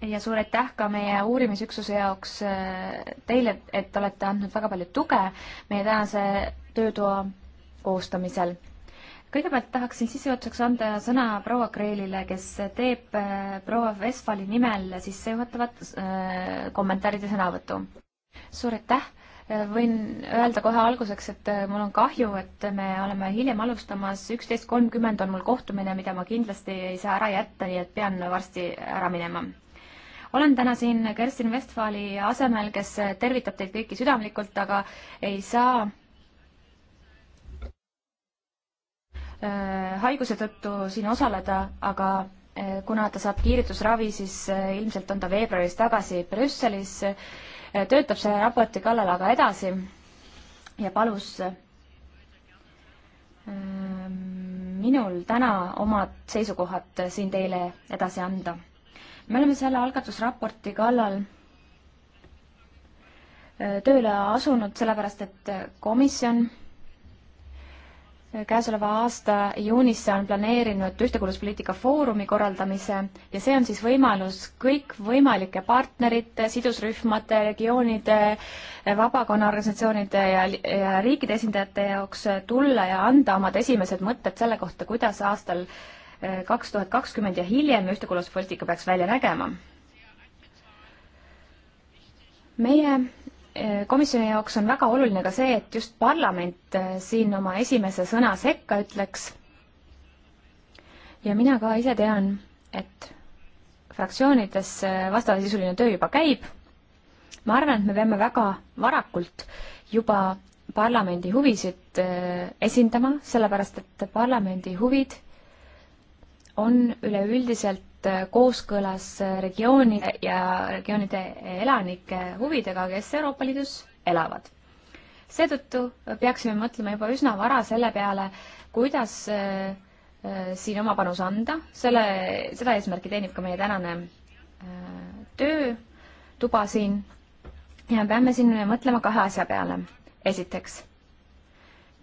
ja suur aitäh ka meie uurimisüksuse jaoks teile, et olete andnud väga palju tuge meie tänase töötoa koostamisel kõigepealt tahaksin sissejuhatuseks anda sõna proua Kreelile, kes teeb äh, proua Vesfali nimel sissejuhatavat äh, kommentaaride sõnavõtu. suur aitäh! Äh, võin öelda kohe alguseks, et mul on kahju, et me oleme hiljem alustamas, üksteist kolmkümmend on mul kohtumine, mida ma kindlasti ei saa ära jätta, nii et pean varsti ära minema. olen täna siin Kerstin Westfali asemel, kes tervitab teid kõiki südamlikult, aga ei saa Äh, haiguse tõttu siin osaleda, aga äh, kuna ta saab kiiritusravi, siis äh, ilmselt on ta veebruaris tagasi Brüsselis. töötab selle raporti kallal aga edasi ja palus minul täna omad seisukohad siin teile edasi anda. me oleme selle algatusraporti kallal tööle asunud, sellepärast et komisjon käesoleva aasta juunis on planeerinud ühtekuuluvuspoliitika foorumi korraldamise ja see on siis võimalus kõikvõimalike partnerite, sidusrühmade, regioonide, vabakonnaorganisatsioonide ja, ja riikide esindajate jaoks tulla ja anda omad esimesed mõtted selle kohta, kuidas aastal eh, kaks tuhat kakskümmend ja hiljem ühtekuuluvuspoliitika peaks välja nägema. meie Äh, komisjoni jaoks on väga oluline ka see, et just parlament äh, siin oma esimese sõna sekka ütleks. ja mina ka ise tean, et fraktsioonides äh, vastavasisuline töö juba käib. ma arvan, et me peame väga varakult juba parlamendi huvisid esindama, sellepärast et parlamendi huvid on üleüldiselt täielikult kooskõlas regioonide ja regioonide elanike huvidega, kes Euroopa Liidus elavad. seetõttu peaksime mõtlema juba üsna vara selle peale, kuidas äh, siin oma panus anda, selle, seda eesmärki teenib ka meie tänane äh, töötuba siin ja peame siin mõtlema kahe asja peale. esiteks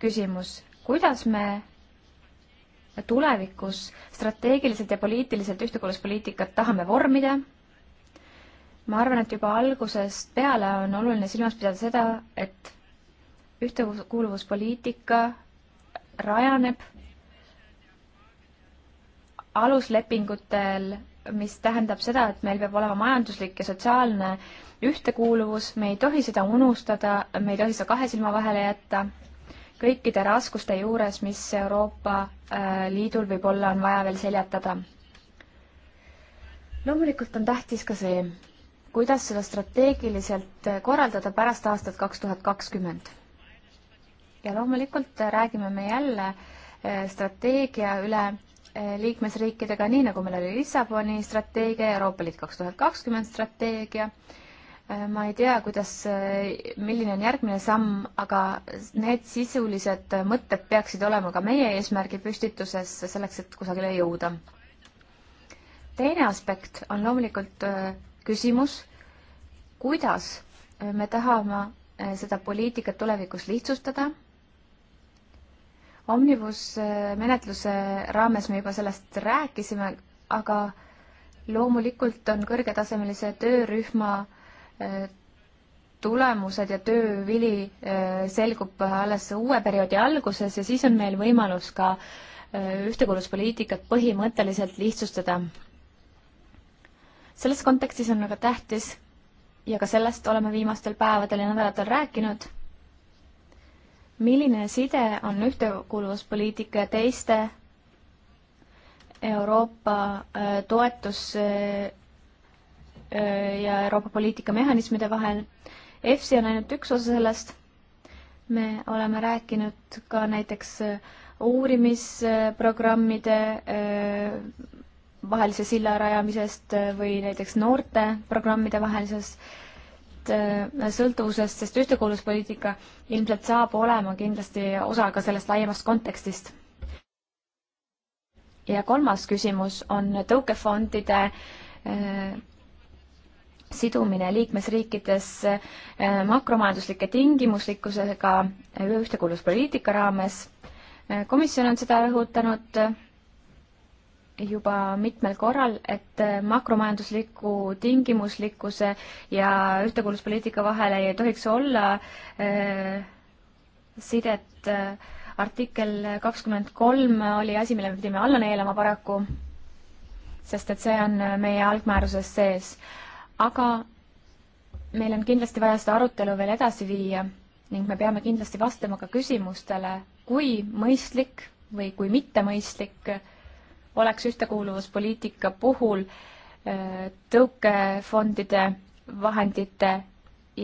küsimus, kuidas me tulevikus strateegiliselt ja poliitiliselt ühtekuuluvuspoliitikat tahame vormida. ma arvan, et juba algusest peale on oluline silmas pidada seda, et ühtekuuluvuspoliitika rajaneb aluslepingutel, mis tähendab seda, et meil peab olema majanduslik ja sotsiaalne ühtekuuluvus, me ei tohi seda unustada, me ei tohi seda kahe silma vahele jätta kõikide raskuste juures, mis Euroopa äh, Liidul võib-olla on vaja veel seljatada. loomulikult on tähtis ka see, kuidas seda strateegiliselt äh, korraldada pärast aastat kaks tuhat kakskümmend. ja loomulikult äh, räägime me jälle strateegia üle liikmesriikidega, nii nagu meil oli Lissaboni strateegia, Euroopa Liit kaks tuhat kakskümmend strateegia Äh, ma ei tea, kuidas, äh, milline on järgmine samm, aga need sisulised äh, mõtted peaksid olema ka meie eesmärgi püstituses selleks, et kusagile jõuda. teine aspekt on loomulikult küsimus, kuidas me tahame seda poliitikat tulevikus lihtsustada. Omnibus menetluse raames me juba sellest rääkisime, aga loomulikult on kõrgetasemelise töörühma äh, tulemused ja töövili eh, selgub alles uue perioodi alguses ja siis on meil võimalus ka eh, ühtekuuluvuspoliitikat põhimõtteliselt lihtsustada. selles kontekstis on aga tähtis ja ka sellest oleme viimastel päevadel ja nädalatel rääkinud, milline side on ühtekuuluvuspoliitika ja teiste Euroopa eh, toetus- ja Euroopa poliitika mehhanismide vahel. EFSI on ainult üks osa sellest. me oleme rääkinud ka näiteks uurimisprogrammide vahelise silla rajamisest või näiteks noorte programmide vahelisest sõltuvusest, sest ühtekuuluvuspoliitika ilmselt saab olema kindlasti osa ka sellest laiemast kontekstist. ja kolmas küsimus on tõukefondide sidumine liikmesriikides äh, makromajanduslike tingimuslikkusega äh, ühtekuuluvuspoliitika raames. Äh, komisjon on seda rõhutanud juba mitmel korral, et makromajandusliku tingimuslikkuse ja ühtekuuluvuspoliitika vahel ei tohiks olla äh, sidet. artikkel kakskümmend kolm oli asi, mille me pidime alla neelama paraku, sest et see on meie algmääruses sees aga meil on kindlasti vaja seda arutelu veel edasi viia ning me peame kindlasti vastama ka küsimustele, kui mõistlik või kui mittemõistlik oleks ühtekuuluvuspoliitika puhul äh, tõukefondide vahendite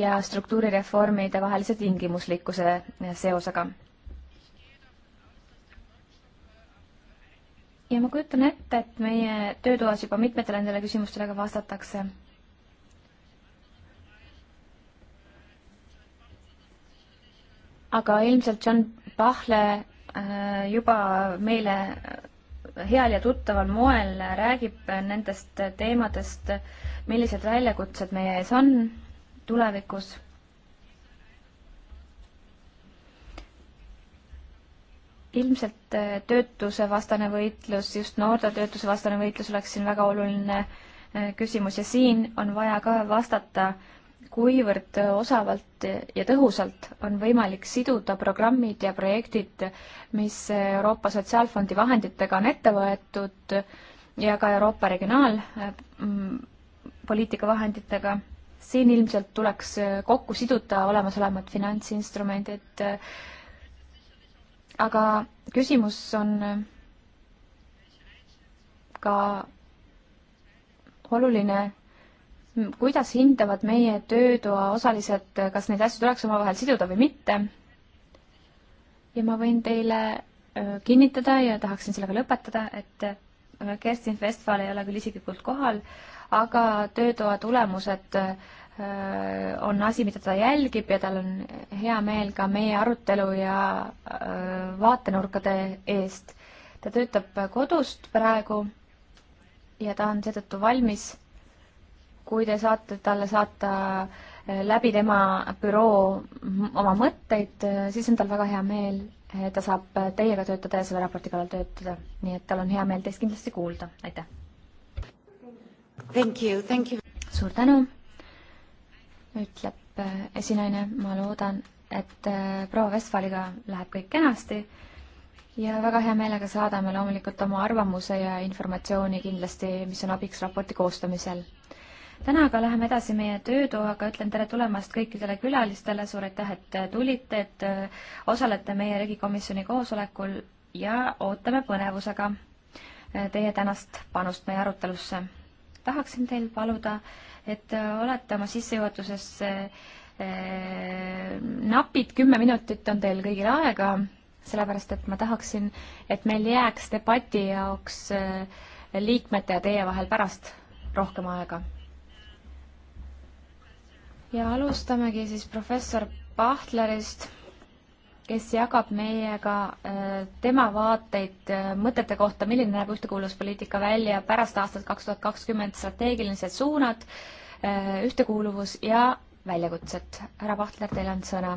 ja struktuurireformide vahelise tingimuslikkuse äh, seosega. ja ma kujutan ette, et meie töötoas juba mitmetele nendele küsimustele ka vastatakse aga ilmselt John Pahle äh, juba meile heal ja tuttaval moel räägib nendest teemadest, millised väljakutsed meie ees on tulevikus. ilmselt äh, töötusevastane võitlus, just noorte töötusevastane võitlus oleks siin väga oluline äh, küsimus ja siin on vaja ka vastata äh, kuivõrd osavalt ja tõhusalt on võimalik siduda programmid ja projektid, mis Euroopa Sotsiaalfondi vahenditega on ette võetud ja ka Euroopa regionaalpoliitika mm, vahenditega. siin ilmselt tuleks kokku siduda olemasolevad finantsinstrumendid. aga küsimus on ka oluline kuidas hindavad meie töötoa osalised, kas neid asju tuleks omavahel siduda või mitte. ja ma võin teile kinnitada ja tahaksin sellega lõpetada, et Kerstin Festval ei ole küll isiklikult kohal, aga töötoa tulemused on asi, mida ta jälgib ja tal on hea meel ka meie arutelu ja vaatenurkade eest. ta töötab kodust praegu ja ta on seetõttu valmis kui te saate talle saata eh, läbi tema büroo oma mõtteid, eh, siis on tal väga hea meel, eh, ta saab teiega töötada ja selle raporti kallal töötada. nii et tal on hea meel teist kindlasti kuulda, aitäh! suur tänu, ütleb esinaine, ma loodan, et proua Vestfaliga läheb kõik kenasti ja väga hea meelega saadame loomulikult oma arvamuse ja informatsiooni kindlasti, mis on abiks raporti koostamisel täna aga läheme edasi meie töötoaga, ütlen tere tulemast kõikidele külalistele, suur aitäh, et tulite, et äh, osalete meie regikomisjoni koosolekul ja ootame põnevusega äh, teie tänast panust meie arutelusse. tahaksin teil paluda, et äh, olete oma sissejuhatuses napid kümme minutit on teil kõigil aega, sellepärast et ma tahaksin, et meil jääks debati jaoks liikmete ja teie vahel pärast rohkem aega ja alustamegi siis professor Pahtlerist, kes jagab meiega äh, tema vaateid äh, mõtete kohta, milline näeb ühtekuuluvuspoliitika välja pärast aastat kaks tuhat kakskümmend, strateegilised suunad, äh, ühtekuuluvus ja väljakutsed. härra Pahtler, teil on sõna.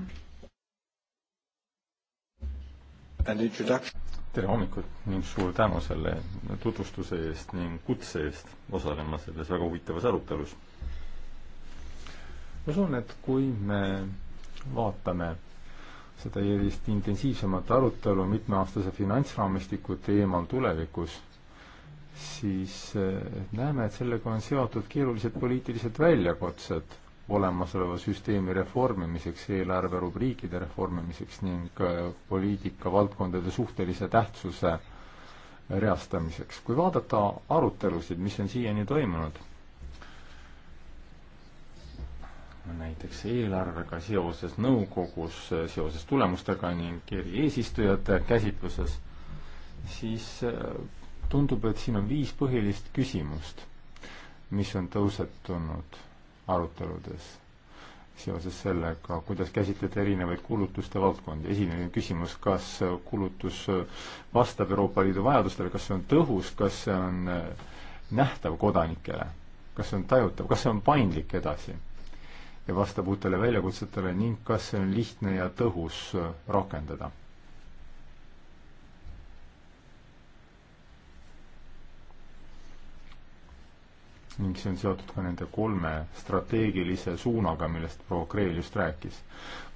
tere hommikut ning suur tänu selle tutvustuse eest ning kutse eest osalema selles väga huvitavas arutelus usun, et kui me vaatame seda järjest intensiivsemat arutelu mitmeaastase finantsraamistiku teemal tulevikus, siis eh, näeme, et sellega on seotud keerulised poliitilised väljakutsed olemasoleva süsteemi reformimiseks, eelarverubriikide reformimiseks ning eh, poliitikavaldkondade suhtelise tähtsuse reastamiseks. kui vaadata arutelusid, mis on siiani toimunud näiteks eelarvega seoses nõukogus, äh, seoses tulemustega ning eri eesistujate käsitluses, siis äh, tundub, et siin on viis põhilist küsimust, mis on tõusetunud aruteludes seoses sellega, kuidas käsitleda erinevaid kulutuste valdkondi. esimene küsimus, kas kulutus äh, vastab Euroopa Liidu vajadustele, kas see on tõhus, kas see on nähtav kodanikele, kas see on tajutav, kas see on paindlik edasi ja vastab uutele väljakutsetele ning kas see on lihtne ja tõhus rakendada. ning see on seotud ka nende kolme strateegilise suunaga, millest proua Kreel just rääkis.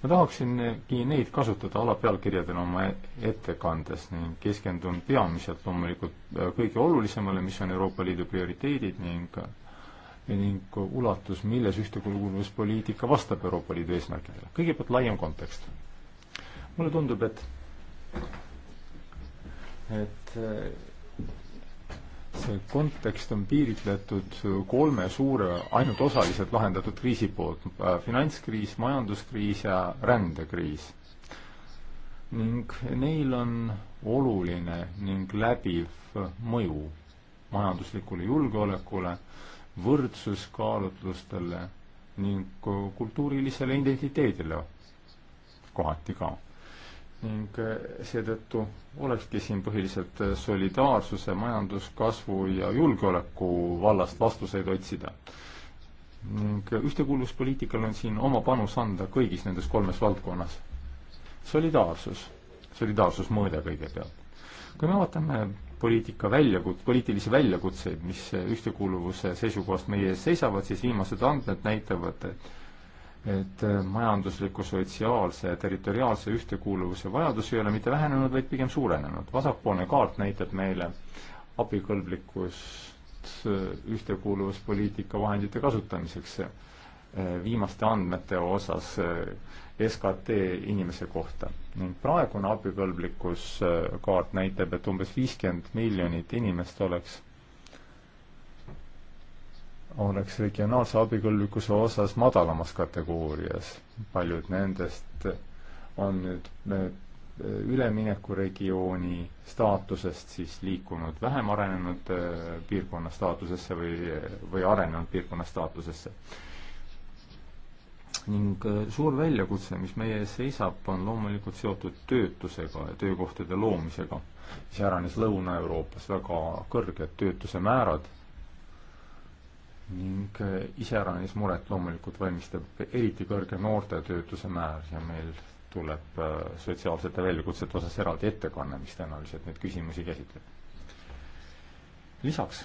ma tahaksingi neid kasutada alapealkirjadena oma ettekandes ning keskendun peamiselt loomulikult kõige olulisemale, mis on Euroopa Liidu prioriteedid ning ning ulatus, milles ühtekuuluvuspoliitika vastab Euroopa Liidu eesmärkidele. kõigepealt laiem kontekst. mulle tundub, et et äh, see kontekst on piiritletud kolme suure, ainult osaliselt lahendatud kriisi poolt. finantskriis, majanduskriis ja rändekriis. ning neil on oluline ning läbiv mõju majanduslikule julgeolekule äh,, võrdsuskaalutlustele ning kultuurilisele identiteedile kohati ka. ning eh, seetõttu olekski siin põhiliselt eh, solidaarsuse, majanduskasvu ja julgeoleku vallast vastuseid otsida. ning eh, ühtekuuluvuspoliitikal on siin oma panus anda kõigis nendes kolmes valdkonnas. solidaarsus, solidaarsusmõõde kõigepealt. kui me vaatame poliitika väljakut-, poliitilisi väljakutseid, mis ühtekuuluvuse seisukohast meie ees seisavad, siis viimased andmed näitavad, et et majandusliku, sotsiaalse ja territoriaalse ühtekuuluvuse vajadus ei ole mitte vähenenud, vaid pigem suurenenud. vasakpoolne kaart näitab meile abikõlblikkust äh, ühtekuuluvuspoliitika vahendite kasutamiseks äh, viimaste andmete osas äh, SKT inimese kohta. ning praegune abikõlblikkuskaart äh, näitab, et umbes viiskümmend miljonit inimest oleks, oleks regionaalse abikõlblikkuse osas madalamas kategoorias. paljud nendest on nüüd äh, üleminekuregiooni staatusest siis liikunud vähem arenenud äh, piirkonna staatusesse või, või arenenud piirkonna staatusesse ning äh, suur väljakutse, mis meie ees seisab, on loomulikult seotud töötusega ja töökohtade loomisega. iseäranis Lõuna-Euroopas väga kõrged töötuse määrad ning äh, iseäranis muret loomulikult valmistab eriti kõrge noorte töötuse määr ja meil tuleb äh, sotsiaalsete väljakutsete osas eraldi ettekanne, mis tõenäoliselt neid küsimusi käsitleb. lisaks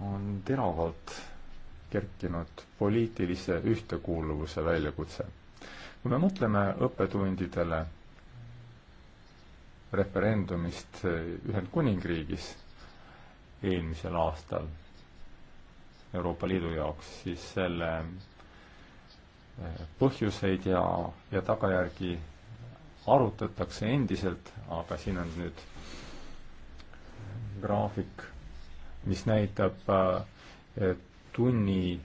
on teravalt kerkinud poliitilise ühtekuuluvuse väljakutse. kui me mõtleme õppetundidele referendumist Ühendkuningriigis eelmisel aastal Euroopa Liidu jaoks, siis selle eh, põhjuseid ja, ja tagajärgi arutatakse endiselt, aga siin on nüüd graafik, mis näitab, eh, et tunnitasu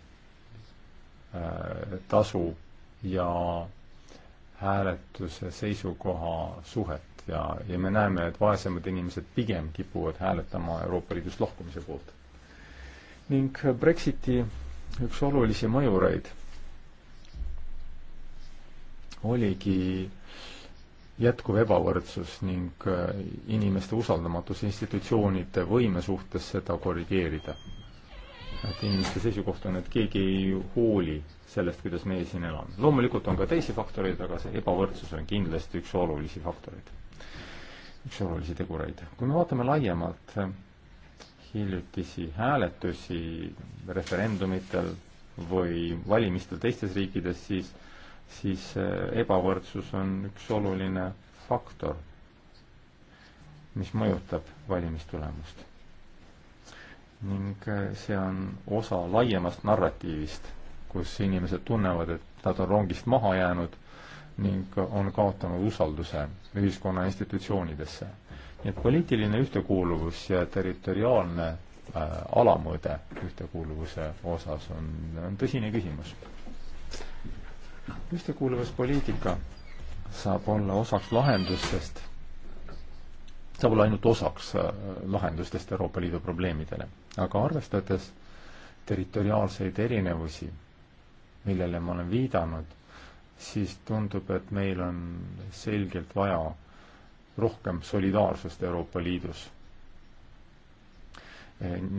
äh, ja hääletuse seisukoha suhet ja, ja me näeme, et vaesemad inimesed pigem kipuvad hääletama Euroopa Liidust lahkumise poolt. ning Brexiti üks olulisi mõjureid oligi jätkuv ebavõrdsus ning äh, inimeste usaldamatus institutsioonide võime suhtes seda korrigeerida et inimeste seisukoht on, et keegi ei hooli sellest, kuidas meie siin elame. loomulikult on ka teisi faktoreid, aga see ebavõrdsus on kindlasti üks olulisi faktoreid, üks olulisi tegureid. kui me vaatame laiemalt eh, hiljutisi hääletusi referendumitel või valimistel teistes riikides, siis, siis eh, ebavõrdsus on üks oluline faktor, mis mõjutab valimistulemust ning see on osa laiemast narratiivist, kus inimesed tunnevad, et nad on rongist maha jäänud ning on kaotanud usalduse ühiskonna institutsioonidesse. nii et poliitiline ühtekuuluvus ja territoriaalne äh, alamõõde ühtekuuluvuse osas on, on tõsine küsimus. ühtekuuluvuspoliitika saab olla osaks lahendustest, saab olla ainult osaks äh, lahendustest Euroopa Liidu probleemidele aga arvestades territoriaalseid erinevusi, millele ma olen viidanud, siis tundub, et meil on selgelt vaja rohkem solidaarsust Euroopa Liidus.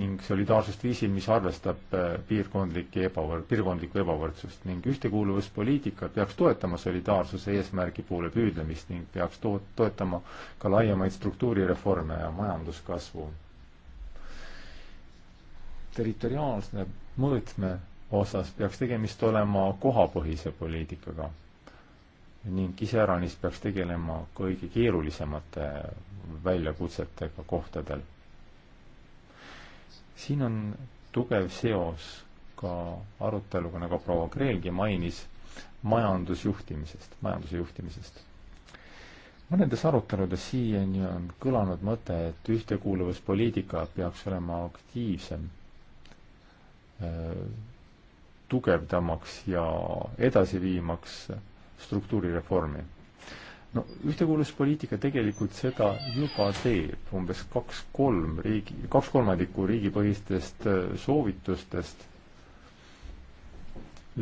ning solidaarsust viisil, mis arvestab äh, piirkondliki ebavõr-, piirkondlikku ebavõrdsust ning ühtekuuluvuspoliitika peaks toetama solidaarsuse eesmärgi poole püüdlemist ning peaks to-, toetama ka laiemaid struktuurireforme ja majanduskasvu territoriaalse mõõtme osas peaks tegemist olema kohapõhise poliitikaga ning iseäranis peaks tegelema kõige keerulisemate väljakutsetega kohtadel. siin on tugev seos ka aruteluga, nagu proua Kreelgi mainis, majandusjuhtimisest, majanduse juhtimisest. mõnedes aruteludes siiani on kõlanud mõte, et ühtekuuluvuspoliitika peaks olema aktiivsem tugevdamaks ja edasi viimaks struktuurireformi. no ühtekuuluvuspoliitika tegelikult seda juba teeb, umbes kaks-kolm riigi, kaks kolmandikku riigipõhistest äh, soovitustest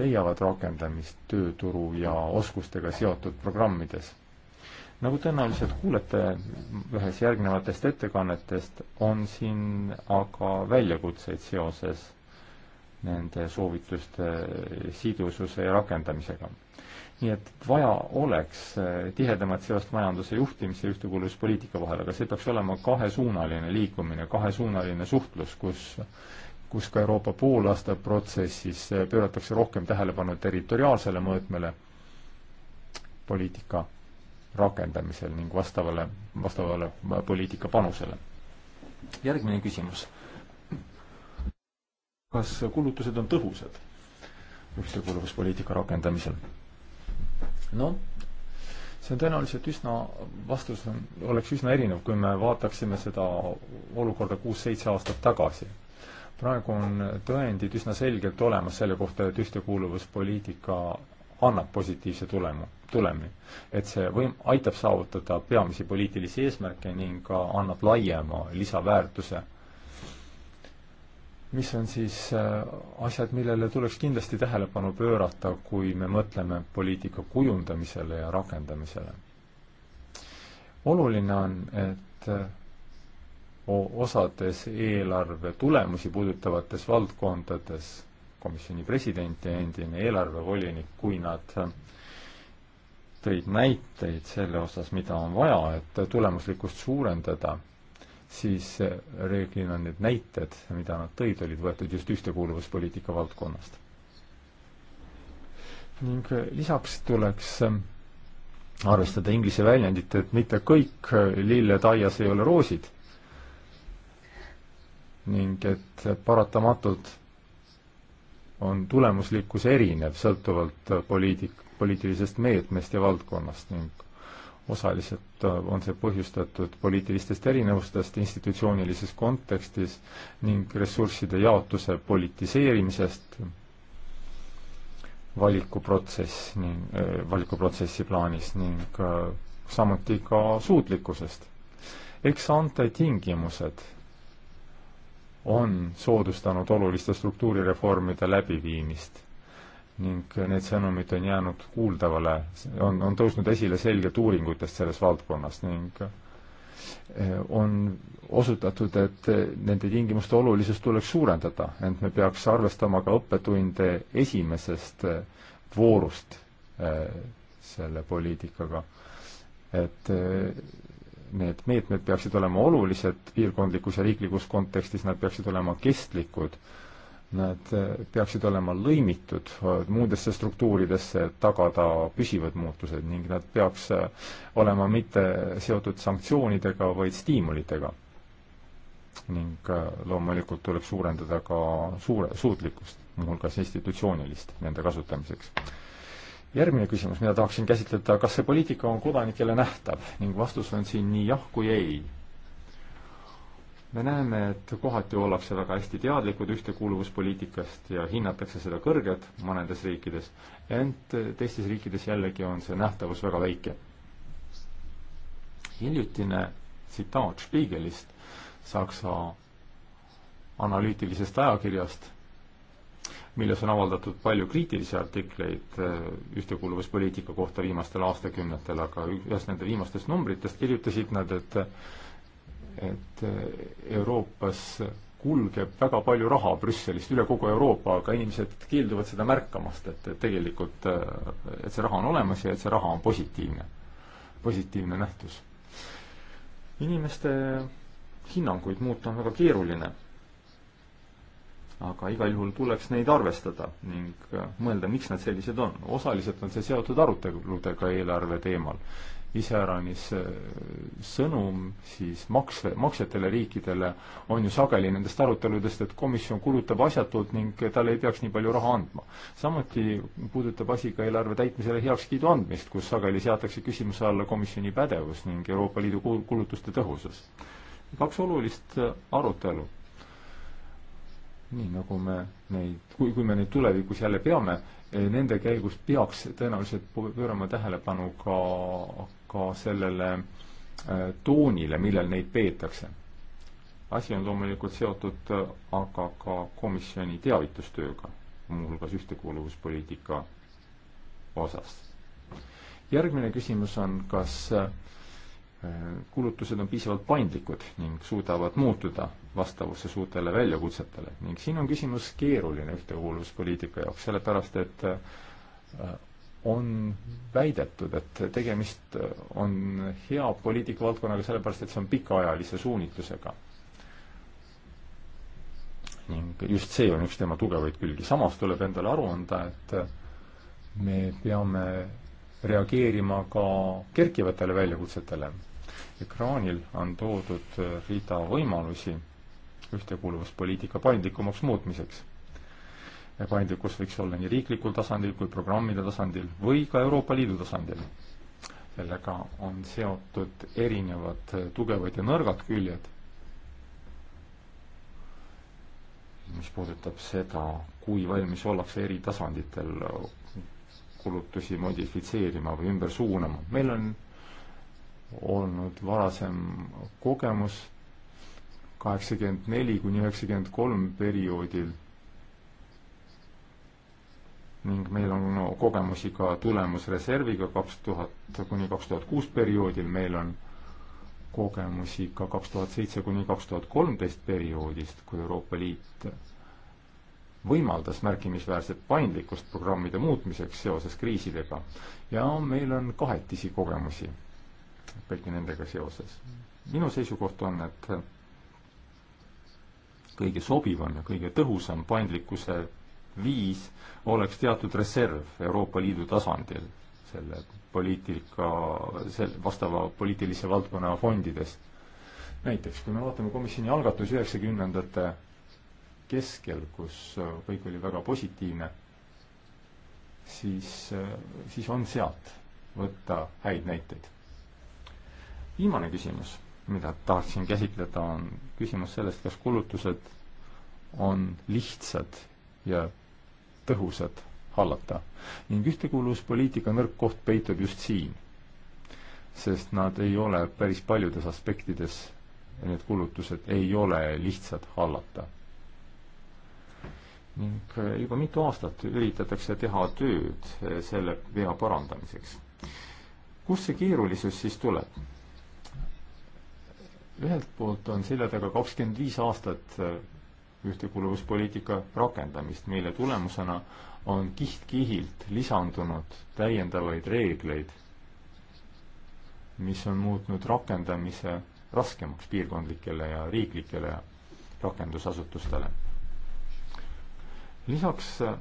leiavad rakendamist tööturu ja oskustega seotud programmides. nagu tõenäoliselt kuulete ühes järgnevatest ettekannetest, on siin aga väljakutseid seoses nende soovituste sidususe ja rakendamisega. nii et vaja oleks eh, tihedamat seost majanduse juhtimise ja ühtekuuluvuspoliitika vahel, aga see peaks olema kahesuunaline liikumine, kahesuunaline suhtlus, kus kus ka Euroopa poolaasta protsessis eh, pööratakse rohkem tähelepanu territoriaalsele mõõtmele poliitika rakendamisel ning vastavale, vastavale poliitika panusele. järgmine küsimus kas kulutused on tõhusad ühtekuuluvuspoliitika rakendamisel? noh, see on tõenäoliselt üsna, vastus on, oleks üsna erinev, kui me vaataksime seda olukorda kuus-seitse aastat tagasi. praegu on tõendid üsna selgelt olemas selle kohta, et ühtekuuluvuspoliitika annab positiivse tulemu, tulemi. et see võim-, aitab saavutada peamisi poliitilisi eesmärke ning ka annab laiema lisaväärtuse mis on siis äh, asjad, millele tuleks kindlasti tähelepanu pöörata, kui me mõtleme poliitika kujundamisele ja rakendamisele? oluline on, et äh, osades eelarve tulemusi puudutavates valdkondades komisjoni president ja endine eelarvevolinik, kui nad äh, tõid näiteid selle osas, mida on vaja, et tulemuslikkust suurendada siis eh, reeglina need näited, mida nad tõid, olid võetud just ühtekuuluvuspoliitika valdkonnast. ning eh, lisaks tuleks eh, arvestada inglise väljendit, et mitte kõik lilled aias ei ole roosid. ning et paratamatult on tulemuslikkus erinev sõltuvalt poliitik-, poliitilisest meetmest ja valdkonnast ning osaliselt äh, on see põhjustatud poliitilistest erinevustest institutsioonilises kontekstis ning ressursside jaotuse politiseerimisest, valikuprotsess ning äh,, valikuprotsessi plaanis ning äh, samuti ka suutlikkusest. eks ante tingimused on soodustanud oluliste struktuurireformide läbiviimist ning need sõnumid on jäänud kuuldavale, on, on tõusnud esile selgelt uuringutest selles valdkonnas ning eh, on osutatud, et nende tingimuste olulisust tuleks suurendada, ent me peaks arvestama ka õppetunde esimesest eh, voorust eh, selle poliitikaga. et need meetmed peaksid olema olulised piirkondlikus ja riiklikus kontekstis, nad peaksid olema kestlikud Nad äh, peaksid olema lõimitud äh, muudesse struktuuridesse, et tagada püsivad muutused ning nad peaks äh, olema mitte seotud sanktsioonidega, vaid stiimulitega. ning loomulikult tuleb suurendada ka suure, suutlikkust, muuhulgas institutsioonilist, nende kasutamiseks järgmine küsimus, mida tahaksin käsitleda, kas see poliitika on kodanikele nähtav ning vastus on siin nii jah kui ei me näeme, et kohati ollakse väga hästi teadlikud ühtekuuluvuspoliitikast ja hinnatakse seda kõrgelt mõnedes riikides, ent teistes riikides jällegi on see nähtavus väga väike. hiljutine tsitaat Spiegelist, Saksa analüütilisest ajakirjast, milles on avaldatud palju kriitilisi artikleid eh, ühtekuuluvuspoliitika kohta viimastel aastakümnetel, aga ühes nende viimastest numbritest kirjutasid nad, et et eh, Euroopas kulgeb väga palju raha Brüsselist üle kogu Euroopa, aga inimesed keelduvad seda märkamast, et, et tegelikult, eh, et see raha on olemas ja et see raha on positiivne, positiivne nähtus. inimeste hinnanguid muuta on väga keeruline. aga igal juhul tuleks neid arvestada ning eh, mõelda, miks nad sellised on. osaliselt on see seotud aruteludega eelarve teemal iseäranis äh, sõnum siis makse, maksjatele riikidele on ju sageli nendest aruteludest, et komisjon kulutab asjatult ning talle ei peaks nii palju raha andma. samuti puudutab asi ka eelarve täitmisele heakskiidu andmist, kus sageli seatakse küsimuse alla komisjoni pädevus ning Euroopa Liidu kulutuste tõhusus. kaks olulist äh, arutelu. nii nagu me neid, kui, kui me neid tulevikus jälle peame, Eh, nende käigus peaks tõenäoliselt pöörama tähelepanu ka, ka sellele eh, toonile, millel neid peetakse. asi on loomulikult seotud eh, aga ka komisjoni teavitustööga, muuhulgas ühtekuuluvuspoliitika osas. järgmine küsimus on, kas äh, kulutused on piisavalt paindlikud ning suudavad muutuda vastavuses uutele väljakutsetele. ning siin on küsimus keeruline ühtekuuluvuspoliitika jaoks, sellepärast et äh, on väidetud, et tegemist äh, on hea poliitikavaldkonnaga, sellepärast et see on pikaajalise suunitlusega. ning just see on üks tema tugevaid külgi. samas tuleb endale aru anda, et äh, me peame reageerima ka kerkivatele väljakutsetele ekraanil on toodud äh, rida võimalusi ühtekuuluvuspoliitika paindlikumaks muutmiseks. paindlikkus võiks olla nii riiklikul tasandil kui programmide tasandil või ka Euroopa Liidu tasandil. sellega on seotud erinevad äh, tugevad ja nõrgad küljed, mis puudutab seda, kui valmis ollakse eri tasanditel äh, kulutusi modifitseerima või ümber suunama. meil on olnud varasem kogemus kaheksakümmend neli kuni üheksakümmend kolm perioodil ning meil on no, kogemusi ka tulemusreserviga kaks tuhat kuni kaks tuhat kuus perioodil, meil on kogemusi ka kaks tuhat seitse kuni kaks tuhat kolmteist perioodist, kui Euroopa Liit võimaldas märkimisväärset paindlikkust programmide muutmiseks seoses kriisidega ja meil on kahetisi kogemusi kõigi nendega seoses. minu seisukoht on, et kõige sobivam ja kõige tõhusam paindlikkuse viis oleks teatud reserv Euroopa Liidu tasandil selle poliitika, sel-, vastava poliitilise valdkonna fondidest. näiteks, kui me vaatame komisjoni algatusi üheksakümnendate keskel, kus kõik oli väga positiivne, siis, siis on sealt võtta häid näiteid viimane küsimus, mida tahaksin käsitleda, on küsimus sellest, kas kulutused on lihtsad ja tõhusad hallata. ning ühtekuuluvuspoliitika nõrk koht peitub just siin. sest nad ei ole päris paljudes aspektides, need kulutused ei ole lihtsad hallata. ning juba mitu aastat üritatakse teha tööd selle vea parandamiseks. kust see keerulisus siis tuleb? ühelt poolt on selja taga kakskümmend viis aastat äh, ühtekuuluvuspoliitika rakendamist, mille tulemusena on kiht-kihilt lisandunud täiendavaid reegleid, mis on muutnud rakendamise raskemaks piirkondlikele ja riiklikele rakendusasutustele. lisaks äh,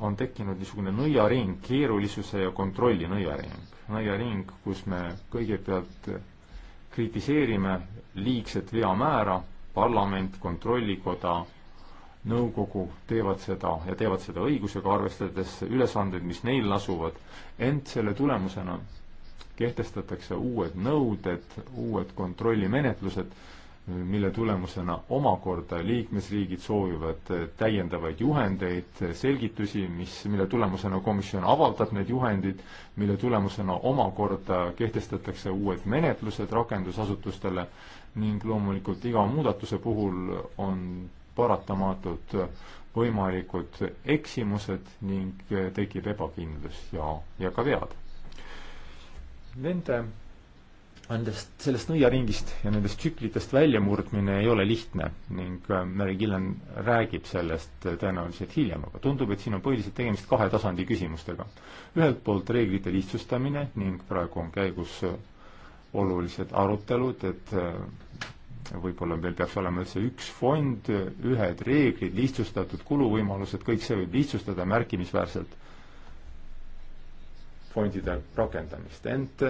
on tekkinud niisugune nõiaring, keerulisuse ja kontrolli nõiaring. nõiaring, kus me kõigepealt kritiseerime liigset veamäära, parlament, kontrollikoda, nõukogu teevad seda ja teevad seda õigusega, arvestades ülesandeid, mis neil lasuvad, ent selle tulemusena kehtestatakse uued nõuded, uued kontrollimenetlused mille tulemusena omakorda liikmesriigid soovivad täiendavaid juhendeid, selgitusi, mis, mille tulemusena komisjon avaldab need juhendid, mille tulemusena omakorda kehtestatakse uued menetlused rakendusasutustele ning loomulikult iga muudatuse puhul on paratamatult võimalikud eksimused ning tekib ebakindlus ja, ja ka vead. Nende nendest, sellest nõiaringist ja nendest tsüklitest väljamurdmine ei ole lihtne ning äh, Mary Gillen räägib sellest äh, tõenäoliselt hiljem, aga tundub, et siin on põhiliselt tegemist kahe tasandi küsimustega. ühelt poolt reeglite lihtsustamine ning praegu on käigus äh, olulised arutelud, et võib-olla meil peaks olema üldse üks fond, ühed reeglid, lihtsustatud kuluvõimalused, kõik see võib lihtsustada märkimisväärselt fondide rakendamist, ent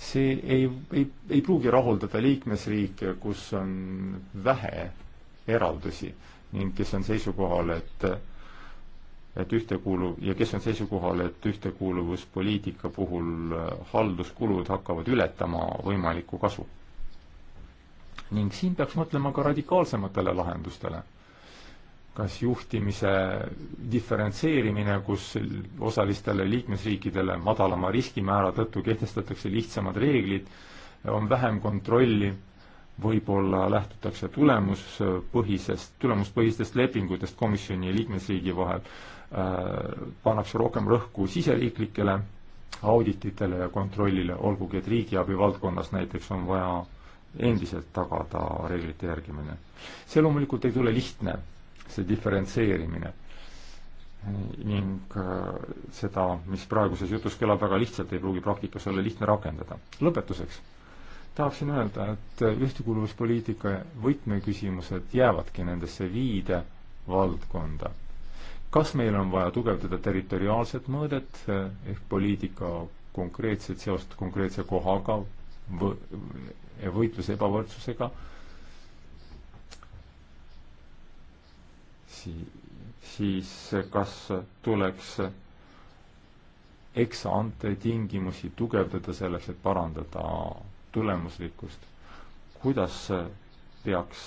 see ei, ei, ei pruugi rahuldada liikmesriike, kus on vähe eraldusi ning kes on seisukohal, et et ühtekuuluv ja kes on seisukohal, et ühtekuuluvuspoliitika puhul äh, halduskulud hakkavad ületama võimalikku kasu. ning siin peaks mõtlema ka radikaalsematele lahendustele kas juhtimise diferentseerimine, kus osalistele liikmesriikidele madalama riskimäära tõttu kehtestatakse lihtsamad reeglid, on vähem kontrolli, võib-olla lähtutakse tulemuspõhisest, tulemuspõhistest lepingutest komisjoni ja liikmesriigi vahel äh,, pannakse rohkem rõhku siseriiklikele audititele ja kontrollile, olgugi et riigiabi valdkonnas näiteks on vaja endiselt tagada reeglite järgimine. see loomulikult ei tule lihtne see diferentseerimine ning äh, seda, mis praeguses jutus kõlab väga lihtsalt, ei pruugi praktikas olla lihtne rakendada. lõpetuseks tahaksin öelda, et ühtekuuluvuspoliitika võtmeküsimused jäävadki nendesse viide valdkonda. kas meil on vaja tugevdada territoriaalset mõõdet äh, ehk poliitika konkreetset seost konkreetse kohaga, võitluse ebavõrdsusega si-, siis kas tuleks eksante tingimusi tugevdada selleks, et parandada tulemuslikkust? kuidas peaks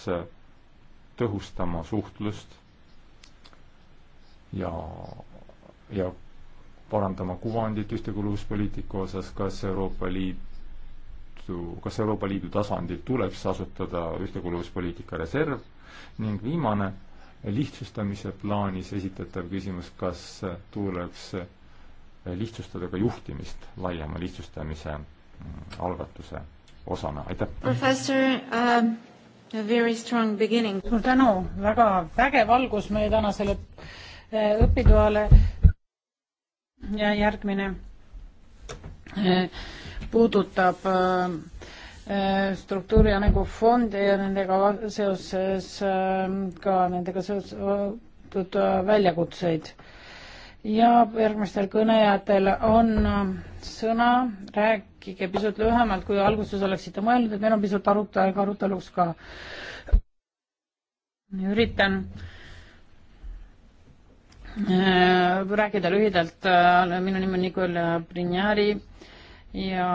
tõhustama suhtlust ja, ja parandama kuvandit ühtekuuluvuspoliitika osas, kas Euroopa Liitu, kas Euroopa Liidu tasandil tuleks asutada ühtekuuluvuspoliitika reserv ning viimane lihtsustamise plaanis esitatav küsimus, kas tuleks lihtsustada ka juhtimist laiema lihtsustamise mm, algatuse osana, aitäh! professor um... A very strong beginning. suur tänu, väga vägev algus meie tänasele eh, õpitoale. ja järgmine eh, puudutab äh, Äh, struktuuri arengufonde ja nendega seoses ähm, ka nendega seotud äh, väljakutseid. ja järgmistel kõnejatel on ähm, sõna, rääkige pisut lühemalt, kui alguses oleksite mõelnud, et meil on pisut arut-, aega aruteluks ka. üritan äh, rääkida lühidalt, minu nimi on Nikol Brinjari ja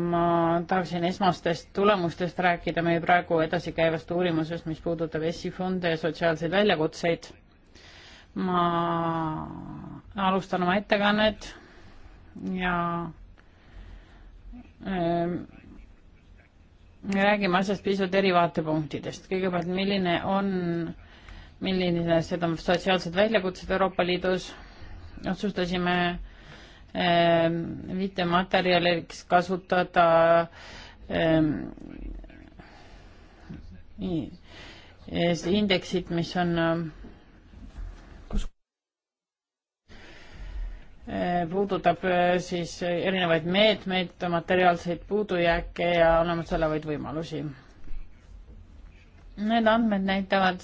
ma tahaksin esmastest tulemustest rääkida meie praegu edasikäivast uurimusest, mis puudutab ESI fonde ja sotsiaalseid väljakutseid. ma alustan oma ettekannet ja ähm, me räägime asjast pisut eri vaatepunktidest. kõigepealt, milline on, milline seda sotsiaalsed väljakutsed Euroopa Liidus, otsustasime äh, Ehm, viitematerjaliks kasutada ehm, indeksit, mis on kus ehm, puudutab eh, siis erinevaid meetmeid, materiaalseid puudujääke ja olemasolevaid võimalusi. Need andmed näitavad,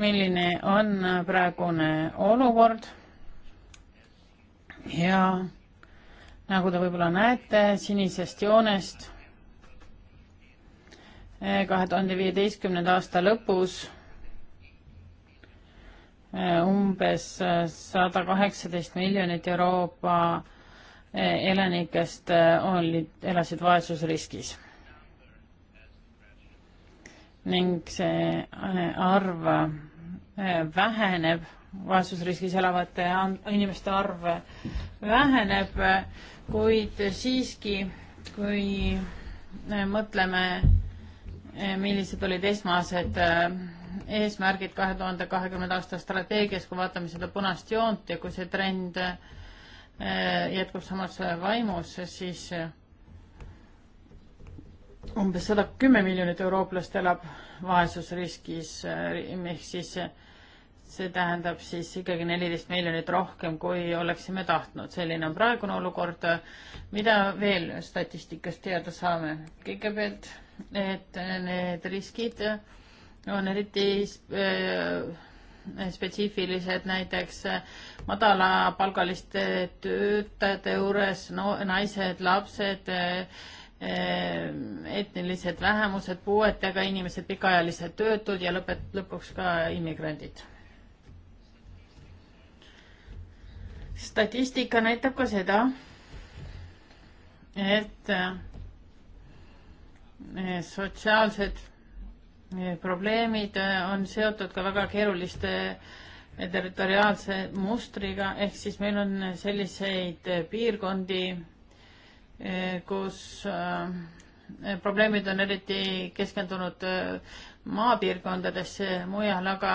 milline on praegune olukord ja nagu te võib-olla näete sinisest joonest, eh, kahe tuhande viieteistkümnenda aasta lõpus eh, umbes eh, sada kaheksateist miljonit Euroopa elanikest olid, elasid vaesusriskis. ning see arv väheneb vaesusriskis elavate inimeste arv väheneb, kuid siiski, kui mõtleme, millised olid esmased eh, eesmärgid kahe tuhande kahekümnenda aasta strateegias, kui vaatame seda punast joont ja kui see trend eh, jätkub samas vaimus, siis eh, umbes sada kümme miljonit eurooplast elab vaesusriskis, ehk siis see tähendab siis ikkagi neliteist miljonit rohkem, kui oleksime tahtnud. selline on praegune olukord. mida veel statistikast teada saame? kõigepealt, et need riskid on eriti eh, spetsiifilised näiteks madalapalgaliste töötajate juures, no naised, lapsed, eh, etnilised vähemused, puuetega inimesed, pikaajalised töötud ja lõpet-, lõpuks ka immigrandid statistika näitab ka seda, et eh, sotsiaalsed eh, probleemid eh, on seotud ka väga keeruliste territoriaalse mustriga, ehk siis meil on selliseid piirkondi, kus probleemid on eriti keskendunud maapiirkondadesse, mujal aga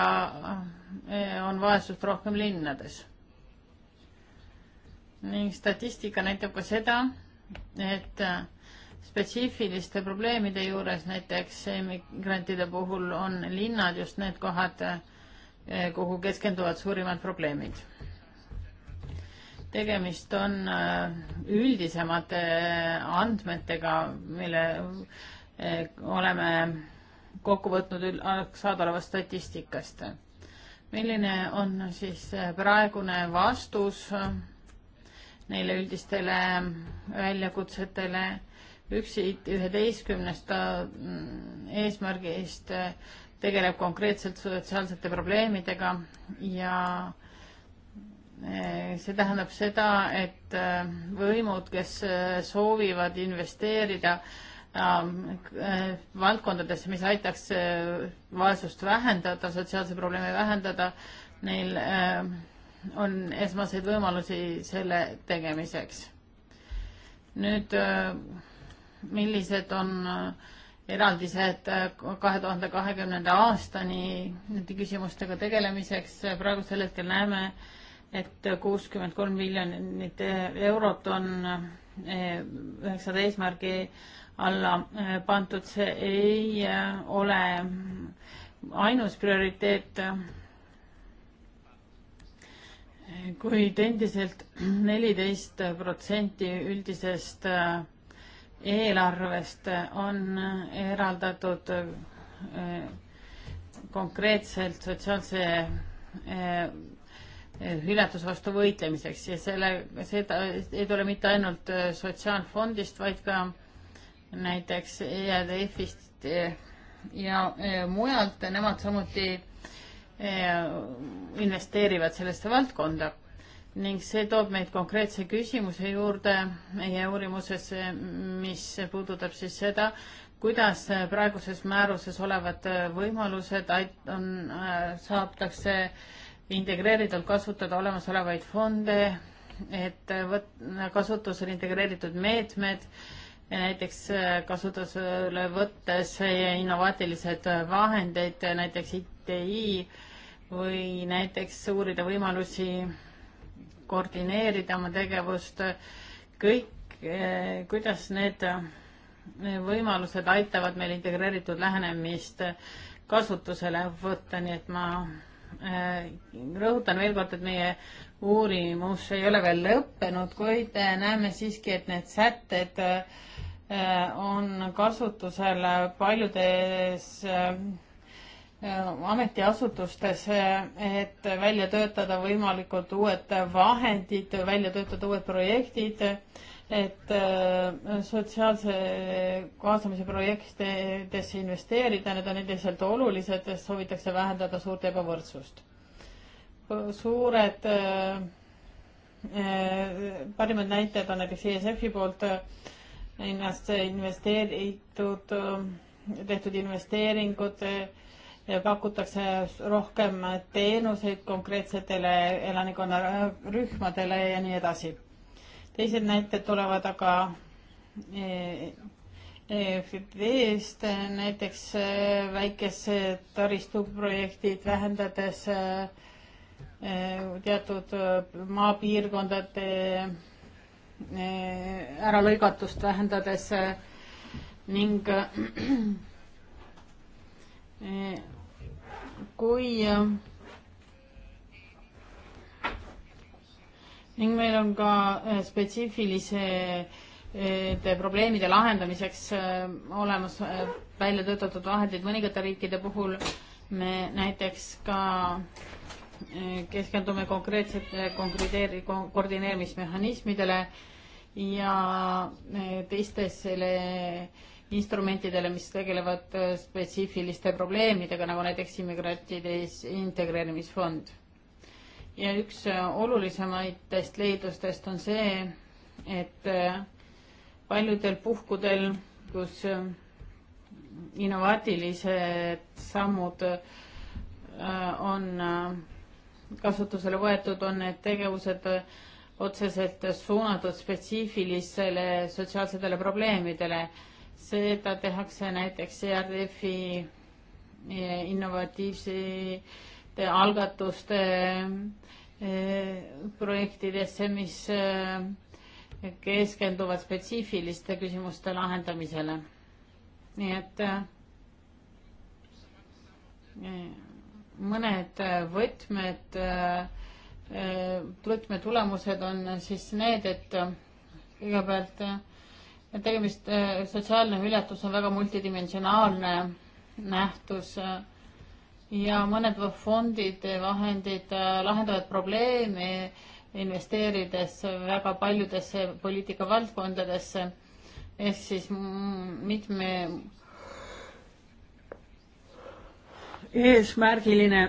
on vaesust rohkem linnades ning statistika näitab ka seda, et äh, spetsiifiliste probleemide juures, näiteks immigrantide puhul on linnad just need kohad, äh, kuhu keskenduvad suurimad probleemid. tegemist on äh, üldisemate andmetega, mille oleme kokku võtnud saadaolevast statistikast. milline on siis praegune vastus neile üldistele väljakutsetele üksi üheteistkümnest äh, eesmärgist äh, tegeleb konkreetselt sotsiaalsete probleemidega ja äh, see tähendab seda, et võimud, kes soovivad investeerida valdkondadesse, mis aitaks vaesust vähendada, sotsiaalse probleemi vähendada, neil on esmaseid võimalusi selle tegemiseks. nüüd, äh, millised on äh, eraldised äh, kahe tuhande kahekümnenda aastani nende küsimustega tegelemiseks, praegusel hetkel näeme, et kuuskümmend kolm miljonit eurot on üheksanda eesmärgi alla pandud, see ei ole ainus prioriteet kuid endiselt neliteist protsenti üldisest äh, eelarvest on äh, eraldatud äh, konkreetselt sotsiaalse hüljatuse vastu võitlemiseks ja selle, seda ei tule mitte ainult Sotsiaalfondist, vaid ka näiteks EADF-ist ja mujalt, nemad samuti Eh, investeerivad sellesse valdkonda ning see toob meid konkreetse küsimuse juurde meie uurimusesse, mis puudutab siis seda, kuidas praeguses määruses olevad võimalused on, äh, saadakse integreeritult kasutada olemasolevaid fonde, et võt-, kasutusel integreeritud meetmed, näiteks äh, kasutusele võttes innovaatilised vahendeid, näiteks ITI, või näiteks uurida võimalusi koordineerida oma tegevust, kõik, eh, kuidas need eh, võimalused aitavad meil integreeritud lähenemist kasutusele võtta, nii et ma eh, rõhutan veel kord, et meie uurimus ei ole veel lõppenud, kuid näeme siiski, et need sätted on kasutusel paljudes Äh, ametiasutustes, äh, et välja töötada võimalikud uued vahendid, välja töötada uued projektid, et äh, sotsiaalse kaasamise projektidesse investeerida, need on endiselt olulised, sest soovitakse vähendada suurt ebavõrdsust. suured parimad näitajad on näiteks ESF-i poolt ennast investeeritud, tehtud investeeringud pakutakse rohkem teenuseid konkreetsetele elanikkonnarühmadele ja nii edasi. teised näited tulevad aga EFD-st, e, näiteks e, väikesed taristuprojektid, vähendades e, teatud maapiirkondade äralõigatust, vähendades ning kui äh, ning meil on ka äh, spetsiifiliste äh, probleemide lahendamiseks olemas välja töötatud vahendid mõningate riikide puhul me näiteks ka keskendume konkreetsete koordineerimismehhanismidele ja teistesele instrumentidele, mis tegelevad äh, spetsiifiliste probleemidega, nagu näiteks immigrantide integreerimisfond. ja üks äh, olulisematest leidlustest on see, et äh, paljudel puhkudel, kus innovaatilised sammud on kasutusele võetud, on need tegevused otseselt suunatud spetsiifilisele sotsiaalsetele probleemidele seda tehakse näiteks ERF-i eh, innovatiivsete algatuste eh, projektidesse, mis eh, keskenduvad spetsiifiliste küsimuste lahendamisele. nii et mõned võtmed, võtmetulemused on siis need, et kõigepealt tegemist, äh, sotsiaalne hüljatus on väga multidimensionaalne nähtus äh, ja mõned fondid, vahendid äh, lahendavad probleemi, investeerides väga paljudesse poliitikavaldkondadesse ehk siis mitme eesmärgiline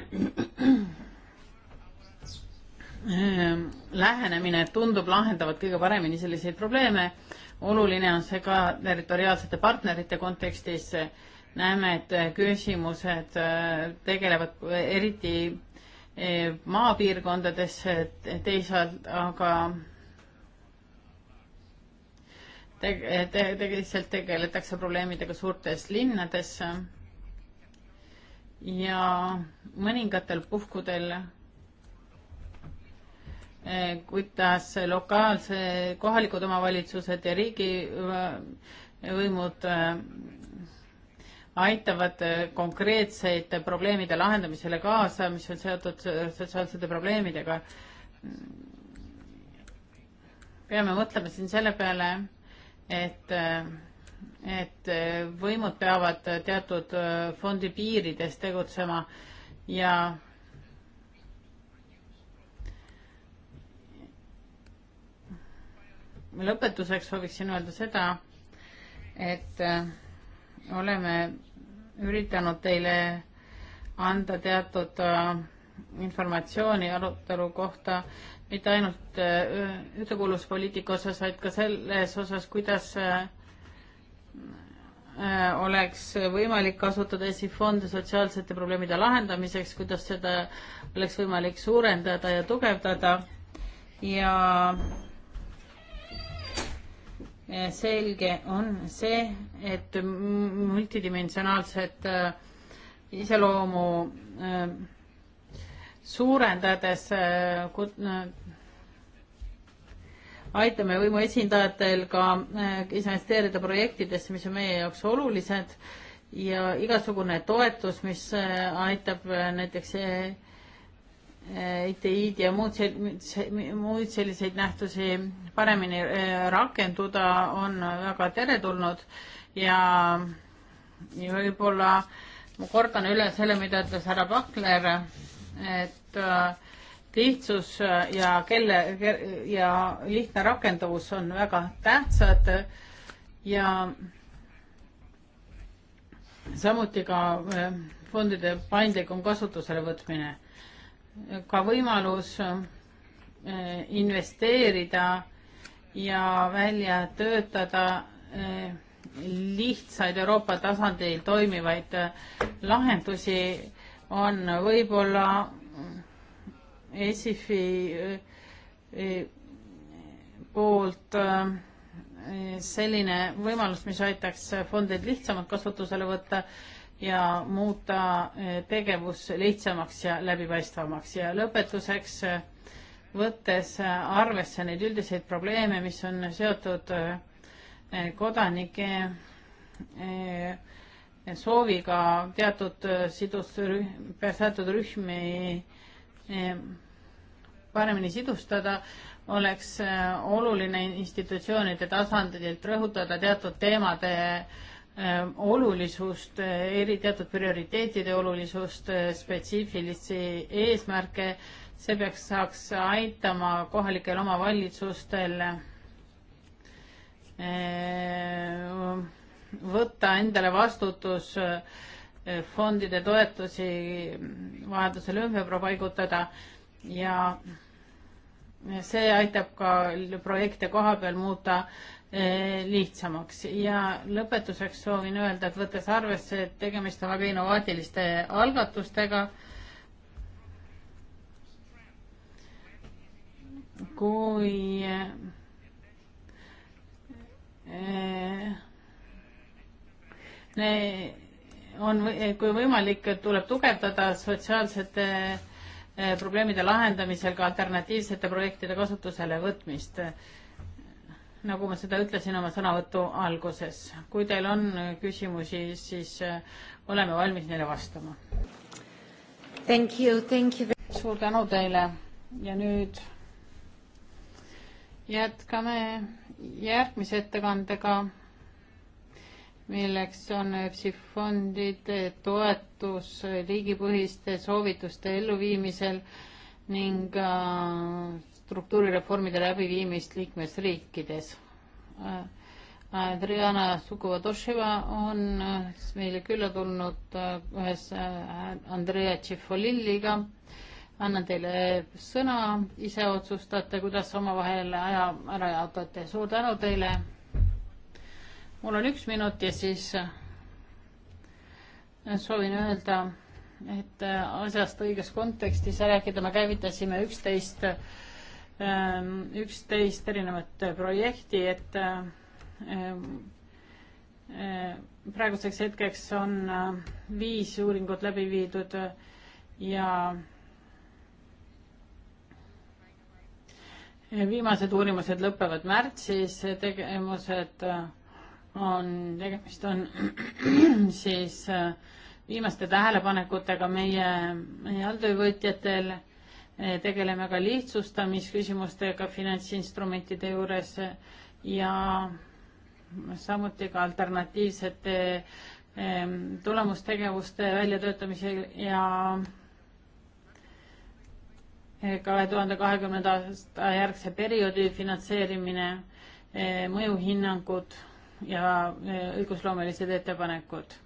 lähenemine tundub lahendavat kõige paremini selliseid probleeme, oluline on see ka territoriaalsete partnerite kontekstis. näeme, et küsimused äh, tegelevad eriti äh, maapiirkondades teisalt, aga tege-, te-, tegelikult tegeletakse probleemidega suurtes linnades ja mõningatel puhkudel Eh, kuidas lokaalse, kohalikud omavalitsused ja riigivõimud eh, eh, aitavad konkreetseid probleemide lahendamisele kaasa, mis on seotud sotsiaalsete probleemidega. peame mõtlema siin selle peale, et, et võimud peavad teatud fondi piirides tegutsema ja lõpetuseks sooviksin öelda seda, et äh, oleme üritanud teile anda teatud äh, informatsiooni arutelu kohta, mitte ainult äh, ühtekuuluvuspoliitika osas, vaid ka selles osas, kuidas oleks võimalik kasutada ESI fonde sotsiaalsete probleemide lahendamiseks, kuidas seda oleks võimalik suurendada ja tugevdada ja Eh, selge on see, et multidimensionaalset eh, iseloomu eh, suurendades aitame võimu esindajatel ka investeerida projektidesse, mis on meie jaoks olulised ja igasugune toetus, mis aitab näiteks ITI-d ja muud sel-, muid selliseid nähtusi paremini äh, rakenduda, on väga teretulnud ja võib-olla ma kordan üle selle, mida ütles härra Pakler, et äh, lihtsus ja kelle ja lihtne rakendavus on väga tähtsad ja samuti ka äh, fondide paindlikum kasutusele võtmine ka võimalus eh, investeerida ja välja töötada eh, lihtsaid Euroopa tasandil toimivaid eh, lahendusi on võib-olla ESIF-i poolt selline võimalus, mis aitaks fondeid lihtsamalt kasutusele võtta ja muuta eh, tegevus lihtsamaks ja läbipaistvamaks ja lõpetuseks eh, võttes eh, arvesse neid üldiseid probleeme, mis on seotud kodanike sooviga teatud sidusrühm, teatud rühmi paremini sidustada, oleks oluline institutsioonide tasandilt rõhutada teatud teemade äh, Ehm, olulisust, eh, eri teatud prioriteetide olulisust, eh, spetsiifilisi eesmärke, see peaks, saaks aitama kohalikel omavalitsustel eh, võtta endale vastutus fondide toetusi mm, vajadusel ümber paigutada ja see aitab ka projekte koha peal muuta Eh, lihtsamaks ja lõpetuseks soovin öelda, et võttes arvesse, et tegemist on väga innovaatiliste algatustega, kui ne, eh, eh, on, kui võimalik, tuleb tugevdada sotsiaalsete probleemide lahendamisel ka alternatiivsete projektide kasutusele võtmist nagu ma seda ütlesin oma sõnavõtu alguses. kui teil on küsimusi, siis äh, oleme valmis neile vastama. Thank you, thank you. suur tänu teile ja nüüd jätkame järgmise ettekandega, milleks on EPSI fondide toetus riigipõhiste soovituste elluviimisel ning äh, struktuurireformide läbiviimist liikmesriikides. Adriana Sukuva-Toševa on meile külla tulnud ühes äh, Andrea Tšifolilliga. annan teile sõna, ise otsustate, kuidas omavahel aja ära jaotate. suur tänu teile. mul on üks minut ja siis äh, soovin öelda, et äh, asjast õiges kontekstis rääkida, me käivitasime üksteist 11 Ähm, üksteist erinevat äh, projekti, et äh, ähm, äh, praeguseks hetkeks on viis uuringut läbi viidud ja viimased uurimused lõpevad märtsis, tegevused on, tegemist on siis viimaste tähelepanekutega meie, meie alltöövõtjatel tegeleme ka lihtsustamisküsimustega finantsinstrumentide juures ja samuti ka alternatiivsete ehm, tulemustegevuste väljatöötamisel ja eh, kahe tuhande kahekümnenda aasta järgse perioodi finantseerimine, eh, mõjuhinnangud ja eh, õigusloomelised ettepanekud.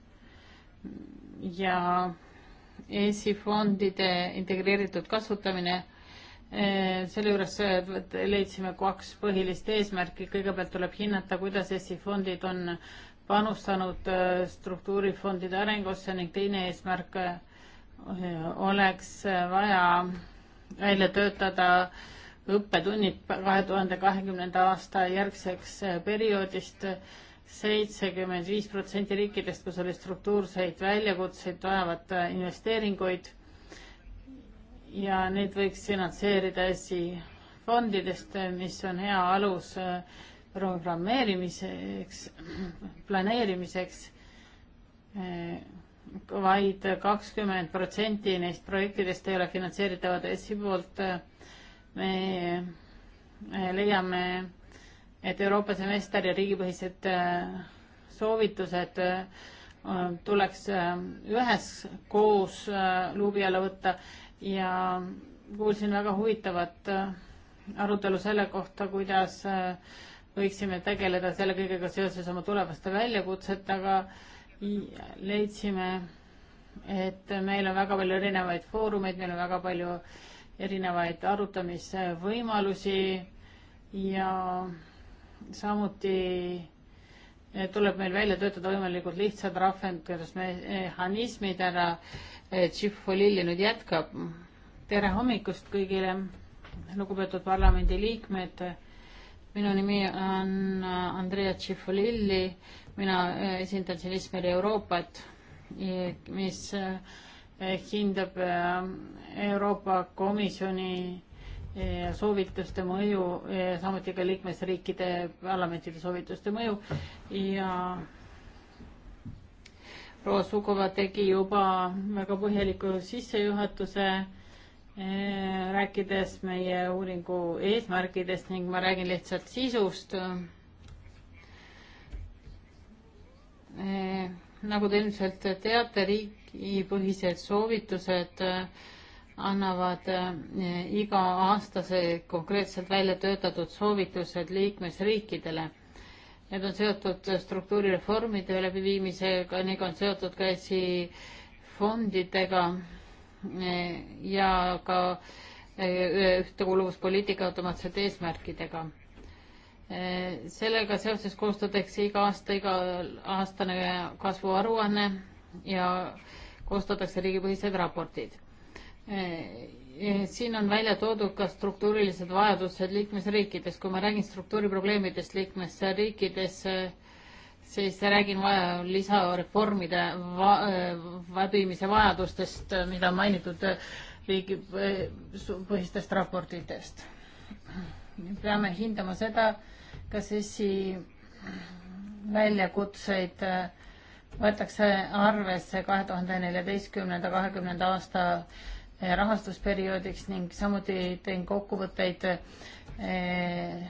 ja EAS-i fondide integreeritud kasutamine, eh, selle juures eh, leidsime kaks põhilist eesmärki, kõigepealt tuleb hinnata, kuidas EAS-i fondid on panustanud eh, struktuurifondide arengusse ning teine eesmärk oleks vaja välja töötada õppetunnid kahe tuhande kahekümnenda aasta järgseks perioodist seitsekümmend viis protsenti riikidest, kus oli struktuurseid väljakutseid, vajavad äh, investeeringuid ja neid võiks finantseerida ESI fondidest, äh, mis on hea alus äh, programmeerimiseks, planeerimiseks, vaid kakskümmend protsenti neist projektidest ei ole finantseeritavad ESI poolt. me leiame et Euroopa semester ja riigipõhised äh, soovitused äh, tuleks äh, üheskoos luubi alla võtta ja kuulsin väga huvitavat arutelu selle kohta, kuidas võiksime tegeleda selle kõigega seoses oma tulevaste väljakutsetega. leidsime, et meil on väga palju erinevaid foorumeid, meil on väga palju erinevaid arutamisvõimalusi ja samuti eh, tuleb meil välja töötada võimalikult lihtsad rakendusmehhanismid, härra eh, Tšifolilli nüüd jätkab. tere hommikust kõigile, lugupeetud parlamendiliikmed. minu nimi on eh, Andrea Tšifolilli, mina esindan Sinismeri Euroopat, mis hindab Euroopa Komisjoni Eh, soovituste mõju, eh, samuti ka liikmesriikide parlamentide soovituste mõju ja proua Sukova tegi juba väga põhjaliku sissejuhatuse, eh, rääkides meie uuringu eesmärgidest ning ma räägin lihtsalt sisust. nagu te ilmselt teate, riigipõhised soovitused äh, annavad eh, iga-aastase konkreetselt välja töötatud soovitused liikmesriikidele. Need on seotud struktuurireformide üleviimisega, need on seotud ka ESI fondidega eh, ja ka eh, ühtekuuluvuspoliitika automaatsete eesmärkidega. sellega seoses koostatakse iga aasta iga-aastane kasvuaruanne ja koostatakse riigipõhised raportid Eh, eh, siin on välja toodud ka struktuurilised vajadused liikmesriikides. kui ma räägin struktuuriprobleemidest liikmesriikides, eh, siis räägin vaja lisareformide va läbimise vajadustest, mida on mainitud riigipõhistest raportitest. peame hindama seda, kas esi väljakutseid võetakse arvesse kahe tuhande neljateistkümnenda, kahekümnenda aasta Eh, rahastusperioodiks ning samuti teen kokkuvõtteid eh,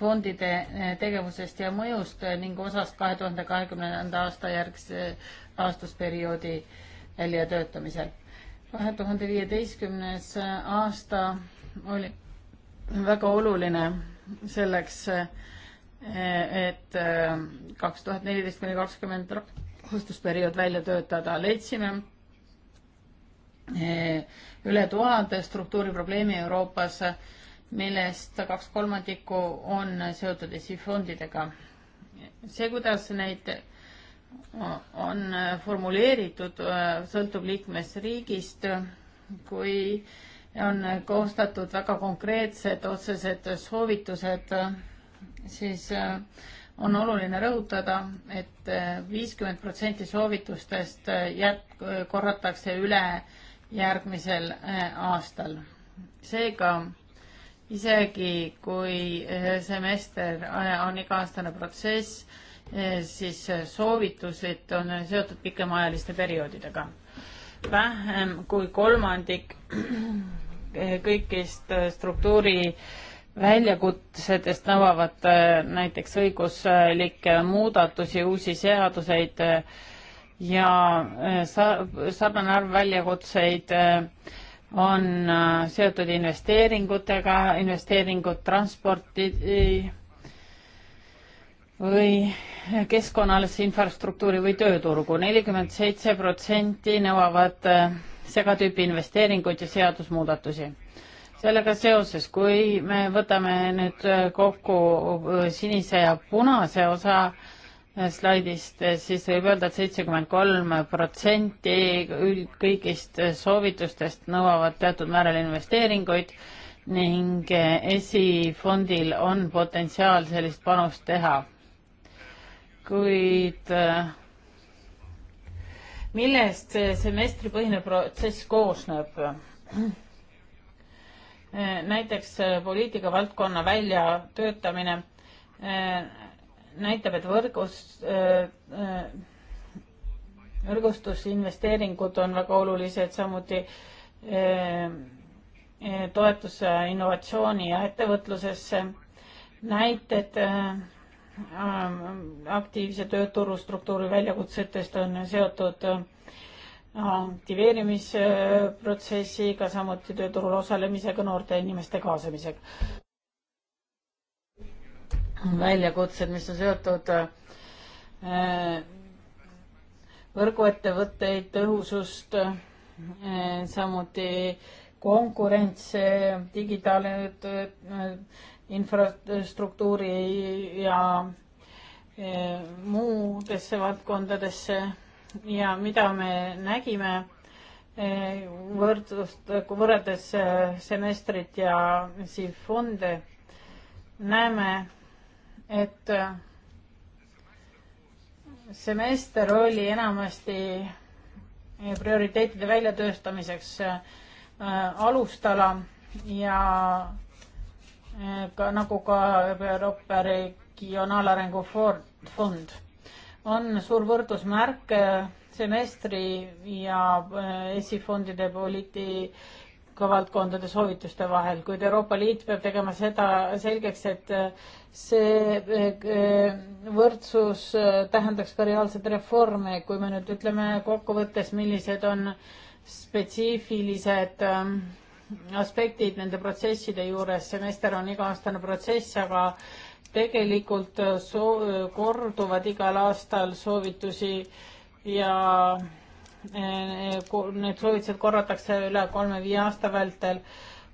fondide eh, tegevusest ja mõjust ning osast kahe tuhande kahekümnenda aasta järgse rahastusperioodi väljatöötamisel. kahe tuhande viieteistkümnes aasta oli väga oluline selleks, et kaks tuhat neliteist kuni kakskümmend rahastusperiood välja töötada. leidsime üle tuhande struktuuriprobleemi Euroopas, millest kaks kolmandikku on seotud ESI fondidega. see, kuidas neid on formuleeritud, sõltub liikmesriigist, kui on koostatud väga konkreetsed otsesed soovitused, siis on oluline rõhutada et, et viiskümmend protsenti soovitustest jät-, korratakse üle äh, järgmisel äh, aastal. seega isegi kui äh, semester äh, on iga-aastane protsess, siis soovitused on seotud pikemaajaliste perioodidega. vähem kui kolmandik kõigist struktuuri väljakutsetest nõuavad näiteks õiguslikke muudatusi, uusi seaduseid äh,, ja äh, sa-, sarnane arv väljakutseid äh, on äh, seotud investeeringutega, investeeringud transporti või keskkonnalisse infrastruktuuri või tööturgu. nelikümmend seitse protsenti nõuavad segatüüpi investeeringuid ja seadusmuudatusi. sellega seoses, kui me võtame nüüd kokku sinise ja punase osa, slaidist, siis võib öelda et, et seitsekümmend kolm protsenti kõigist soovitustest nõuavad teatud määral investeeringuid ning esifondil on potentsiaal sellist panust teha. kuid millest see semestripõhine protsess koosneb? näiteks poliitikavaldkonna väljatöötamine näitab, et võrgus, äh, äh, võrgustusinvesteeringud on väga olulised, samuti äh, toetus innovatsiooni ja ettevõtlusesse. näited aktiivse tööturu struktuuri väljakutsetest on seotud aktiveerimisprotsessiga, samuti tööturul osalemisega, noorte inimeste kaasamisega väljakutsed, mis on seotud äh, võrguettevõtteid, tõhusust, äh, samuti konkurents, digitaalne äh, infrastruktuuri ja muudesse valdkondadesse ja mida me nägime võrdlust, kui võrreldes semestrit ja siis fonde, näeme, et äh, semester oli enamasti äh, prioriteetide väljatöötamiseks äh, alustala ja ka nagu ka Euroopa Regionaalarengu Fond on suur võrdusmärk semestri ja esifondide poliiti- poliitikavaldkondade soovituste vahel, kuid Euroopa Liit peab tegema seda selgeks, et eh, see eh, võrdsus eh, tähendaks ka reaalseid reforme, kui me nüüd ütleme kokkuvõttes, millised on spetsiifilised aspektid nende protsesside juures, semester on iga-aastane protsess, aga tegelikult soo-, korduvad igal aastal soovitusi ja Eh, eh, need soovitused korratakse üle kolme-viie aasta vältel.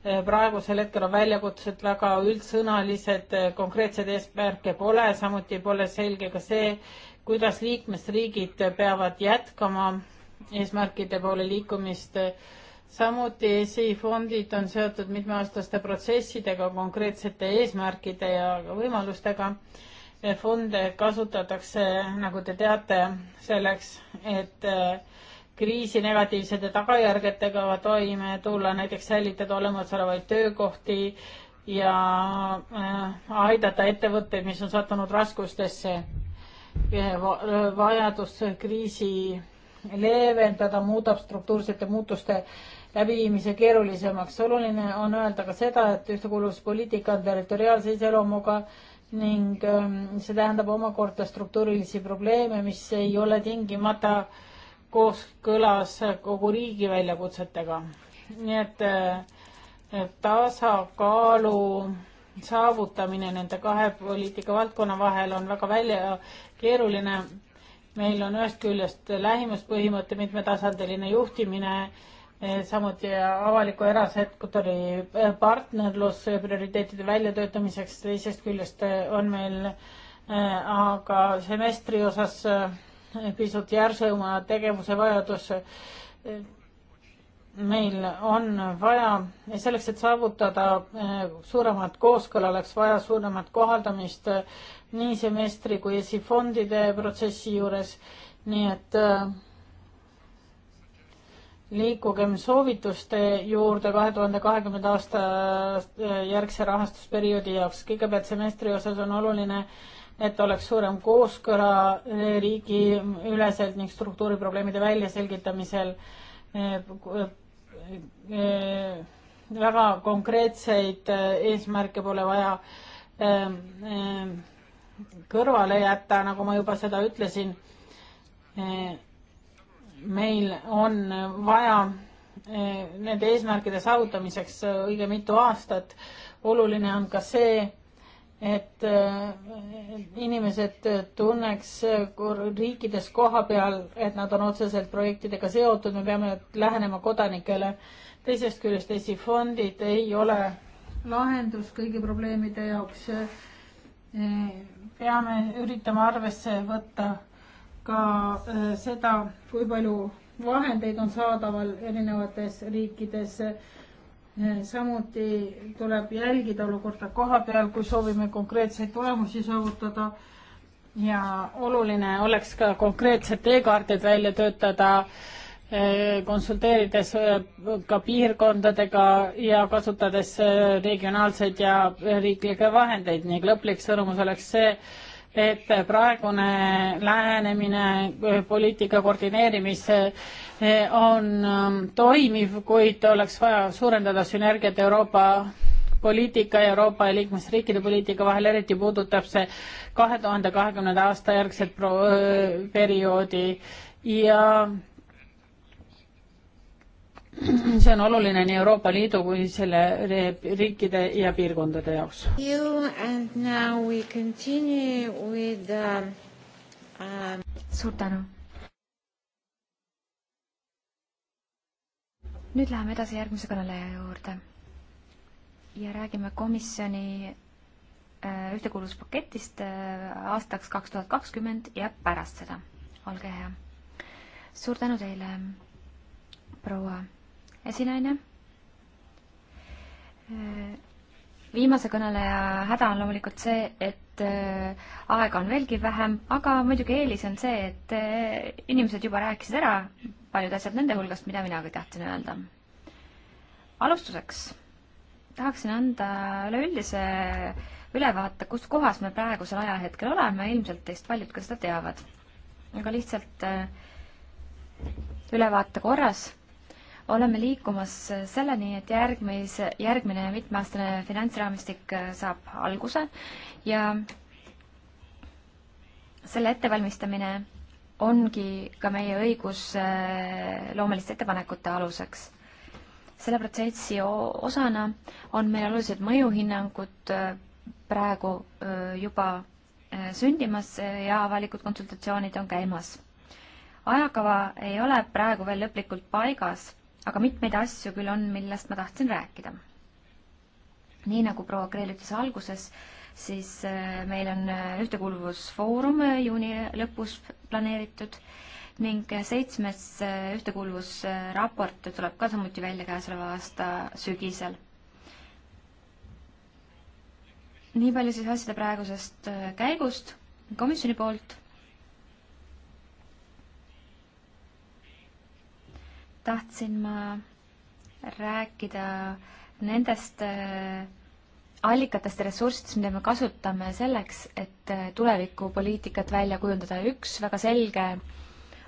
Eh, praegusel hetkel on väljakutsed väga üldsõnalised, konkreetseid eesmärke pole, samuti pole selge ka see, kuidas liikmesriigid peavad jätkama eesmärkide poole liikumist. samuti ESI fondid on seotud mitmeaastaste protsessidega, konkreetsete eesmärkide ja võimalustega. Fonde kasutatakse, nagu te teate, selleks, et kriisi negatiivsete tagajärgedega toime tulla, näiteks säilitada olemasolevaid töökohti ja äh, aidata ettevõtteid, mis on sattunud raskustesse. vajadus kriisi leevendada muudab struktuursete muutuste läbiviimise keerulisemaks. oluline on öelda ka seda, et ühtekuuluvuspoliitika on territoriaalse iseloomuga ning ähm, see tähendab omakorda struktuurilisi probleeme, mis ei ole tingimata äh, kooskõlas kogu riigi väljakutsetega. nii et eh, tasakaalu saavutamine nende kahe poliitikavaldkonna vahel on väga välja keeruline. meil on ühest küljest lähimuspõhimõte, mitmetasandiline juhtimine, eh, samuti avaliku erasektori eh, partnerlus prioriteetide väljatöötamiseks, teisest küljest on meil aga semestri osas pisut järsuma tegevuse vajadus. meil on vaja, selleks, et saavutada eh, suuremat kooskõla, oleks vaja suuremat kohaldamist eh, nii semestri kui esifondide protsessi juures, nii et eh, liikugem soovituste juurde kahe tuhande kahekümnenda aasta järgse rahastusperioodi jaoks. kõigepealt semestri osas on oluline äh, et oleks suurem kooskõla eh, riigiüleselt ning struktuuriprobleemide väljaselgitamisel eh, eh, väga konkreetseid eesmärke pole vaja kõrvale jätta, nagu ma juba seda ütlesin. meil on vaja nende eesmärkide saavutamiseks õige mitu aastat. oluline on ka see, et äh, inimesed tunneks äh, riikides koha peal, et nad on otseselt projektidega seotud, me peame lähenema kodanikele. teisest küljest Eesti fondid ei ole lahendus kõigi probleemide jaoks. peame üritama arvesse võtta ka äh, seda, kui palju vahendeid on saadaval erinevates riikides Eh, samuti tuleb jälgida olukorda koha peal, kui soovime konkreetseid tulemusi saavutada ja oluline oleks ka konkreetsed teekaardid välja töötada, eh, konsulteerides eh, ka piirkondadega ja kasutades regionaalseid ja riiklikke vahendeid ning lõplik sõnum oleks see, et praegune lähenemine äh, poliitika koordineerimise äh, on ähm, toimiv, kuid oleks vaja suurendada sünergiat Euroopa poliitika ja Euroopa liikmesriikide poliitika vahel, eriti puudutab see kahe tuhande kahekümnenda aasta järgset äh, perioodi ja see on oluline nii Euroopa Liidu kui selle riikide ja piirkondade jaoks. Um, suur tänu. nüüd läheme edasi järgmise kõneleja juurde ja räägime komisjoni äh, ühtekuuluvuspaketist äh, aastaks kaks tuhat kakskümmend ja pärast seda. olge hea. suur tänu teile, proua esinaine. viimase kõneleja häda on loomulikult see, et äh, aega on veelgi vähem, aga muidugi eelis on see, et äh, inimesed juba rääkisid ära paljud asjad nende hulgast, mida mina ka tahtsin öelda. alustuseks tahaksin anda üleüldise ülevaate, kus kohas me praegusel ajahetkel oleme, ilmselt teist paljud ka seda teavad. aga lihtsalt äh, ülevaate korras oleme liikumas selleni, et järgmise, järgmine mitmeaastane finantsraamistik saab alguse ja selle ettevalmistamine ongi ka meie õigusloomeliste eh, ettepanekute aluseks. selle protsessi osana on meil olulised mõjuhinnangud eh, praegu eh, juba sündimas ja avalikud konsultatsioonid on käimas. ajakava ei ole praegu veel lõplikult paigas aga mitmeid asju küll on, millest ma tahtsin rääkida. nii nagu proua Kreel ütles alguses, siis äh, meil on äh, ühtekuuluvusfoorum äh, juuni lõpus planeeritud ning seitsmes ühtekuuluvusraport tuleb ka samuti välja käesoleva aasta sügisel. nii palju siis asjade praegusest käigust komisjoni poolt tahtsin ma rääkida nendest äh, allikatest ja ressurssidest, mida me kasutame selleks, et äh, tulevikupoliitikat välja kujundada. üks väga selge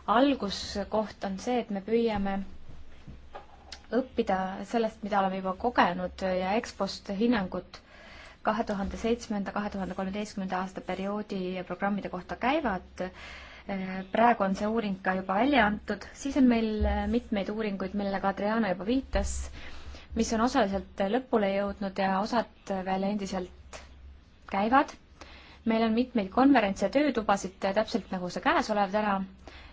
alguskoht on see, et me püüame õppida sellest, mida oleme juba kogenud ja EXPO-st hinnangut kahe tuhande seitsmenda, kahe tuhande kolmeteistkümnenda aasta perioodi programmide kohta käivad praegu on see uuring ka juba välja antud, siis on meil äh, mitmeid uuringuid, millele ka Adriana juba viitas, mis on osaliselt lõpule jõudnud ja osad veel endiselt käivad. meil on mitmeid konverentse ja töötubasid, äh, täpselt nagu see käesolev täna,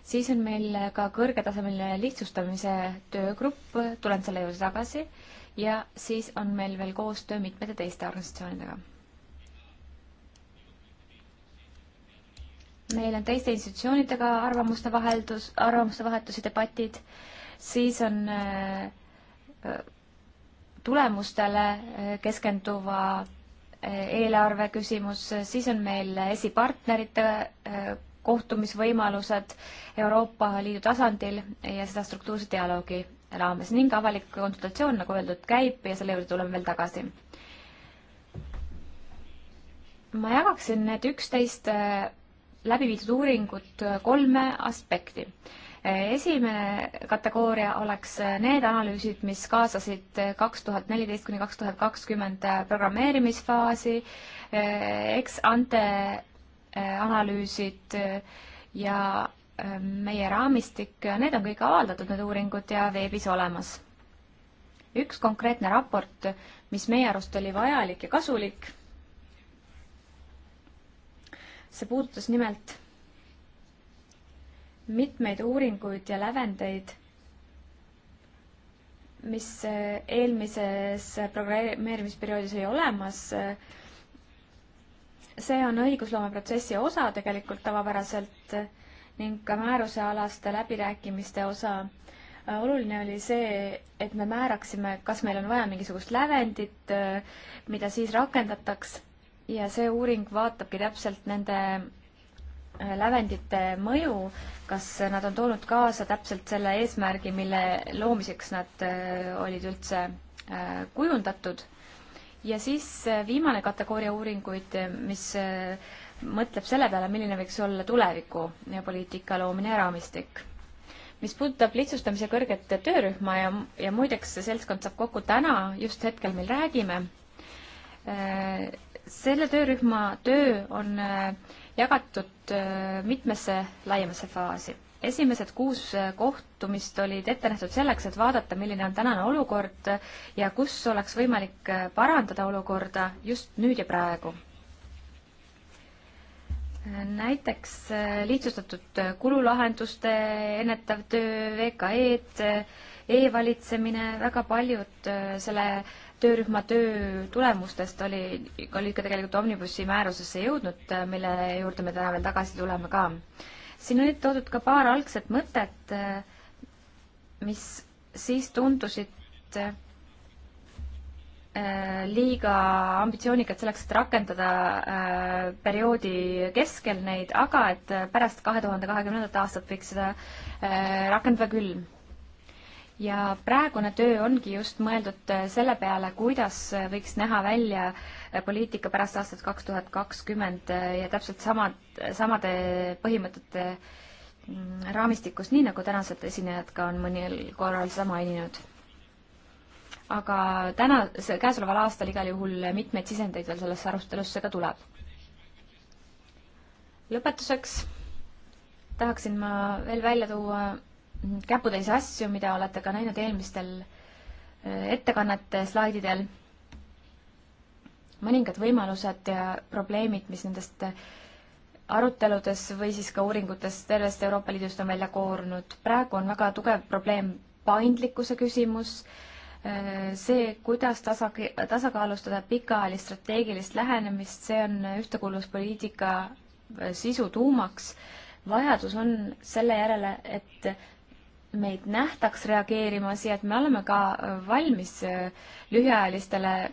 siis on meil äh, ka kõrgetasemeline lihtsustamise töögrupp, tulen selle juurde tagasi, ja siis on meil veel koostöö mitmete teiste organisatsioonidega meil on teiste institutsioonidega arvamuste vaheldus, arvamuste vahetusi, debatid, siis on äh, äh, tulemustele äh, keskenduva eelarve küsimus, siis on meil esipartnerite kohtumisvõimalused Euroopa Liidu tasandil ja seda struktuurse dialoogi raames ning avalik konsultatsioon, nagu öeldud, käib ja selle juurde tuleme veel tagasi. ma jagaksin need üksteist läbi viidud uuringut äh, kolme aspekti. Äh, esimene kategooria oleks äh, need analüüsid, mis kaasasid kaks tuhat neliteist kuni kaks tuhat kakskümmend programmeerimisfaasi, ex-ante analüüsid ja meie raamistik, need on kõik avaldatud, need uuringud, ja veebis olemas. üks konkreetne raport, mis meie arust oli vajalik ja kasulik see puudutas nimelt mitmeid uuringuid ja lävendeid, mis eh, eelmises programmeerimisperioodis oli olemas. see on õigusloomeprotsessi osa tegelikult tavapäraselt ning ka määrusealaste läbirääkimiste osa. oluline oli see, et me määraksime, kas meil on vaja mingisugust lävendit, eh, mida siis rakendataks ja see uuring vaatabki täpselt nende äh, lävendite mõju, kas nad on toonud kaasa täpselt selle eesmärgi, mille loomiseks nad äh, olid üldse äh, kujundatud. ja siis viimane kategooria uuringuid, mis mõtleb selle peale, milline võiks olla tulevikupoliitika loomine ja raamistik mis puudutab lihtsustamise kõrget töörühma ja, ja muideks see seltskond saab kokku täna, just hetkel meil räägime selle töörühma töö on äh, jagatud äh, mitmesse laiemasse faasi. esimesed kuus äh, kohtumist olid ette nähtud selleks, et vaadata, milline on tänane olukord ja kus oleks võimalik parandada olukorda just nüüd ja praegu. näiteks lihtsustatud kululahenduste ennetav töö, VKE-d e, e-valitsemine, väga paljud selle äh, töörühma töö tulemustest oli, oli ka tegelikult Omnibussi määrusesse jõudnud, mille juurde me täna veel tagasi tuleme ka. siin olid toodud ka paar algset mõtet, mis siis tundusid äh, liiga ambitsioonikad selleks, et rakendada äh, perioodi keskel neid, aga et pärast kahe tuhande kahekümnendat aastat võiks seda äh, rakendada küll ja praegune töö ongi just mõeldud äh, selle peale, kuidas äh, võiks näha välja äh, poliitika pärast aastat kaks tuhat kakskümmend ja täpselt samad, samade põhimõtete mm, raamistikus, nii nagu tänased esinejad ka on mõnel korral seda maininud aga täna, käesoleval aastal igal juhul mitmeid sisendeid veel sellesse arutelusse ka tuleb. lõpetuseks tahaksin ma veel välja tuua Mhm, käputäis asju, mida olete ka näinud eelmistel äh, ettekannete slaididel. mõningad võimalused ja probleemid, mis nendest äh, aruteludes või siis ka uuringutes tervest Euroopa Liidust on välja koorunud. praegu on väga tugev probleem paindlikkuse küsimus, äh, see, kuidas tasa, tasakaalustada pikaajalist strateegilist lähenemist, see on ühtekuuluvuspoliitika sisu tuumaks. vajadus on selle järele, et meid nähtaks reageerimas ja et me oleme ka valmis äh, lühiajalistele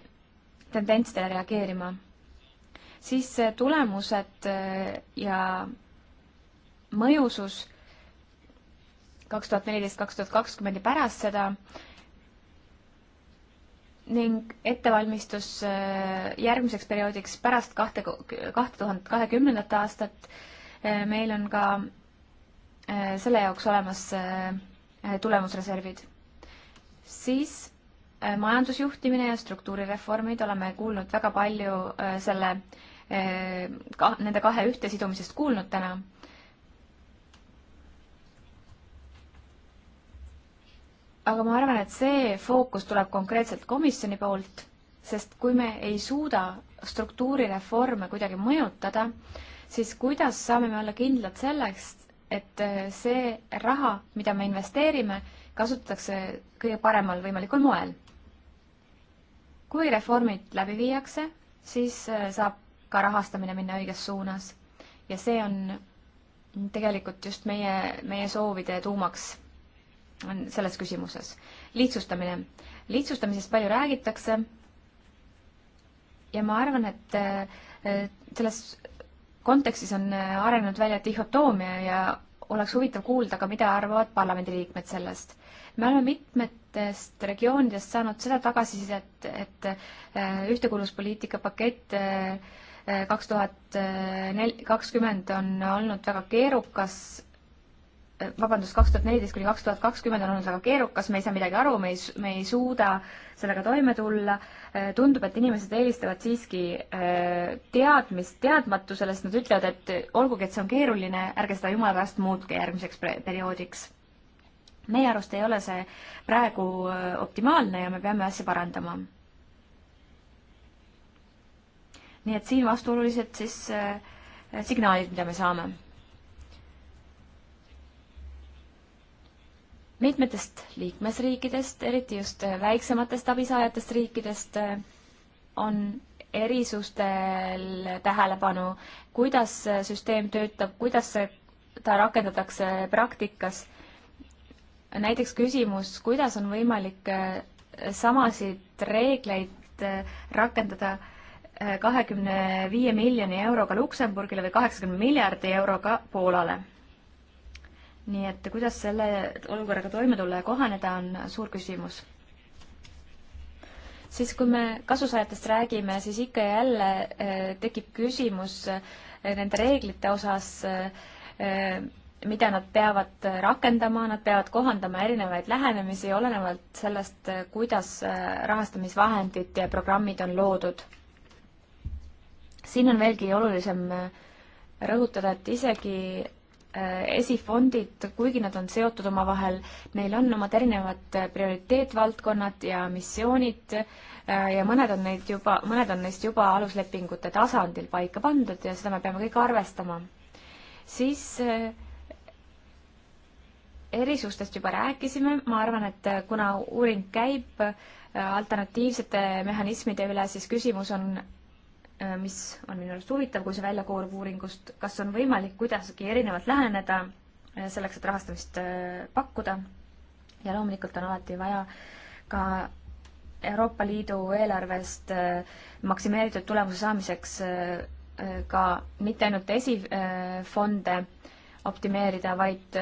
tendentsidele reageerima. siis äh, tulemused äh, ja mõjusus kaks tuhat neliteist, kaks tuhat kakskümmend ja pärast seda ning ettevalmistus järgmiseks perioodiks pärast kahte, kahte tuhat kahekümnendat aastat. meil on ka Äh, selle jaoks olemas äh, tulemusreservid. siis äh, majandusjuhtimine ja struktuurireformid, oleme kuulnud väga palju selle, ka nende kahe ühtesidumisest kuulnud täna aga ma arvan, et see fookus tuleb konkreetselt komisjoni poolt, sest kui me ei suuda struktuurireforme kuidagi mõjutada, siis kuidas saame me olla kindlad selleks, et äh, see raha, mida me investeerime, kasutatakse kõige paremal võimalikul moel. kui reformid läbi viiakse, siis äh, saab ka rahastamine minna õiges suunas ja see on tegelikult just meie, meie soovide tuumaks on selles küsimuses. lihtsustamine. lihtsustamisest palju räägitakse ja ma arvan, et äh, selles kontekstis on äh, arenenud välja dihhotoomia ja oleks huvitav kuulda ka, mida arvavad parlamendiliikmed sellest. me oleme mitmetest regioonidest saanud seda tagasisidet, et, et äh, ühtekuuluvuspoliitika pakett äh, kaks tuhat nel-, kakskümmend on olnud väga keerukas vabandust, kaks tuhat neliteist kuni kaks tuhat kakskümmend on olnud väga keerukas, me ei saa midagi aru, me ei, me ei suuda sellega toime tulla. tundub, et inimesed eelistavad siiski äh, teadmist teadmatusele, sest nad ütlevad, et olgugi, et see on keeruline, ärge seda jumala pärast muutke järgmiseks perioodiks. meie arust ei ole see praegu äh, optimaalne ja me peame asja parandama. nii et siin vastuolulised siis äh, signaalid, mida me saame mitmetest liikmesriikidest, eriti just väiksematest abisaajatest riikidest, on erisustel tähelepanu, kuidas süsteem töötab, kuidas see, ta rakendatakse praktikas. näiteks küsimus, kuidas on võimalik eh, samasid reegleid eh, rakendada eh, kahekümne viie miljoni euroga Luksemburgile või kaheksakümne miljardi euroga Poolale nii et kuidas selle olukorraga toime tulla ja kohaneda, on suur küsimus. siis, kui me kasusaajatest räägime, siis ikka ja jälle eh, tekib küsimus eh, nende reeglite osas, eh, mida nad peavad rakendama, nad peavad kohandama erinevaid lähenemisi, olenevalt sellest, kuidas rahastamisvahendid ja programmid on loodud. siin on veelgi olulisem rõhutada, et isegi Äh, esifondid, kuigi nad on seotud omavahel, neil on omad erinevad äh, prioriteetvaldkonnad ja missioonid äh, ja mõned on neid juba, mõned on neist juba aluslepingute tasandil paika pandud ja seda me peame kõik arvestama. siis erisustest juba rääkisime, ma arvan, et kuna uuring käib alternatiivsete mehhanismide üle, siis küsimus on Äh, mis on minu arust huvitav, kui see välja koorub uuringust, kas on võimalik kuidagi erinevalt läheneda äh, selleks, et rahastamist äh, pakkuda. ja loomulikult on alati vaja ka Euroopa Liidu eelarvest maksimeeritud tulemuse saamiseks ka mitte ainult esifonde optimeerida, vaid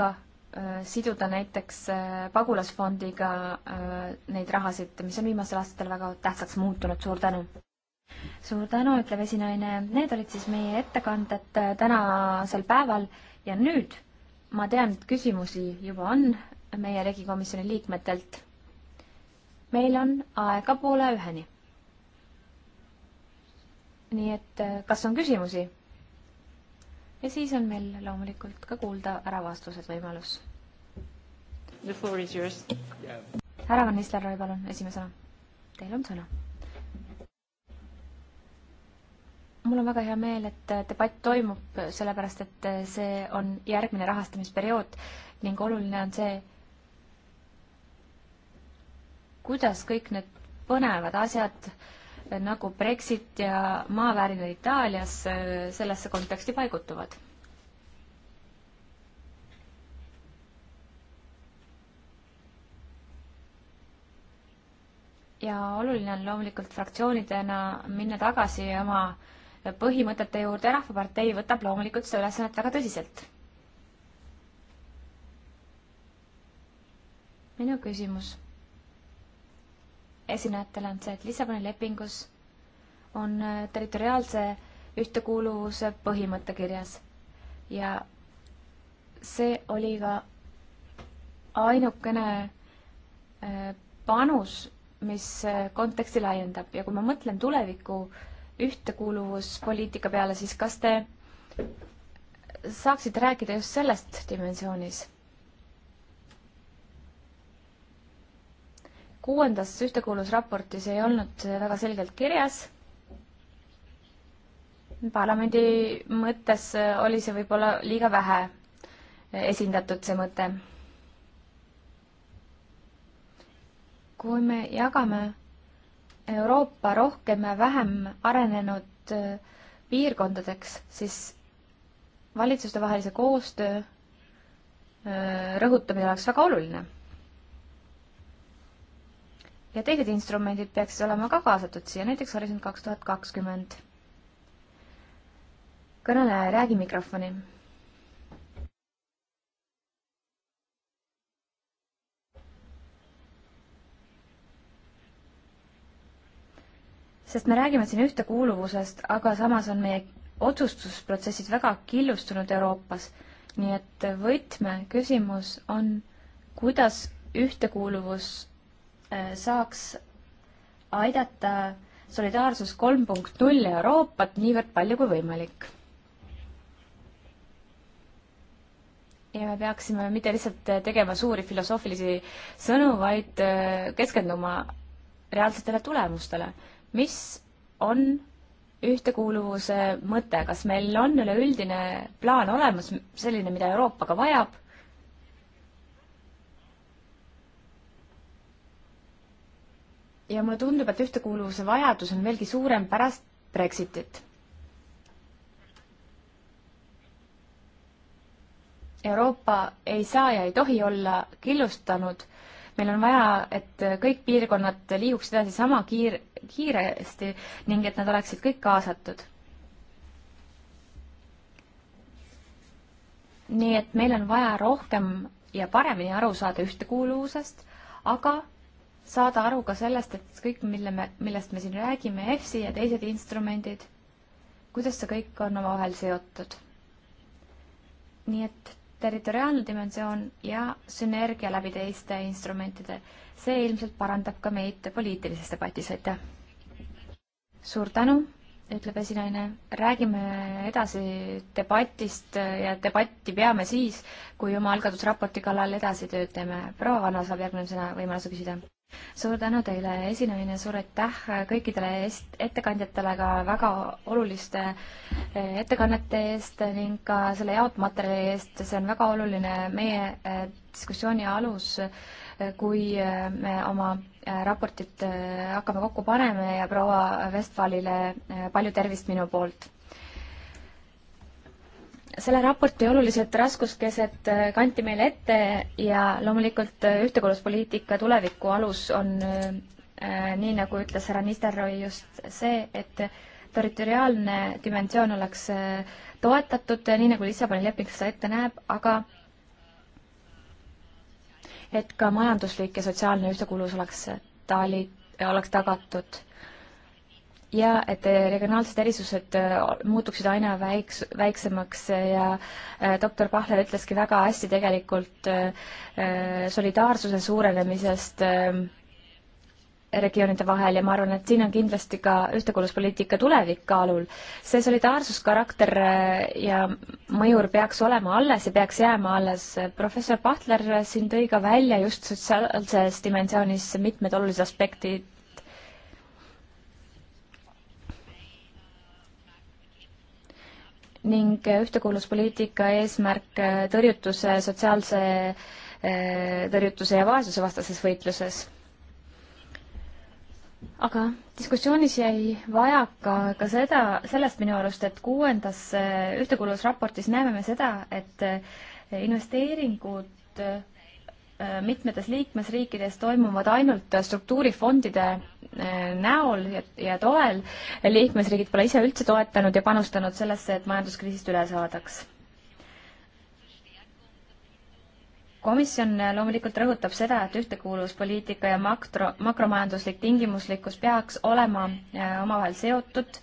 ka Äh, siduda näiteks äh, pagulasfondiga äh, neid rahasid, mis on viimastel aastatel väga tähtsaks muutunud, suur tänu! suur tänu, ütleb esinaine, need olid siis meie ettekanded tänasel päeval ja nüüd ma tean, et küsimusi juba on meie regikomisjoni liikmetelt. meil on aega poole üheni. nii et kas on küsimusi? ja siis on meil loomulikult ka kuulda ära vastused võimalus. The floor is yours yeah.. härra Van Nistelrooy, palun, esimesena. Teil on sõna. mul on väga hea meel, et debatt toimub, sellepärast et see on järgmine rahastamisperiood ning oluline on see, kuidas kõik need põnevad asjad äh, nagu Brexit ja maavärinad Itaalias äh, sellesse konteksti paigutuvad? ja oluline on loomulikult fraktsioonidena minna tagasi oma põhimõtete juurde ja Rahvapartei võtab loomulikult seda ülesannet väga tõsiselt minu küsimus esinejatele on see, et Lissaboni lepingus on äh, territoriaalse ühtekuuluvuse põhimõte kirjas ja see oli ka ainukene äh, panus, mis äh, konteksti laiendab ja kui ma mõtlen tuleviku ühtekuuluvuspoliitika peale, siis kas te saaksite rääkida just sellest dimensioonis? kuuendas ühtekuuluvusraportis ei olnud see väga selgelt kirjas. parlamendi mõttes oli see võib-olla liiga vähe esindatud, see mõte. kui me jagame Euroopa rohkem ja vähem arenenud äh, piirkondadeks, siis valitsustevahelise koostöö äh, rõhutamine oleks väga oluline ja teised instrumendid peaksid olema ka kaasatud siia, näiteks Horisont kaks tuhat kakskümmend. kõneleja, räägi mikrofoni. sest me räägime siin ühtekuuluvusest, aga samas on meie otsustusprotsessid väga killustunud Euroopas. nii et võtmeküsimus on, kuidas ühtekuuluvus Äh, saaks aidata solidaarsus kolm punkt null Euroopat niivõrd palju kui võimalik. ja me peaksime mitte lihtsalt tegema suuri filosoofilisi sõnu, vaid äh, keskenduma reaalsetele tulemustele. mis on ühtekuuluvuse mõte, kas meil on üleüldine plaan olemas, selline, mida Euroopa ka vajab ja mulle tundub, et ühtekuuluvuse vajadus on veelgi suurem pärast Brexitit. Euroopa ei saa ja ei tohi olla killustanud. meil on vaja, et kõik piirkonnad liiguksid edasi sama kiir-, kiiresti ning et nad oleksid kõik kaasatud. nii et meil on vaja rohkem ja paremini aru saada ühtekuuluvusest, aga saada aru ka sellest, et kõik, mille me, millest me siin räägime, EFSI ja teised instrumendid, kuidas see kõik on omavahel seotud. nii et territoriaalne dimensioon ja sünergia läbi teiste instrumentide, see ilmselt parandab ka meid poliitilises debatis, aitäh! suur tänu, ütleb esinaine, räägime edasi debatist ja debatti peame siis, kui oma algatusraporti kallal edasi tööd teeme. proua Vanno saab järgmisena võimaluse küsida suur tänu teile, esinemine, suur aitäh kõikidele ettekandjatele ka väga oluliste eh, ettekannete eest ning ka selle jaotmaterjali eest, see on väga oluline meie eh, diskussiooni alus, eh, kui me oma raportit hakkame kokku panema ja proua Vestfalile palju tervist minu poolt selle raporti olulised raskuskesed äh, kanti meile ette ja loomulikult äh, ühtekuuluvuspoliitika tuleviku alus on äh, nii, nagu ütles härra Nisteroi, just see, et territoriaalne dimensioon oleks toetatud, nii nagu Lissaboni leping seda ette näeb, aga et ka majanduslik ja sotsiaalne ühtekuuluvus oleks tali, oleks tagatud ja et regionaalsed erisused äh, muutuksid aina väiks-, väiksemaks ja äh, doktor Pahler ütleski väga hästi tegelikult äh, solidaarsuse suurenemisest regioonide vahel ja ma arvan, et siin on kindlasti ka ühtekuuluvuspoliitika tulevik kaalul. see solidaarsuskarakter ja mõjur peaks olema alles ja peaks jääma alles. professor Pahtler siin tõi ka välja just sotsiaalses dimensioonis mitmed olulised aspektid, ning ühtekuuluvuspoliitika eesmärk äh, tõrjutuse, sotsiaalse äh, tõrjutuse ja vaesuse vastases võitluses. aga diskussioonis jäi vajaka ka seda, sellest minu arust, et kuuendas äh, ühtekuuluvusraportis näeme me seda, et investeeringud Äh, mitmetes liikmesriikides toimuvad ainult struktuurifondide äh, näol ja, ja toel. liikmesriigid pole ise üldse toetanud ja panustanud sellesse, et majanduskriisist üle saadaks. komisjon äh, loomulikult rõhutab seda, et ühtekuuluvuspoliitika ja makro, makromajanduslik tingimuslikkus peaks olema omavahel seotud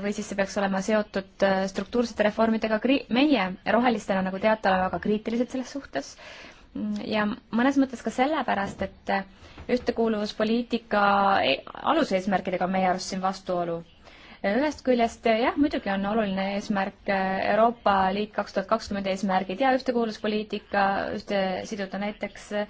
või siis see peaks olema seotud struktuursete reformidega. meie rohelistena, nagu teate, oleme väga kriitilised selles suhtes ja mõnes mõttes ka sellepärast, et ühtekuuluvuspoliitika e-, aluseesmärkidega on meie arust siin vastuolu. ühest küljest jah, muidugi on oluline eesmärk äh, Euroopa Liit kaks tuhat kakskümmend eesmärgid ja ühtekuuluvuspoliitika ühte siduda näiteks äh,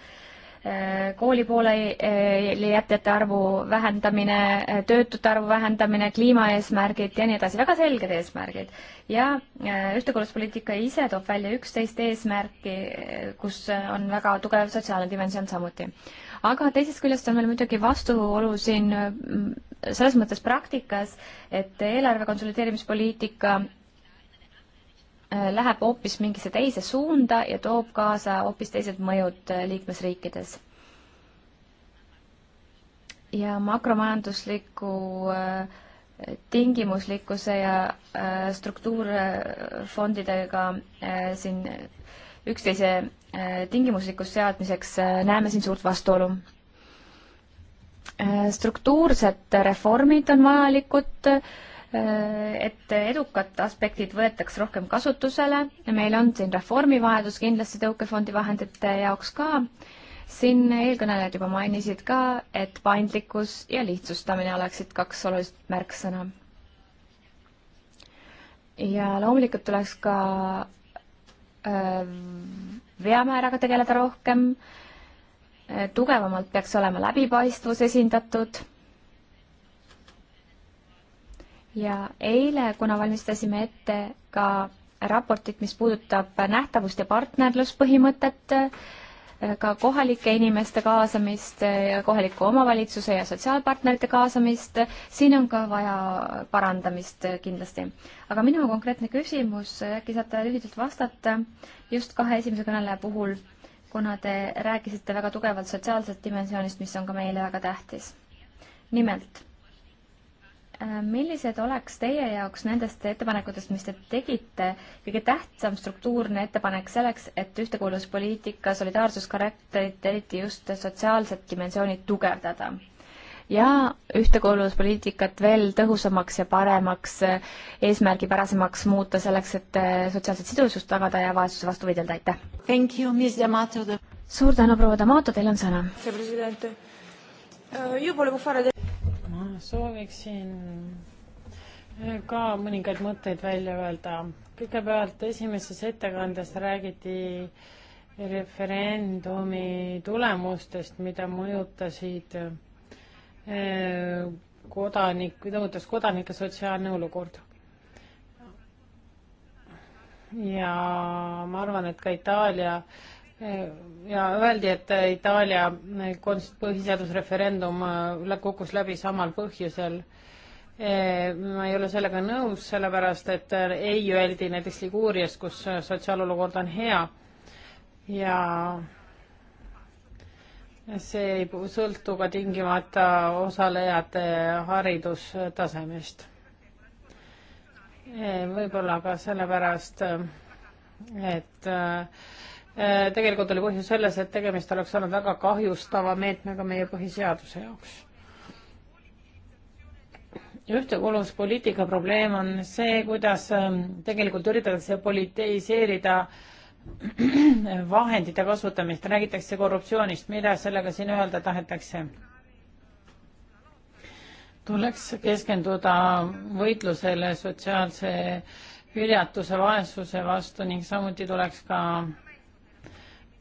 Äh, kooli pooleli jätjate arvu vähendamine, äh, töötute arvu vähendamine, kliimaeesmärgid ja nii edasi, väga selged eesmärgid. ja äh, ühtekuuluvuspoliitika ise toob välja üksteist eesmärki, kus on väga tugev sotsiaalne dimensioon samuti. aga teisest küljest on meil muidugi vastuolu siin mm, selles mõttes praktikas, et eelarve konsolideerimispoliitika Äh, läheb hoopis mingisse teise suunda ja toob kaasa hoopis teised mõjud äh, liikmesriikides. ja makromajandusliku äh, tingimuslikkuse ja struktuurfondidega siin üksteise tingimuslikkust seadmiseks näeme siin suurt vastuolu. struktuursed reformid on vajalikud Äh, et edukad aspektid võetaks rohkem kasutusele. meil on siin reformivajadus kindlasti tõukefondi vahendite jaoks ka. siin eelkõnelejad juba mainisid ka, et paindlikkus ja lihtsustamine oleksid kaks olulist märksõna. ja loomulikult tuleks ka öö, äh, veamääraga tegeleda rohkem. Äh, tugevamalt peaks olema läbipaistvus esindatud ja eile, kuna valmistasime ette ka raportit, mis puudutab nähtavust ja partnerluspõhimõtet, äh, ka kohalike inimeste kaasamist äh, ja kohaliku omavalitsuse ja sotsiaalpartnerite kaasamist, siin on ka vaja parandamist äh, kindlasti. aga minu konkreetne küsimus, äkki saate lühidalt vastata just kahe esimese kõneleja puhul, kuna te rääkisite väga tugevalt sotsiaalsest dimensioonist, mis on ka meile väga tähtis. nimelt Äh, millised oleks teie jaoks nendest ettepanekutest, mis te tegite, kõige tähtsam struktuurne ettepanek selleks, et ühtekuuluvuspoliitika solidaarsuskarakterit, eriti just sotsiaalset dimensiooni tugevdada? ja ühtekuuluvuspoliitikat veel tõhusamaks ja paremaks, eesmärgipärasemaks muuta selleks, et sotsiaalset sidusust tagada ja vaesuse vastu võidelda, aitäh! suur tänu, proua Damato, teil on sõna sooviksin eh, ka mõningaid mõtteid välja öelda. kõigepealt esimeses ettekandes räägiti referendumi tulemustest, mida mõjutasid eh, kodanik, mõjutas kodanike sotsiaalne olukord. ja ma arvan, et ka Itaalia äh, Äh, ja öeldi, et Itaalia põhiseadusreferendum äh, kukkus läbi samal põhjusel. Äh, ma ei ole sellega nõus, sellepärast et ei öeldi näiteks Liguurias, kus sotsiaalolukord on hea ja see ei sõltu ka tingimata osalejate haridustasemest. võib-olla ka sellepärast, et äh, Äh, tegelikult oli põhjus selles, et tegemist oleks olnud väga kahjustava meetmega meie põhiseaduse jaoks. ühtekuuluvuspoliitika probleem on see, kuidas ähm, tegelikult üritatakse politiseerida vahendite kasutamist, räägitakse korruptsioonist, mida sellega siin öelda tahetakse? tuleks keskenduda võitlusele sotsiaalse hüljatuse, vaesuse vastu ning samuti tuleks ka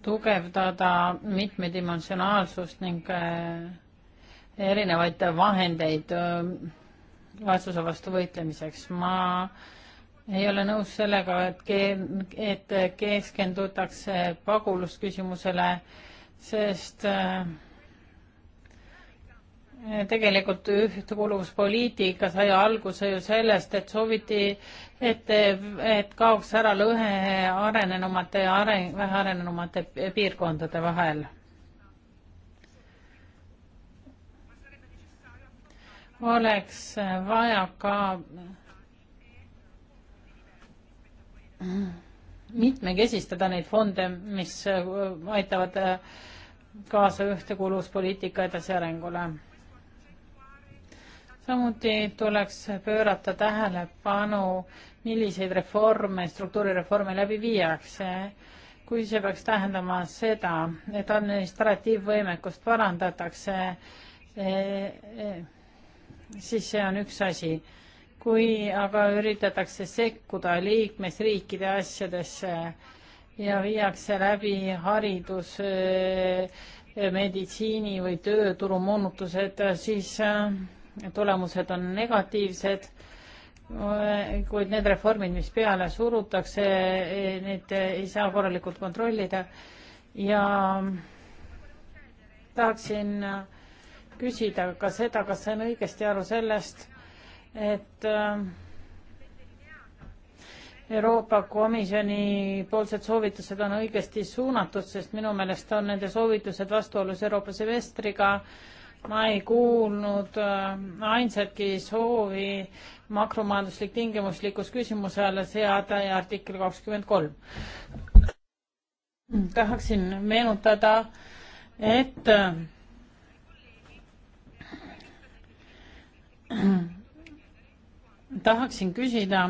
tugevdada mitmedimensionaalsust ning äh, erinevaid vahendeid äh, vaesuse vastu võitlemiseks. ma ei ole nõus sellega, et ke-, et keskendutakse pagulusküsimusele, sest äh, tegelikult ühtekuuluvuspoliitika sai alguse ju sellest, et sooviti, et, et kaoks ära lõhe arenenumate ja areng, vähearenenumate piirkondade vahel. oleks vaja ka mitmekesistada neid fonde, mis aitavad kaasa ühtekuuluvuspoliitika edasiarengule samuti tuleks pöörata tähelepanu, milliseid reforme, struktuurireforme läbi viiakse. kui see peaks tähendama seda, et administratiivvõimekust parandatakse, eh, eh, siis see on üks asi. kui aga üritatakse sekkuda liikmesriikide asjadesse ja viiakse läbi haridus, eh, meditsiini või tööturumoonutused, siis tulemused on negatiivsed, kuid need reformid, mis peale surutakse, neid ei saa korralikult kontrollida ja tahaksin küsida ka seda, kas sain õigesti aru sellest, et äh, Euroopa Komisjoni poolsed soovitused on õigesti suunatud, sest minu meelest on nende soovitused vastuolus Euroopa semestriga äh, ma ei kuulnud äh, ainsatki soovi makromajanduslik tingimuslikkus küsimuse alla seada ja artikkel kakskümmend kolm. tahaksin meenutada, et äh, tahaksin küsida,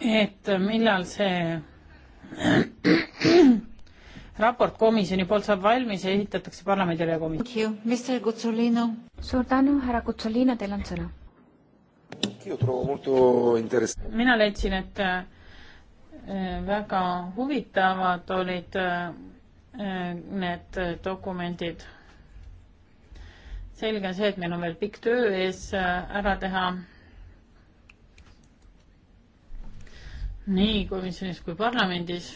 et millal see raport komisjoni poolt saab valmis ja esitatakse parlamendile ja komisjonile. suur tänu, härra Kutsolino, teil on sõna. mina leidsin, et äh, väga huvitavad olid äh, need dokumendid. selge on see, et meil on veel pikk töö ees äh, ära teha. nii komisjonis kui parlamendis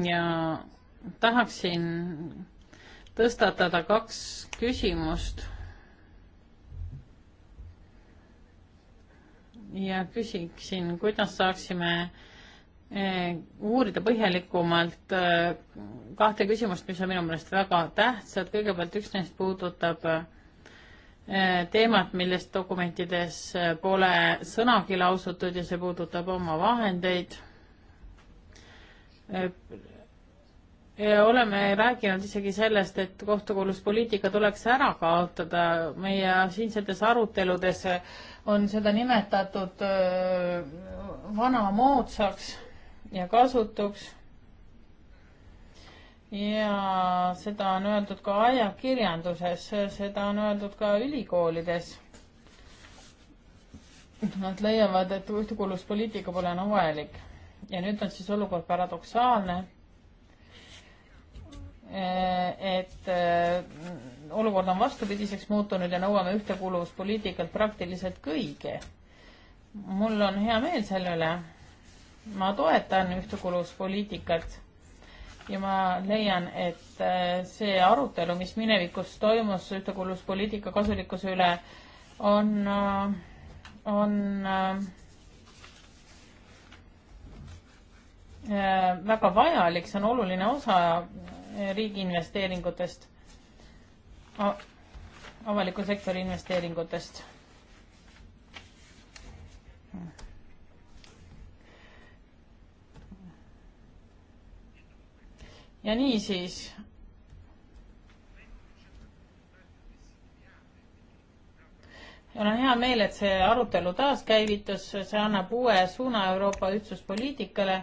ja tahaksin tõstatada kaks küsimust. ja küsiksin, kuidas saaksime eh, uurida põhjalikumalt eh, kahte küsimust, mis on minu meelest väga tähtsad. kõigepealt üks neist puudutab eh, teemat, millest dokumentides pole sõnagi lausutud ja see puudutab omavahendeid Äh, äh, oleme rääkinud isegi sellest, et kohtukooluspoliitika tuleks ära kaotada, meie siinsetes aruteludes on seda nimetatud äh, vanamoodsaks ja kasutuks. ja seda on öeldud ka ajakirjanduses, seda on öeldud ka ülikoolides. Nad leiavad, et kohtukooluspoliitika pole enam vajalik ja nüüd on siis olukord paradoksaalne, eh, et eh, olukord on vastupidiseks muutunud ja nõuame ühtekuuluvuspoliitikalt praktiliselt kõige. mul on hea meel selle üle. ma toetan ühtekuuluvuspoliitikat ja ma leian, et eh, see arutelu, mis minevikus toimus ühtekuuluvuspoliitika kasulikkuse üle, on, on Äh, väga vajalik, see on oluline osa äh, riigi investeeringutest, avaliku sektori investeeringutest. ja niisiis mul on hea meel, et see arutelu taaskäivitus, see annab uue suuna Euroopa ühtsuspoliitikale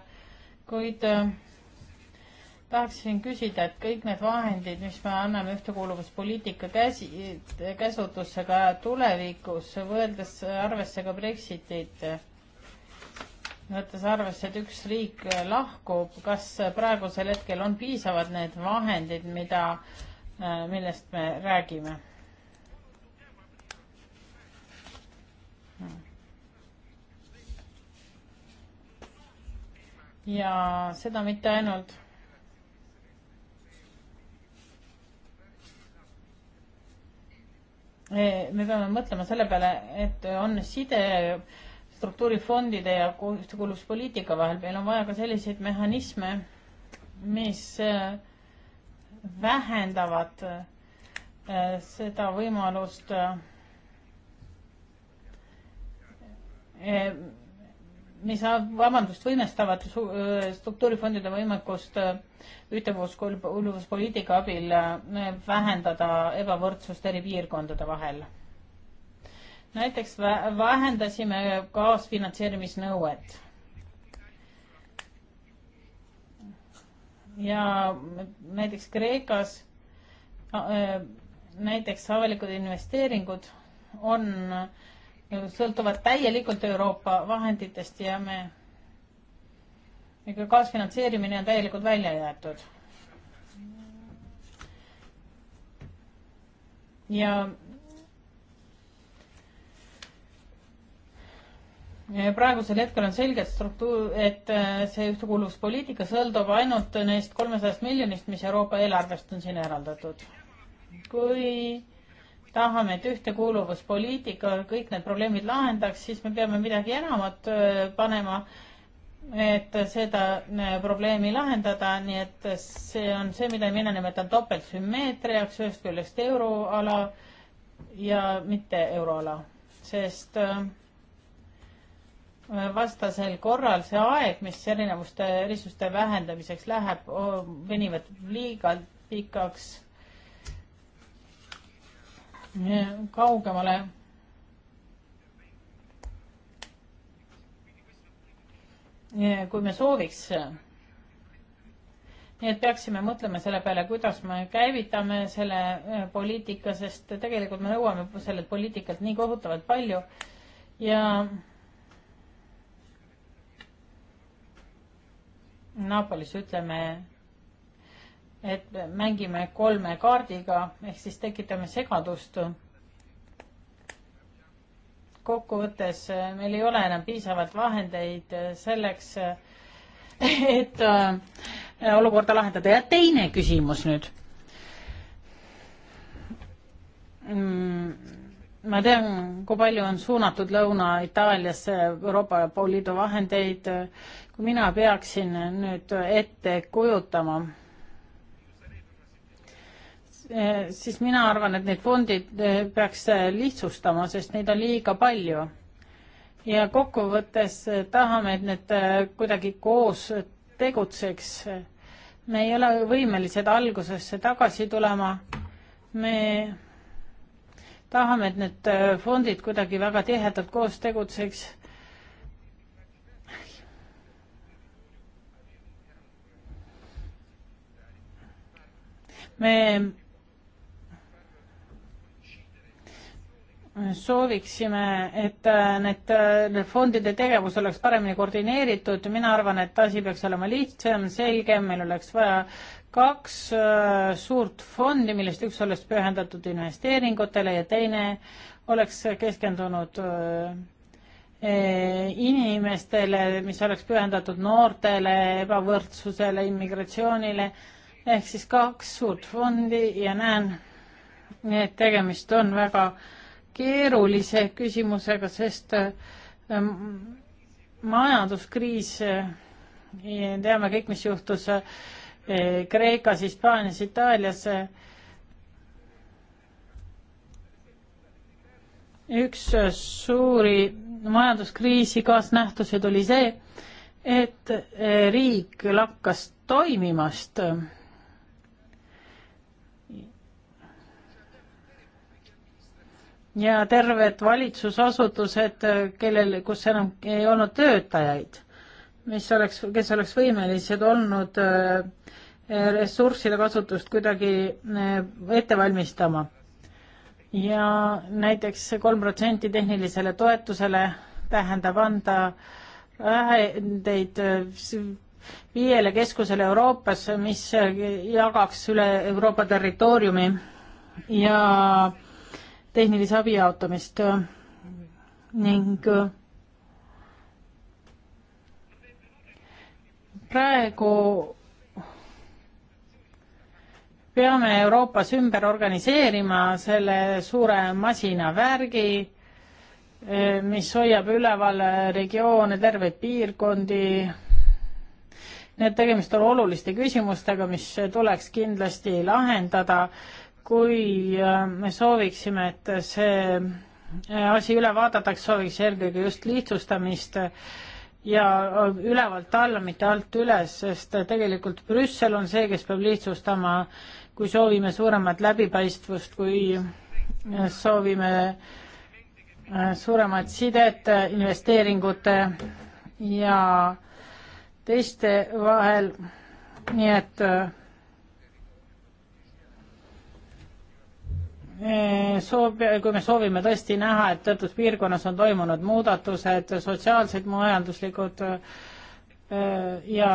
kuid äh, tahaksin küsida, et kõik need vahendid, mis me anname ühtekuuluvuspoliitika käsi, käsutusse ka tulevikus, võeldes arvesse ka Brexitit, võttes arvesse, et üks riik lahkub, kas praegusel hetkel on piisavad need vahendid, mida, äh, millest me räägime? ja seda mitte ainult me peame mõtlema selle peale, et on side struktuurifondide ja koostöökuuluvuspoliitika vahel, meil on vaja ka selliseid mehhanisme, mis äh, vähendavad äh, seda võimalust, äh, mis vabandust, võimestavad äh, struktuurifondide võimekust äh, ühtekuuluvuspoliitika abil äh, vähendada ebavõrdsust eri piirkondade vahel. näiteks vähendasime kaasfinantseerimisnõuet. ja näiteks Kreekas näiteks avalikud investeeringud on äh, sõltuvad täielikult Euroopa vahenditest ja me, ega kaasfinantseerimine on täielikult välja jäetud. ja praegusel hetkel on selge, et struktuur, et äh, see ühtekuuluvuspoliitika sõltub ainult neist kolmesajast miljonist, mis Euroopa eelarvest on siin eraldatud. kui tahame, et ühtekuuluvuspoliitika kõik need probleemid lahendaks, siis me peame midagi enamat äh, panema, et seda äh, probleemi lahendada, nii et see on see, mida mina nimetan topeltsümmeetriaks, ühest küljest euroala ja mitte euroala, sest äh, vastasel korral see aeg, mis erinevuste, erisuste vähendamiseks läheb, venivad liiga pikaks kaugemale. kui me sooviks. nii et peaksime mõtlema selle peale, kuidas me käivitame selle äh, poliitika, sest tegelikult me nõuame sellelt poliitikalt nii kohutavalt palju ja Napolis ütleme et mängime kolme kaardiga ehk siis tekitame segadust. kokkuvõttes eh, meil ei ole enam piisavalt vahendeid eh, selleks, eh, et olukorda lahendada ja teine küsimus nüüd. Mm, ma tean, kui palju on suunatud Lõuna-Itaaliasse Euroopa Liidu vahendeid. kui mina peaksin nüüd ette kujutama Eh, siis mina arvan, et need fondid eh, peaks eh, lihtsustama, sest neid on liiga palju. ja kokkuvõttes tahame, et need kuidagi koos tegutseks. me ei ole võimelised algusesse tagasi tulema. me tahame, et need fondid kuidagi väga tihedalt koos tegutseks me sooviksime, et äh, need, need äh, fondide tegevus oleks paremini koordineeritud, mina arvan, et asi peaks olema lihtsam, selgem, meil oleks vaja kaks äh, suurt fondi, millest üks oleks pühendatud investeeringutele ja teine oleks keskendunud inimestele, mis oleks pühendatud noortele, ebavõrdsusele, immigratsioonile, ehk siis kaks suurt fondi ja näen, et tegemist on väga äh, keerulise küsimusega, sest äh, majanduskriis, äh, teame kõik, mis juhtus äh, Kreekas, Hispaanias, Itaalias. üks suuri majanduskriisi kaasnähtuseid oli see, et riik lakkas toimimast ja terved valitsusasutused, kellel, kus enam ei olnud töötajaid, mis oleks, kes oleks võimelised olnud äh, ressursside kasutust kuidagi äh, ette valmistama. ja näiteks kolm protsenti tehnilisele toetusele tähendab anda vahendeid äh, viiele keskusele Euroopas, mis jagaks üle Euroopa territooriumi ja äh, tehnilise abi jaotamist äh, ning äh, praegu peame Euroopas ümber organiseerima selle suure masinavärgi, äh, mis hoiab üleval regioone, terveid piirkondi. nii et tegemist on oluliste küsimustega, mis tuleks kindlasti lahendada kui äh, me sooviksime, et see äh, asi üle vaadatakse, sooviks eelkõige just lihtsustamist ja äh, ülevalt alla, mitte alt üles, sest tegelikult Brüssel on see, kes peab lihtsustama, kui soovime suuremat läbipaistvust, kui soovime suuremat sidet investeeringute ja teiste vahel, nii et äh, Eh, soov, eh, kui me soovime tõesti näha, et teatud piirkonnas on toimunud muudatused, sotsiaalsed, majanduslikud eh, ja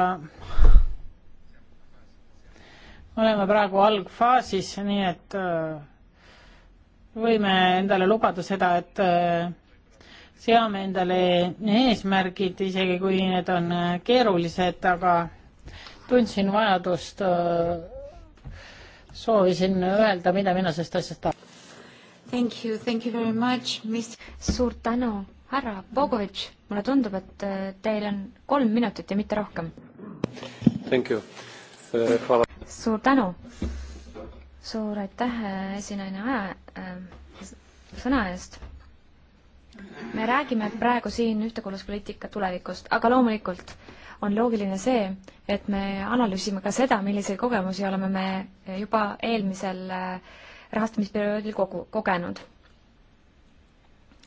oleme praegu algfaasis, nii et võime endale lubada seda, et seame endale eesmärgid, isegi kui need on keerulised, aga tundsin vajadust soovisin öelda, mida mina sellest asjast tahan. Thank you, thank you very much, mis suur tänu, härra Bogovitš, mulle tundub, et äh, teil on kolm minutit ja mitte rohkem. Thank you uh,. suur tänu. suur aitäh, äh, esinaine aja äh,, sõna eest me räägime praegu siin ühtekuuluvuspoliitika tulevikust, aga loomulikult on loogiline see, et me analüüsime ka seda, milliseid kogemusi oleme me juba eelmisel äh, rahastamisperioodil kogu, kogenud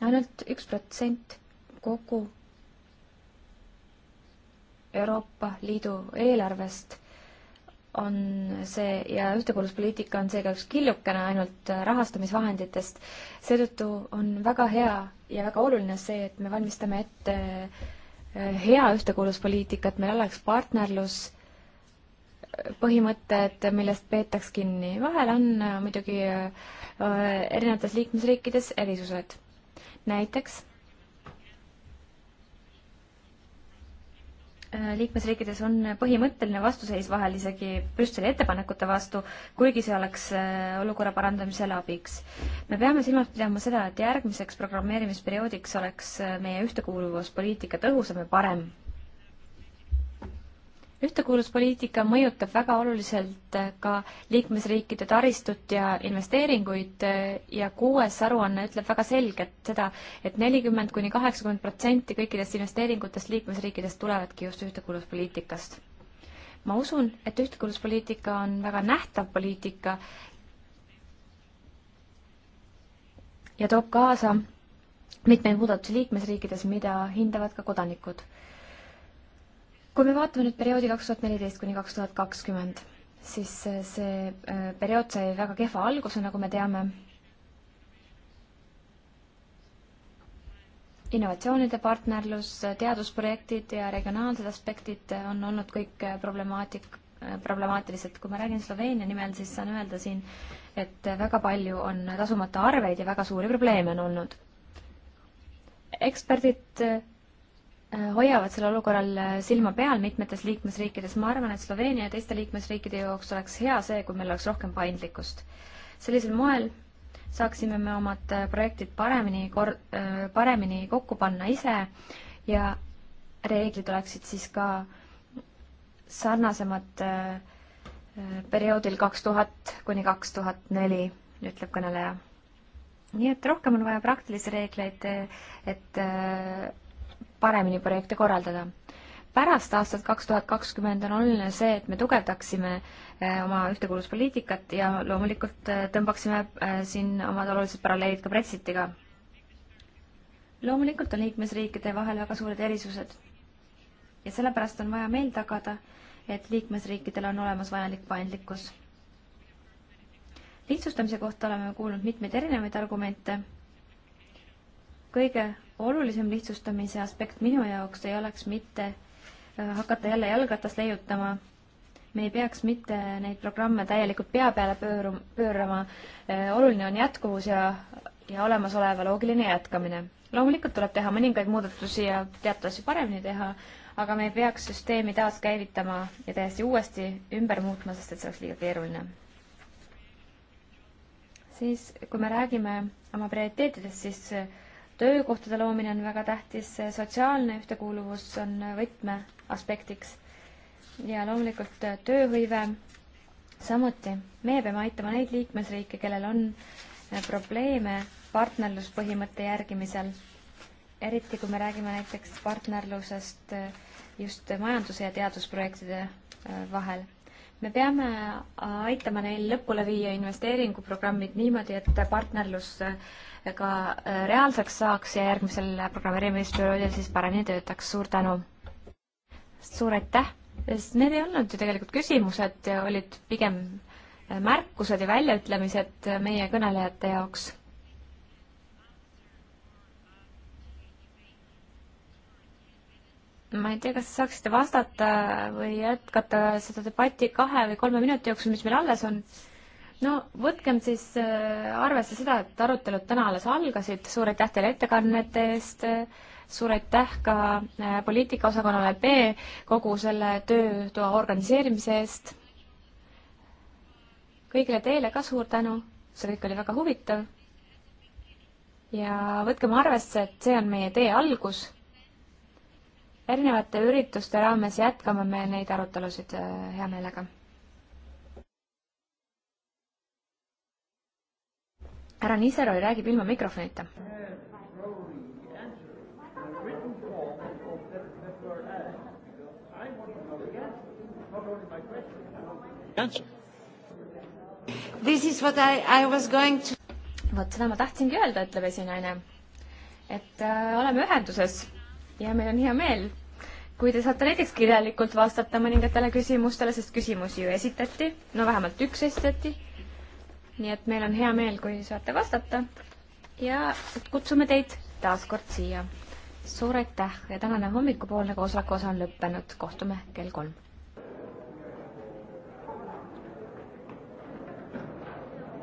ainult. ainult üks protsent kogu Euroopa Liidu eelarvest on see ja ühtekuuluvuspoliitika on seega üks killukene ainult äh, rahastamisvahenditest. seetõttu on väga hea ja väga oluline see, et me valmistame ette hea ühtekuuluvuspoliitika, et meil oleks partnerlus, põhimõtted, millest peetaks kinni. vahel on äh, muidugi äh, erinevates liikmesriikides erisused. näiteks Äh, liikmesriikides on põhimõtteline vastuseis vahel isegi Brüsseli ettepanekute vastu, kuigi see oleks äh, olukorra parandamisele abiks. me peame silmas pidama seda, et järgmiseks programmeerimisperioodiks oleks äh, meie ühtekuuluvuspoliitika tõhusam ja parem ühtekuuluvuspoliitika mõjutab väga oluliselt äh, ka liikmesriikide taristut ja investeeringuid äh, ja kuues aruanne ütleb väga selgelt seda et, et nelikümmend kuni kaheksakümmend protsenti kõikidest investeeringutest liikmesriikidest tulevadki just ühtekuuluvuspoliitikast. ma usun, et ühtekuuluvuspoliitika on väga nähtav poliitika ja toob kaasa mitmeid muudatusi liikmesriikides, mida hindavad ka kodanikud kui me vaatame nüüd perioodi kaks tuhat neliteist kuni kaks tuhat kakskümmend, siis äh, see äh, periood sai väga kehva alguse, nagu me teame. innovatsioonide partnerlus, teadusprojektid ja regionaalsed aspektid on olnud kõik äh, problemaatik-, problemaatilised. kui ma räägin Sloveenia nimel, siis saan öelda siin, et väga palju on tasumata arveid ja väga suuri probleeme on olnud. eksperdid Äh, hoiavad sellel olukorral äh, silma peal mitmetes liikmesriikides. ma arvan, et Sloveenia ja teiste liikmesriikide jaoks oleks hea see, kui meil oleks rohkem paindlikkust. sellisel moel saaksime me omad äh, projektid paremini kor-, paremini kokku panna ise ja reeglid oleksid siis ka sarnasemad perioodil kaks tuhat kuni kaks tuhat neli, ütleb kõneleja. nii et rohkem on vaja praktilisi reegleid, et paremini projekte korraldada. pärast aastat kaks tuhat kakskümmend on oluline see, et me tugevdaksime eh, oma ühtekuuluvuspoliitikat ja loomulikult eh, tõmbaksime eh, siin omad olulised paralleelid ka Brexitiga. loomulikult on liikmesriikide vahel väga suured erisused ja sellepärast on vaja meil tagada, et liikmesriikidel on olemas vajalik paindlikkus. lihtsustamise kohta oleme kuulnud mitmeid erinevaid argumente. kõige olulisem lihtsustamise aspekt minu jaoks ei oleks mitte äh, hakata jälle jalgratast leiutama. me ei peaks mitte neid programme täielikult pea peale pöörum-, pöörama. Äh, oluline on jätkuvus ja, ja olemasoleva loogiline jätkamine. loomulikult tuleb teha mõningaid muudatusi ja teatud asju paremini teha, aga me ei peaks süsteemi taaskäivitama ja täiesti uuesti ümber muutma, sest et see oleks liiga keeruline. siis, kui me räägime oma prioriteetidest, siis töökohtade loomine on väga tähtis, sotsiaalne ühtekuuluvus on võtmeaspektiks ja loomulikult tööhõive samuti. meie peame aitama neid liikmesriike, kellel on probleeme partnerluspõhimõtte järgimisel, eriti kui me räägime näiteks partnerlusest just majanduse ja teadusprojektide äh, vahel me peame aitama neil lõpule viia investeeringuprogrammid niimoodi, et partnerlus äh, ka äh, reaalseks saaks ja järgmisel programmeerimisperioodil siis paremini töötaks. suur tänu! suur aitäh! sest need ei olnud ju tegelikult küsimused, olid pigem äh, märkused ja väljaütlemised äh, meie kõnelejate jaoks. ma ei tea, kas saaksite vastata või jätkata seda debatti kahe või kolme minuti jooksul, mis meil alles on no võtkem siis äh, arvesse seda, et arutelud täna alles algasid, suur aitäh teile ettekannete eest, suur aitäh ka äh, poliitikaosakonnale B kogu selle töötoa organiseerimise eest. kõigile teile ka suur tänu, see kõik oli väga huvitav. ja võtkem arvesse, et see on meie tee algus. erinevate ürituste raames jätkame me neid arutelusid äh, hea meelega härra Niseroi räägib ilma mikrofonita. This is what I, I was going to vot seda ma tahtsingi öelda, ütleb esinaine. et äh, oleme ühenduses ja meil on hea meel, kui te saate näiteks kirjalikult vastata mõningatele küsimustele, sest küsimusi ju esitati, no vähemalt üks esitati nii et meil on hea meel, kui saate vastata ja kutsume teid taas kord siia. suur aitäh ja tänane hommikupoolne koosoleku osa on lõppenud, kohtume kell kolm